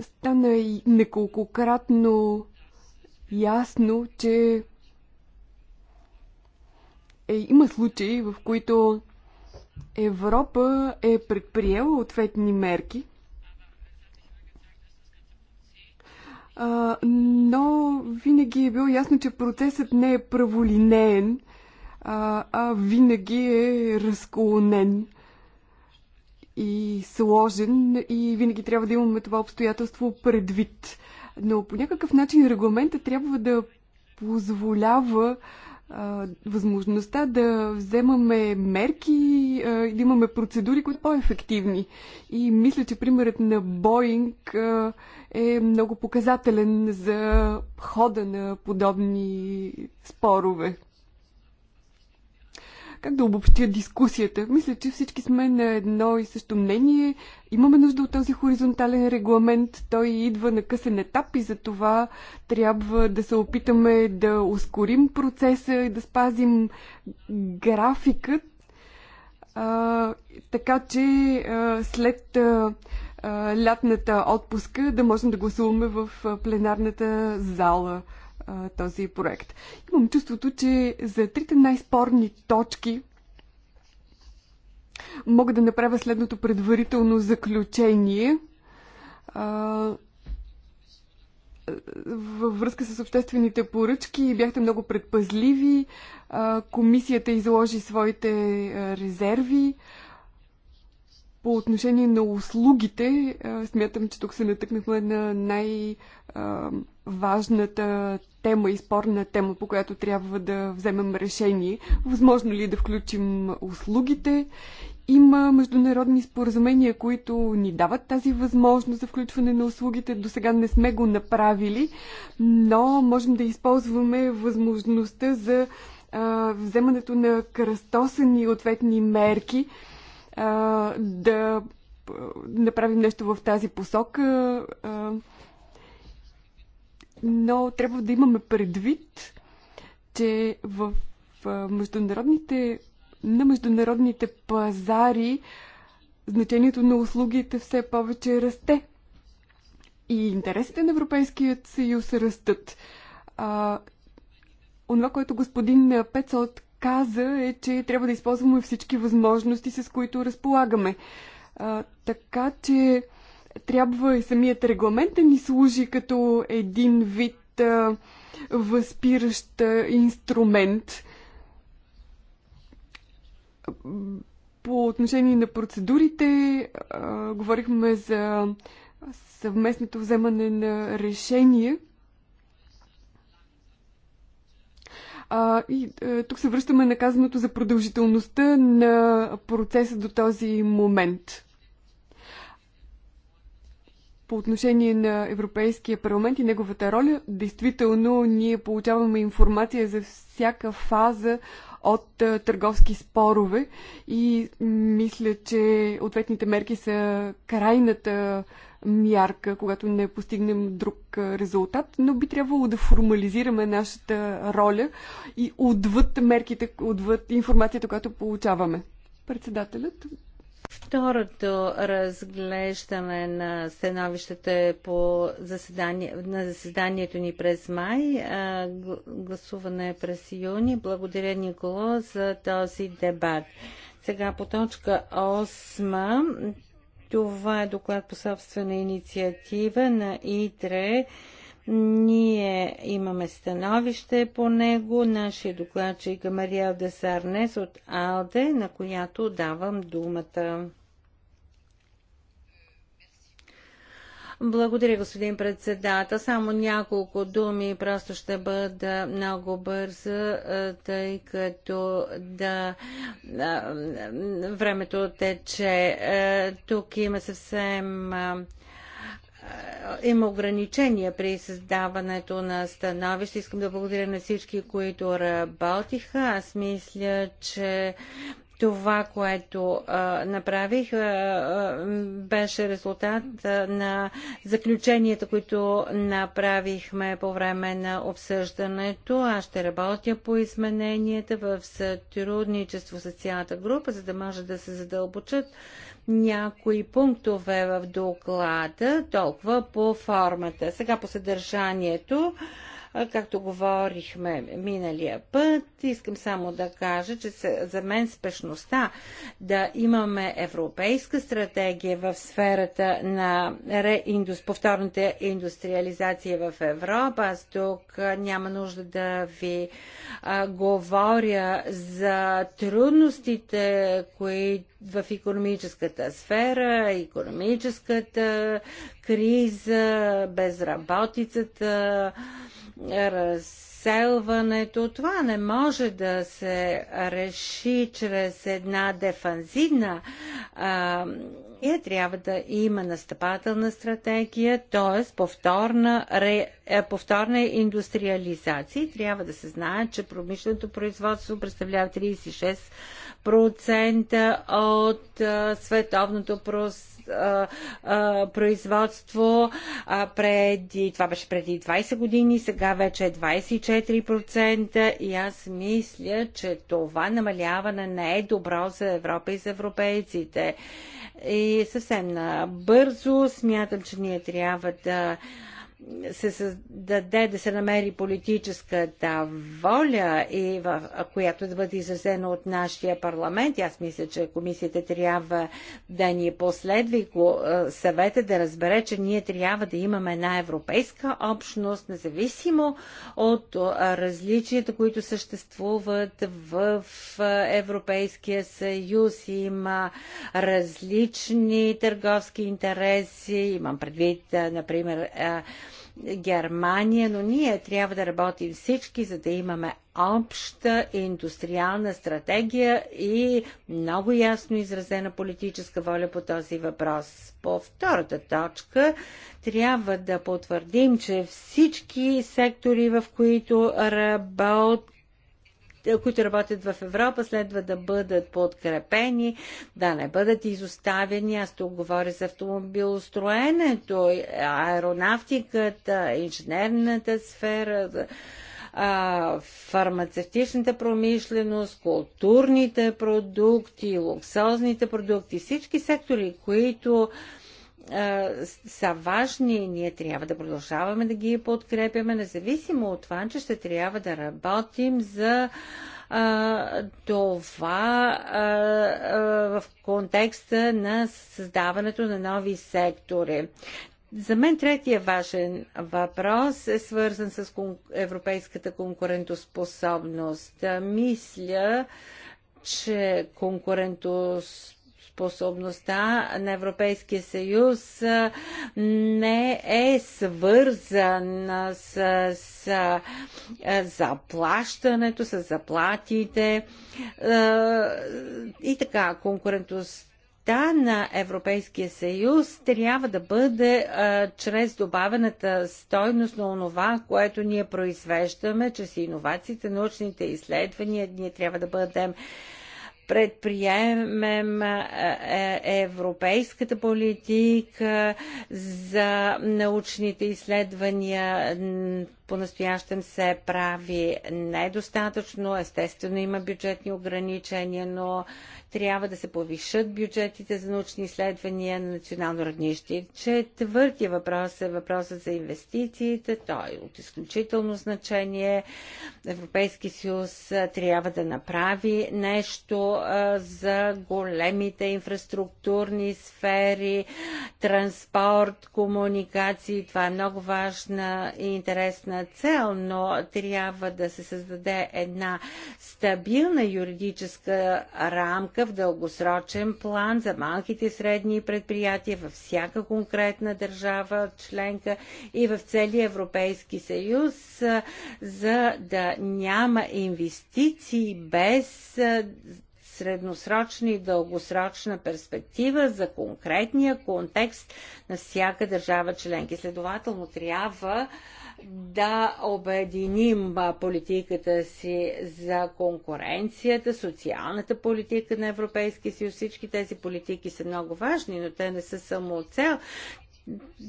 Стана и неколкократно ясно, че е, има случаи, в които Европа е предприела ответни мерки, но винаги е било ясно, че процесът не е праволинеен, а винаги е разклонен и сложен и винаги трябва да имаме това обстоятелство предвид. Но по някакъв начин регламента трябва да позволява възможността да вземаме мерки и да имаме процедури, които по-ефективни. И мисля, че примерът на Боинг е много показателен за хода на подобни спорове. Как да обобщя дискусията? Мисля, че всички сме на едно и също мнение. Имаме нужда от този хоризонтален регламент. Той идва на късен етап и за това трябва да се опитаме да ускорим процеса и да спазим графикът. А, така че а, след а, лятната отпуска да можем да гласуваме в пленарната зала този проект. Имам чувството, че за трите най-спорни точки мога да направя следното предварително заключение във връзка с обществените поръчки бяхте много предпазливи. комисията изложи своите резерви. По отношение на услугите, смятам, че тук се натъкнахме на най-важната тема и спорна тема, по която трябва да вземем решение. Възможно ли да включим услугите? Има международни споразумения, които ни дават тази възможност за включване на услугите. До сега не сме го направили, но можем да използваме възможността за а, вземането на кръстосани ответни мерки, да направим нещо в тази посока, но трябва да имаме предвид, че в международните, на международните пазари значението на услугите все повече расте. И интересите на Европейският съюз растат. А, онова, което господин Пецот каза е, че трябва да използваме всички възможности, с които разполагаме. А, така че трябва и самият регламент да ни служи като един вид а, възпиращ а, инструмент. По отношение на процедурите, а, говорихме за съвместното вземане на решения, А, и а, е, тук се връщаме на казаното за продължителността на процеса до този момент. По отношение на Европейския парламент и неговата роля, действително ние получаваме информация за всяка фаза от е, търговски спорове и мисля, че ответните мерки са крайната мярка, когато не постигнем друг е, резултат, но би трябвало да формализираме нашата роля и отвъд мерките, отвъд информацията, която получаваме. Председателят, Второто разглеждане на становищата е по заседание, на заседанието ни през май, а, гласуване е през юни. Благодаря Николо за този дебат. Сега по точка 8. Това е доклад по собствена инициатива на ИТРЕ ние имаме становище по него. Нашия докладчик Мария Мариел Десарнес от АЛДЕ, на която давам думата. Благодаря, господин председател. Само няколко думи. Просто ще бъда много бърза, тъй като да времето тече. Тук има съвсем е, има ограничения при създаването на становище. Искам да благодаря на всички, които работиха. Аз мисля, че това, което а, направих, а, а, беше резултат а, на заключенията, които направихме по време на обсъждането. Аз ще работя по измененията в сътрудничество с цялата група, за да може да се задълбочат някои пунктове в доклада, толкова по формата. Сега по съдържанието, както говорихме миналия път, искам само да кажа, че за мен спешността да имаме европейска стратегия в сферата на реиндус, повторната индустриализация в Европа. Аз тук няма нужда да ви говоря за трудностите, които в економическата сфера, економическата криза, безработицата, разселването. Това не може да се реши чрез една дефанзивна. и трябва да има настъпателна стратегия, т.е. Повторна, ре, е, повторна индустриализация. Трябва да се знае, че промишленото производство представлява 36 10% от а, световното прос, а, а, производство. А, преди, това беше преди 20 години, сега вече е 24% и аз мисля, че това намаляване не е добро за Европа и за европейците. И съвсем бързо смятам, че ние трябва да се създаде, да се намери политическата воля, и в, която да бъде изразена от нашия парламент. Аз мисля, че комисията трябва да ни последва и е, съвета да разбере, че ние трябва да имаме една европейска общност, независимо от е, различията, които съществуват в е, Европейския съюз. Има различни търговски интереси, имам предвид, например, Германия, но ние трябва да работим всички, за да имаме обща индустриална стратегия и много ясно изразена политическа воля по този въпрос. По втората точка трябва да потвърдим, че всички сектори, в които работи които работят в Европа, следва да бъдат подкрепени, да не бъдат изоставени. Аз тук говоря за автомобилостроенето, аеронавтиката, инженерната сфера, фармацевтичната промишленост, културните продукти, луксозните продукти, всички сектори, които са важни и ние трябва да продължаваме да ги подкрепяме, независимо от това, че ще трябва да работим за а, това а, а, в контекста на създаването на нови сектори. За мен третия важен въпрос е свързан с европейската конкурентоспособност. Мисля, че конкурентоспособност способността на Европейския съюз не е свързана с, с заплащането, с заплатите и така конкурентността Та на Европейския съюз трябва да бъде а, чрез добавената стойност на онова, което ние произвеждаме, чрез иновациите, научните изследвания. Ние трябва да бъдем предприемем е, е, европейската политика за научните изследвания. По-настоящем се прави недостатъчно. Естествено има бюджетни ограничения, но трябва да се повишат бюджетите за научни изследвания на национално равнище. Четвъртия въпрос е въпросът за инвестициите. Той е от изключително значение. Европейски съюз трябва да направи нещо за големите инфраструктурни сфери, транспорт, комуникации. Това е много важна и интересна цел, но трябва да се създаде една стабилна юридическа рамка, в дългосрочен план за малките и средни предприятия във всяка конкретна държава членка и в целия Европейски съюз, за да няма инвестиции без средносрочна и дългосрочна перспектива за конкретния контекст на всяка държава членки. Следователно трябва да обединим политиката си за конкуренцията, социалната политика на Европейския съюз. Всички тези политики са много важни, но те не са само цел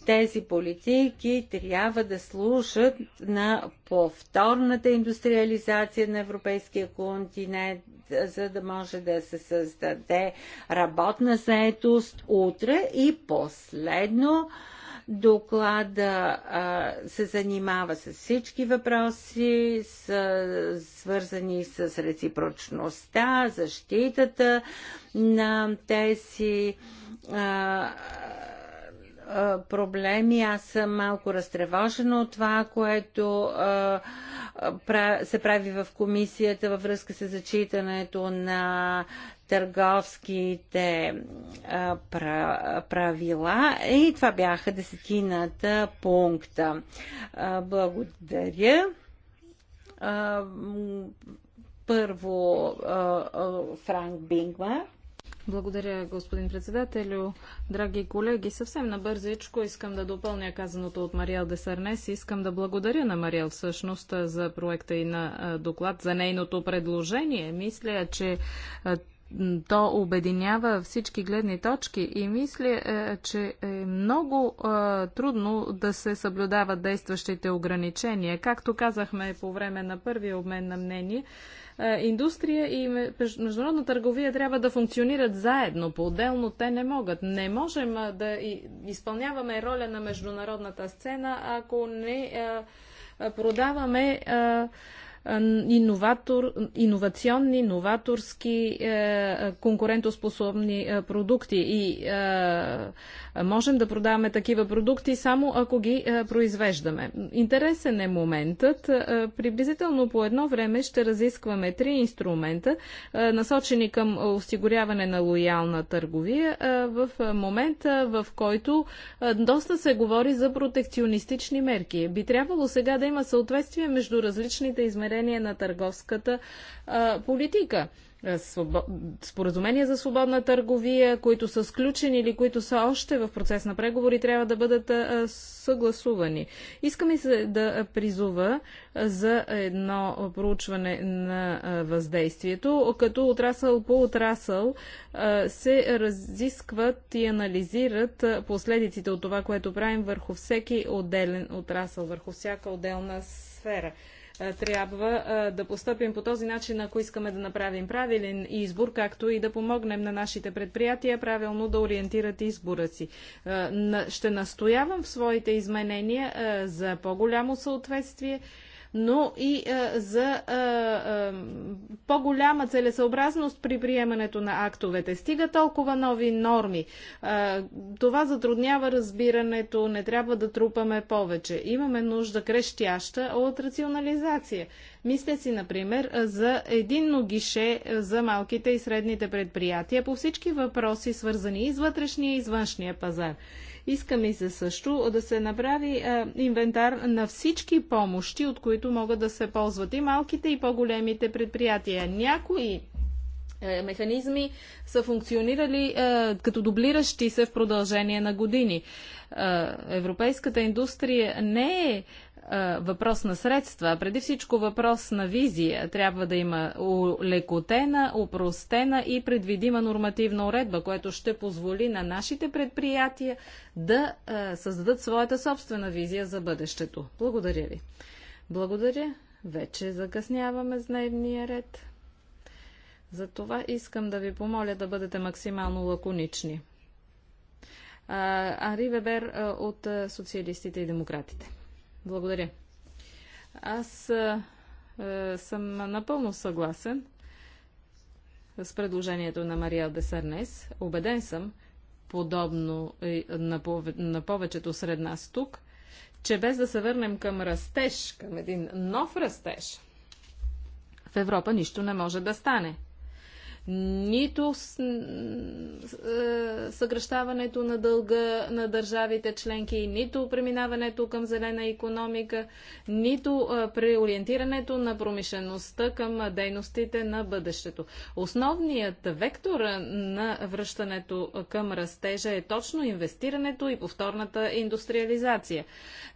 тези политики трябва да служат на повторната индустриализация на европейския континент, за да може да се създаде работна заетост утре и последно Доклада а, се занимава с всички въпроси, с, свързани с реципрочността, защитата на тези а, проблеми. Аз съм малко разтревожена от това, което а, се прави в комисията във връзка с зачитането на търговските а, правила и това бяха десетината пункта. А, благодаря. А, първо Франк Бингма. Благодаря, господин председателю. Драги колеги, съвсем набързичко искам да допълня казаното от Мариел Десарнес. Искам да благодаря на Мариел всъщност за проекта и на доклад, за нейното предложение. Мисля, че то обединява всички гледни точки и мисля, е, че е много е, трудно да се съблюдават действащите ограничения. Както казахме по време на първия обмен на мнение, е, индустрия и международна търговия трябва да функционират заедно, по-отделно те не могат. Не можем да изпълняваме роля на международната сцена, ако не продаваме иноватор, иновационни, новаторски, е, е, конкурентоспособни е, продукти. И Можем да продаваме такива продукти само ако ги е, произвеждаме. Интересен е моментът. Е, приблизително по едно време ще разискваме три инструмента, е, насочени към осигуряване на лоялна търговия в момента, в който доста се говори за протекционистични мерки. Би трябвало сега да има съответствие между различните измерения на търговската политика. Е, споразумения за свободна търговия, които са сключени или които са още в процес на преговори, трябва да бъдат е, е, съгласувани. Искам се да призова за едно проучване на въздействието, като отрасъл по отрасъл се разискват и анализират последиците от това, което правим върху всеки отделен отрасъл, върху всяка отделна сфера. Е, трябва е, да постъпим по този начин, ако искаме да направим правилен избор, както и да помогнем на нашите предприятия правилно да ориентират избора си. Е, ще настоявам в своите изменения за по-голямо съответствие но и е, за е, е, по-голяма целесъобразност при приемането на актовете. Стига толкова нови норми. Това затруднява разбирането, не трябва да трупаме повече. Имаме нужда крещяща от рационализация. Мисля си, например, за единно гише за малките и средните предприятия по всички въпроси, свързани и с вътрешния и с външния пазар. Иска ми се също да се направи а, е, инвентар на всички помощи, от които могат да се ползват и малките и по-големите предприятия. Някои е, механизми са функционирали е, като дублиращи се в продължение на години. Е, европейската индустрия не е въпрос на средства, а преди всичко въпрос на визия. Трябва да има лекотена, упростена и предвидима нормативна уредба, което ще позволи на нашите предприятия да създадат своята собствена визия за бъдещето. Благодаря ви. Благодаря. Вече закъсняваме с дневния ред. Затова искам да ви помоля да бъдете максимално лаконични. Ари Вебер от Социалистите и Демократите. Благодаря. Аз е, съм напълно съгласен с предложението на Мария Десернес. Обеден съм, подобно на, пове, на повечето сред нас тук, че без да се върнем към растеж, към един нов растеж, в Европа нищо не може да стане нито с, е, съгръщаването на дълга на държавите членки, нито преминаването към зелена економика, нито е, преориентирането на промишлеността към дейностите на бъдещето. Основният вектор на връщането към растежа е точно инвестирането и повторната индустриализация.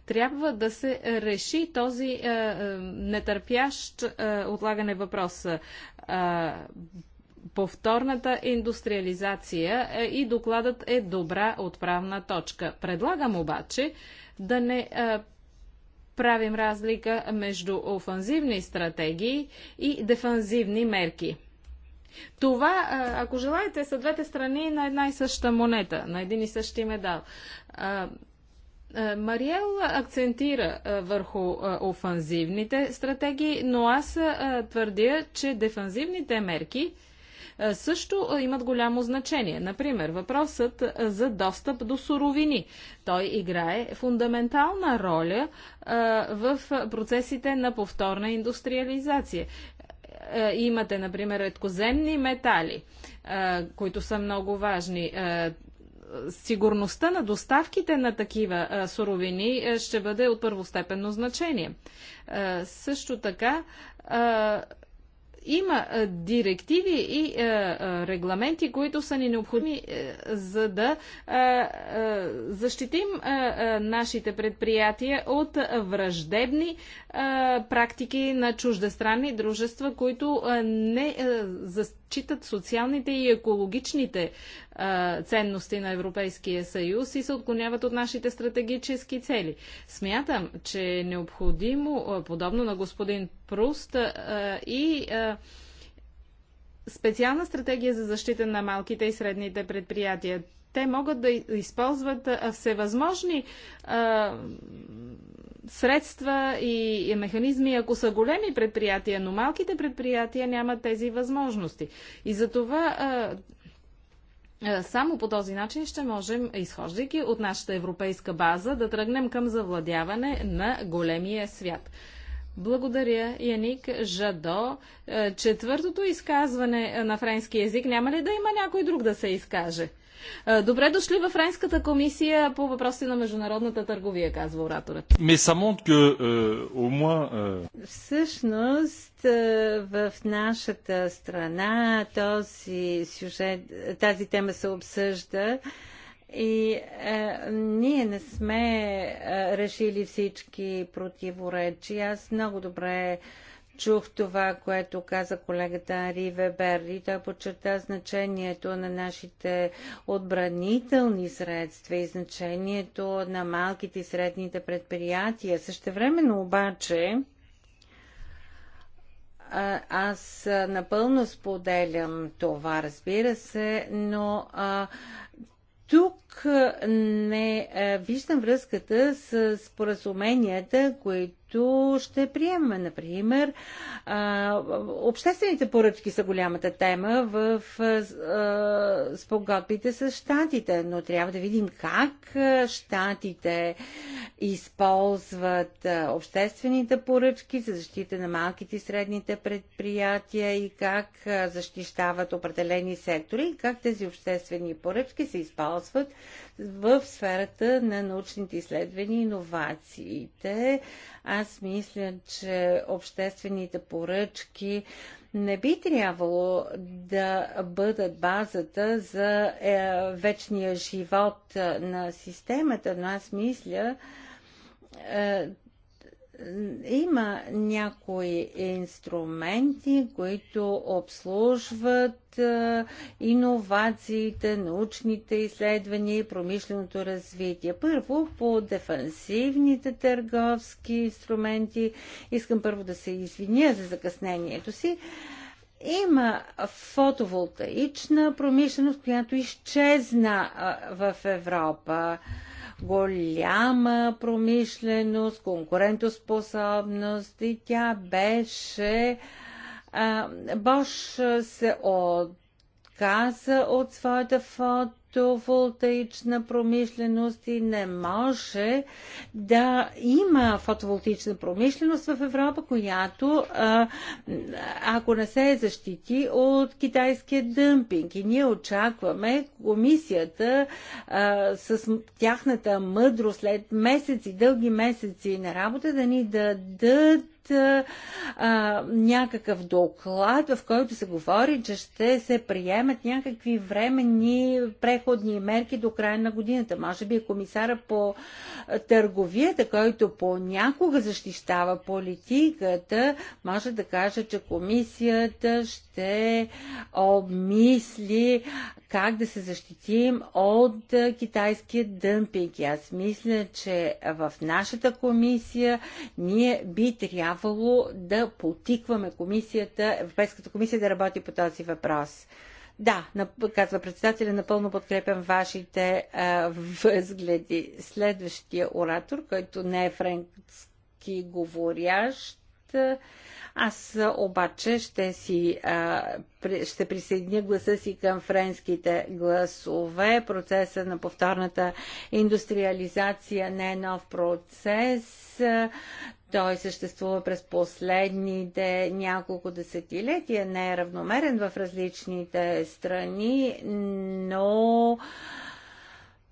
Трябва да се реши този е, е нетърпящ е, отлагане въпрос е, повторната индустриализация е, и докладът е добра отправна точка. Предлагам обаче да не е, правим разлика между офанзивни стратегии и дефанзивни мерки. Това, е, ако желаете, са двете страни на една и съща монета, на един и същи медал. Мариел акцентира върху офанзивните стратегии, но аз твърдя, че дефанзивните мерки – също имат голямо значение. Например, въпросът за достъп до суровини. Той играе фундаментална роля в процесите на повторна индустриализация имате, например, редкоземни метали, които са много важни. Сигурността на доставките на такива суровини ще бъде от първостепенно значение. Също така, има директиви и регламенти, които са ни необходими, е, за да защитим нашите предприятия от враждебни практики на чуждестранни дружества, които не застъпват отчитат социалните и екологичните а, ценности на Европейския съюз и се отклоняват от нашите стратегически цели. Смятам, че е необходимо, подобно на господин Пруст, а, и а, специална стратегия за защита на малките и средните предприятия. Те могат да използват всевъзможни а, средства и, и механизми, ако са големи предприятия, но малките предприятия нямат тези възможности. И за това а, само по този начин ще можем, изхождайки от нашата европейска база, да тръгнем към завладяване на големия свят. Благодаря, Яник Жадо. Е, четвъртото изказване на френски язик няма ли да има някой друг да се изкаже? Е, добре дошли в Френската комисия по въпроси на международната търговия, казва ораторът. Euh, euh, Всъщност е, в нашата страна този сюжет, тази тема се обсъжда. И е, ние не сме е, решили всички противоречия. Аз много добре чух това, което каза колегата Ари Вебер и той подчерта значението на нашите отбранителни средства и значението на малките и средните предприятия. Същевременно обаче аз напълно споделям това, разбира се, но а, тук не а, виждам връзката с споразуменията, които които ще приемаме. Например, обществените поръчки са голямата тема в спогодбите с щатите, но трябва да видим как щатите използват обществените поръчки за защита на малките и средните предприятия и как защищават определени сектори и как тези обществени поръчки се използват в сферата на научните изследвания и иновациите. Аз мисля, че обществените поръчки не би трябвало да бъдат базата за е, вечния живот на системата, но аз мисля, е, има някои инструменти, които обслужват иновациите, научните изследвания и промишленото развитие. Първо, по дефансивните търговски инструменти, искам първо да се извиня за закъснението си. Има фотоволтаична промишленост, която изчезна в Европа голяма промишленост, конкурентоспособност и тя беше. Бош се отказа от своята фото фотоволтаична промишленост и не може да има фотоволтаична промишленост в Европа, която а, ако не се защити от китайския дъмпинг. И ние очакваме комисията а, с тяхната мъдрост след месеци, дълги месеци на работа да ни дадат а, някакъв доклад, в който се говори, че ще се приемат някакви временни преходни мерки до края на годината. Може би е комисара по търговията, който понякога защищава политиката, може да каже, че комисията ще ще обмисли как да се защитим от китайския дъмпинг. И аз мисля, че в нашата комисия ние би трябвало да потикваме комисията, Европейската комисия да работи по този въпрос. Да, казва председателя, напълно подкрепям вашите а, е, възгледи. Следващия оратор, който не е френски говорящ, аз обаче ще, си, а, ще присъединя гласа си към френските гласове. Процеса на повторната индустриализация не е нов процес. Той съществува през последните няколко десетилетия, не е равномерен в различните страни, но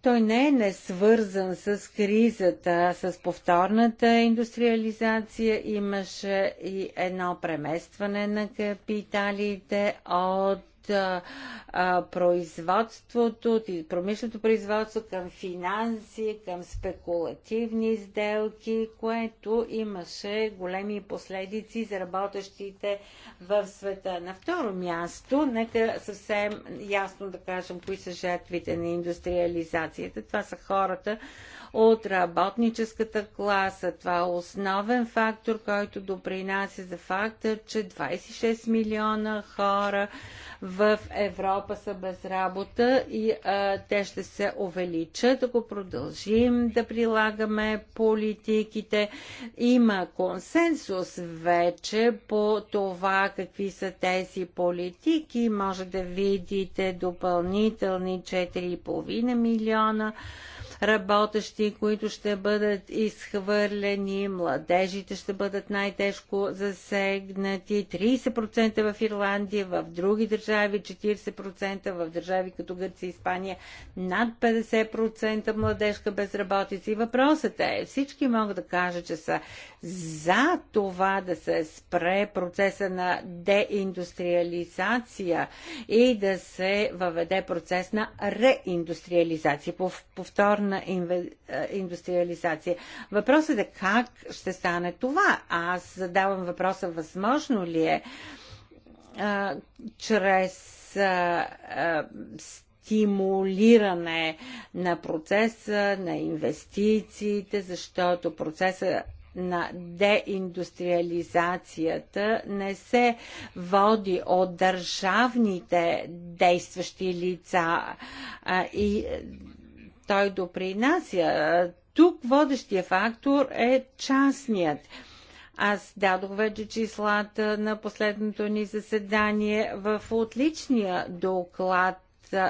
той не е несвързан с кризата, с повторната индустриализация. Имаше и едно преместване на капиталите от производството, промишленото производство към финанси, към спекулативни сделки, което имаше големи последици за работещите в света. На второ място, нека съвсем ясно да кажем кои са жертвите на индустриализацията. Това са хората, от работническата класа. Това е основен фактор, който допринася за факта, че 26 милиона хора в Европа са без работа и а, те ще се увеличат, ако продължим да прилагаме политиките. Има консенсус вече по това какви са тези политики. Може да видите допълнителни 4,5 милиона работещи, които ще бъдат изхвърлени, младежите ще бъдат най-тежко засегнати, 30% в Ирландия, в други държави 40%, в държави като Гърция и Испания над 50% младежка безработица. И въпросът е, всички могат да кажат, че са за това да се спре процеса на деиндустриализация и да се въведе процес на реиндустриализация, повторна индустриализация. Въпросът е как ще стане това. Аз задавам въпроса, възможно ли е а, чрез а, а, стимулиране на процеса, на инвестициите, защото процеса на деиндустриализацията не се води от държавните действащи лица а, и е, той допринася. Тук водещия фактор е частният. Аз дадох вече числата на последното ни заседание в отличния доклад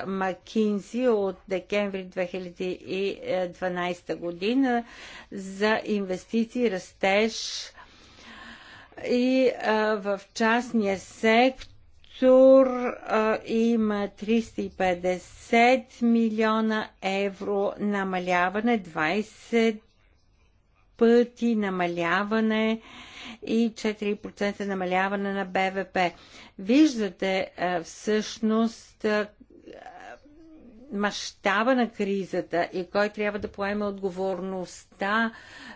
Макинзи от декември 2012 година за инвестиции, растеж и в частния сектор има 350 милиона евро намаляване, 20 пъти намаляване и 4% намаляване на БВП. Виждате всъщност мащаба на кризата и кой трябва да поеме отговорността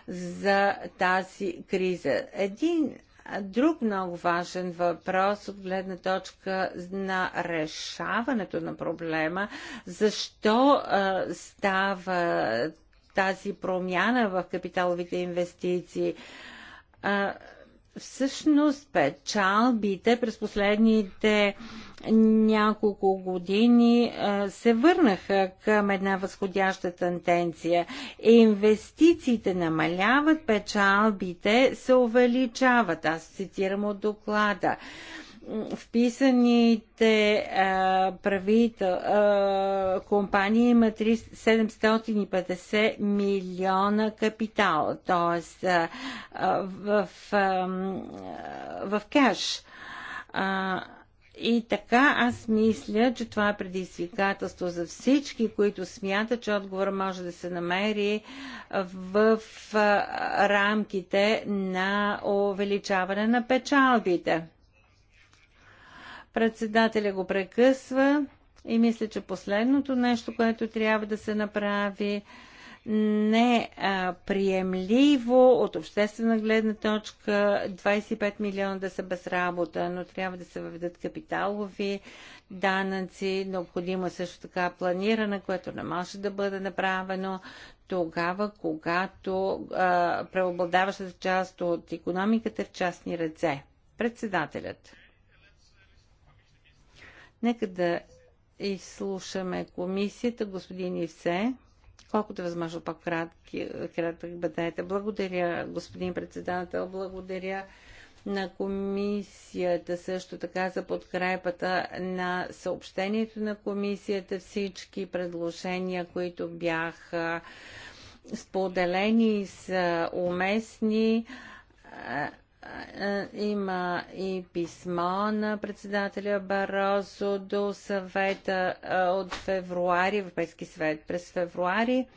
за тази криза. Един друг много важен въпрос от гледна точка на решаването на проблема, защо а, става тази промяна в капиталовите инвестиции. А, всъщност печалбите през последните няколко години се върнаха към една възходяща тенденция. Инвестициите намаляват, печалбите се увеличават. Аз цитирам от доклада вписаните а, правител, а, компании има 750 милиона капитал, т.е. в, в, в кеш. и така аз мисля, че това е предизвикателство за всички, които смятат, че отговор може да се намери в рамките на увеличаване на печалбите. Председателя го прекъсва и мисля, че последното нещо, което трябва да се направи, неприемливо от обществена гледна точка 25 милиона да са без работа, но трябва да се въведат капиталови данъци, необходимо също така планиране, което не може да бъде направено тогава, когато а, преобладаващата част от економиката е в частни ръце. Председателят. Нека да изслушаме комисията, господин Ивсе. Колкото е възможно по-кратки, кратък бъдете. Благодаря, господин председател. Благодаря на комисията също така за подкрепата на съобщението на комисията. Всички предложения, които бяха споделени са уместни е, има и писмо на председателя Барозо до съвета е, от февруари, Европейски съвет през февруари,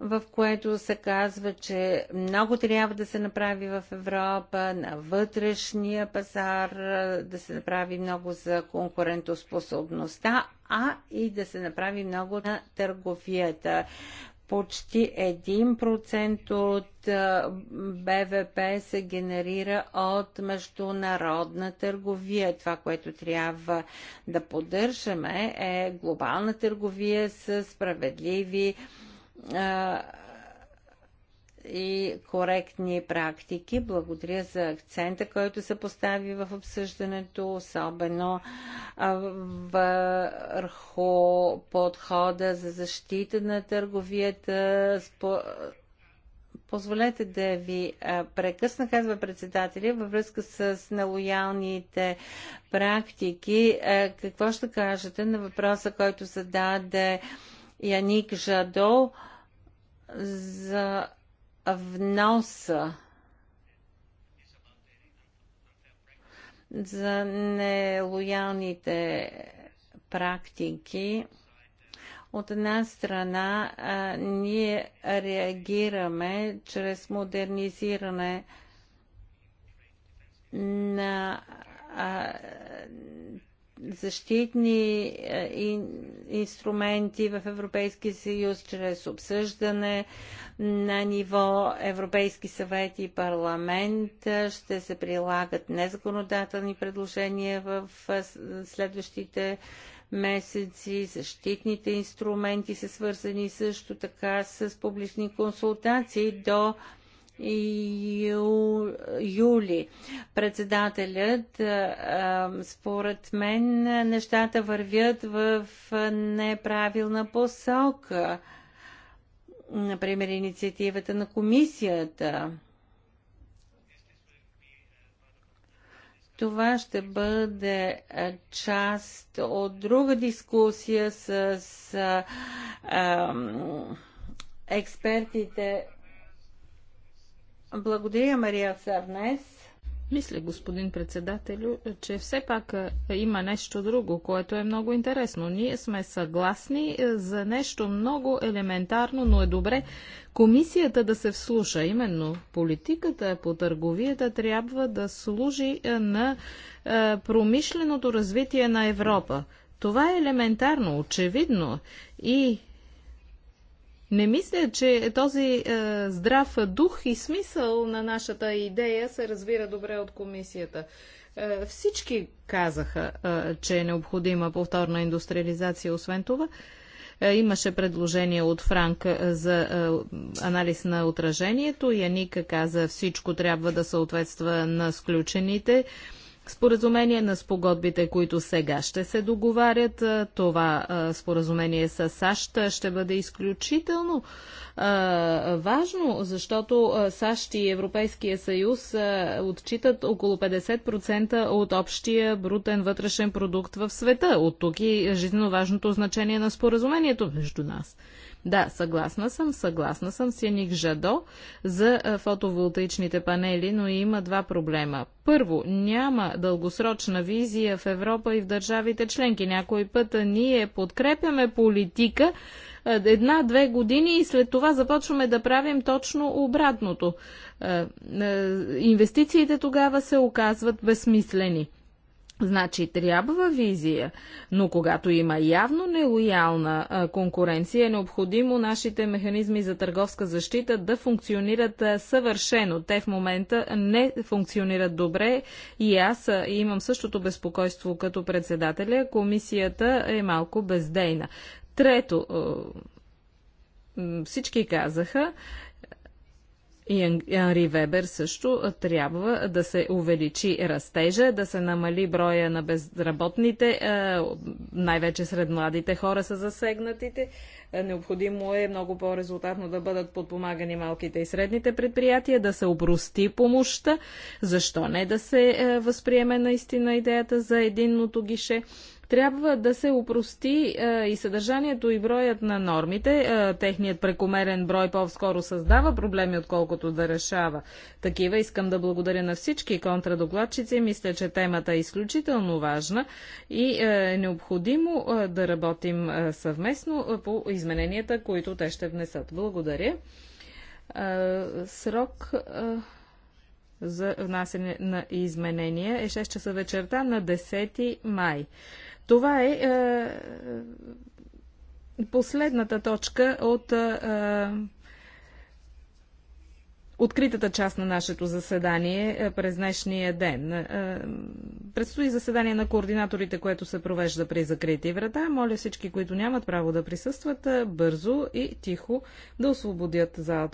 в което се казва, че много трябва да се направи в Европа, на вътрешния пазар, е, да се направи много за конкурентоспособността, а и да се направи много на търговията почти 1% от БВП се генерира от международна търговия. Това, което трябва да поддържаме е глобална търговия с справедливи и коректни практики. Благодаря за акцента, който се постави в обсъждането, особено върху подхода за защита на търговията. Позволете да ви прекъсна, казва председателя, във връзка с нелоялните практики. Какво ще кажете на въпроса, който зададе Яник Жадо за вноса за нелоялните практики. От една страна, а, ние реагираме чрез модернизиране на а, защитни е, инструменти в Европейския съюз, чрез обсъждане на ниво Европейски съвет и парламент. Ще се прилагат незаконодателни предложения в е, следващите месеци. Защитните инструменти са свързани също така с публични консултации до юли. Председателят, според мен, нещата вървят в неправилна посока. Например, инициативата на комисията. Това ще бъде част от друга дискусия с а, а, експертите благодаря, Мария Сарнес. Мисля, господин председателю, че все пак е, има нещо друго, което е много интересно. Ние сме съгласни е, за нещо много елементарно, но е добре комисията да се вслуша. Именно политиката по търговията трябва да служи е, на промишленото развитие на Европа. Това е елементарно, очевидно и не мисля, че този е, здрав дух и смисъл на нашата идея се разбира добре от комисията. Е, всички казаха, е, че е необходима повторна индустриализация. Освен това, е, имаше предложение от Франк е, за е, анализ на отражението. Яника каза, всичко трябва да съответства на сключените. Е, споразумение на спогодбите, които сега ще се договарят. Това споразумение с САЩ ще бъде изключително важно, защото САЩ и Европейския съюз отчитат около 50% от общия брутен вътрешен продукт в света. От тук и жизненно важното значение на споразумението между нас. Да, съгласна съм, съгласна съм с Яник Жадо за фотоволтаичните панели, но има два проблема. Първо, няма дългосрочна визия в Европа и в държавите членки. Някой път ние подкрепяме политика една-две години и след това започваме да правим точно обратното. Инвестициите тогава се оказват безсмислени. Значи трябва визия, но когато има явно нелоялна а, конкуренция, е необходимо нашите механизми за търговска защита да функционират а, съвършено. Те в момента не функционират добре и аз а, имам същото безпокойство като председателя. Комисията е малко бездейна. Трето, всички казаха, и Анри Вебер също трябва да се увеличи растежа, да се намали броя на безработните, е, най-вече сред младите хора са засегнатите. Е, необходимо е много по-резултатно да бъдат подпомагани малките и средните предприятия, да се обрости помощта. Защо не да се е, възприеме наистина идеята за единното гише? Трябва да се упрости е, и съдържанието и броят на нормите. Е, техният прекомерен брой по-скоро създава проблеми, отколкото да решава. Такива искам да благодаря на всички контрадокладчици. Мисля, че темата е изключително важна и е необходимо е, да работим е, съвместно е, по измененията, които те ще внесат. Благодаря. Е, срок. Е за внасене на изменения е 6 часа вечерта на 10 май. Това е, е, е последната точка от е, е откритата част на нашето заседание е, през днешния ден. Предстои заседание на координаторите, което се провежда при закрити врата. Моля всички, които нямат право да присъстват, бързо и тихо да освободят залата.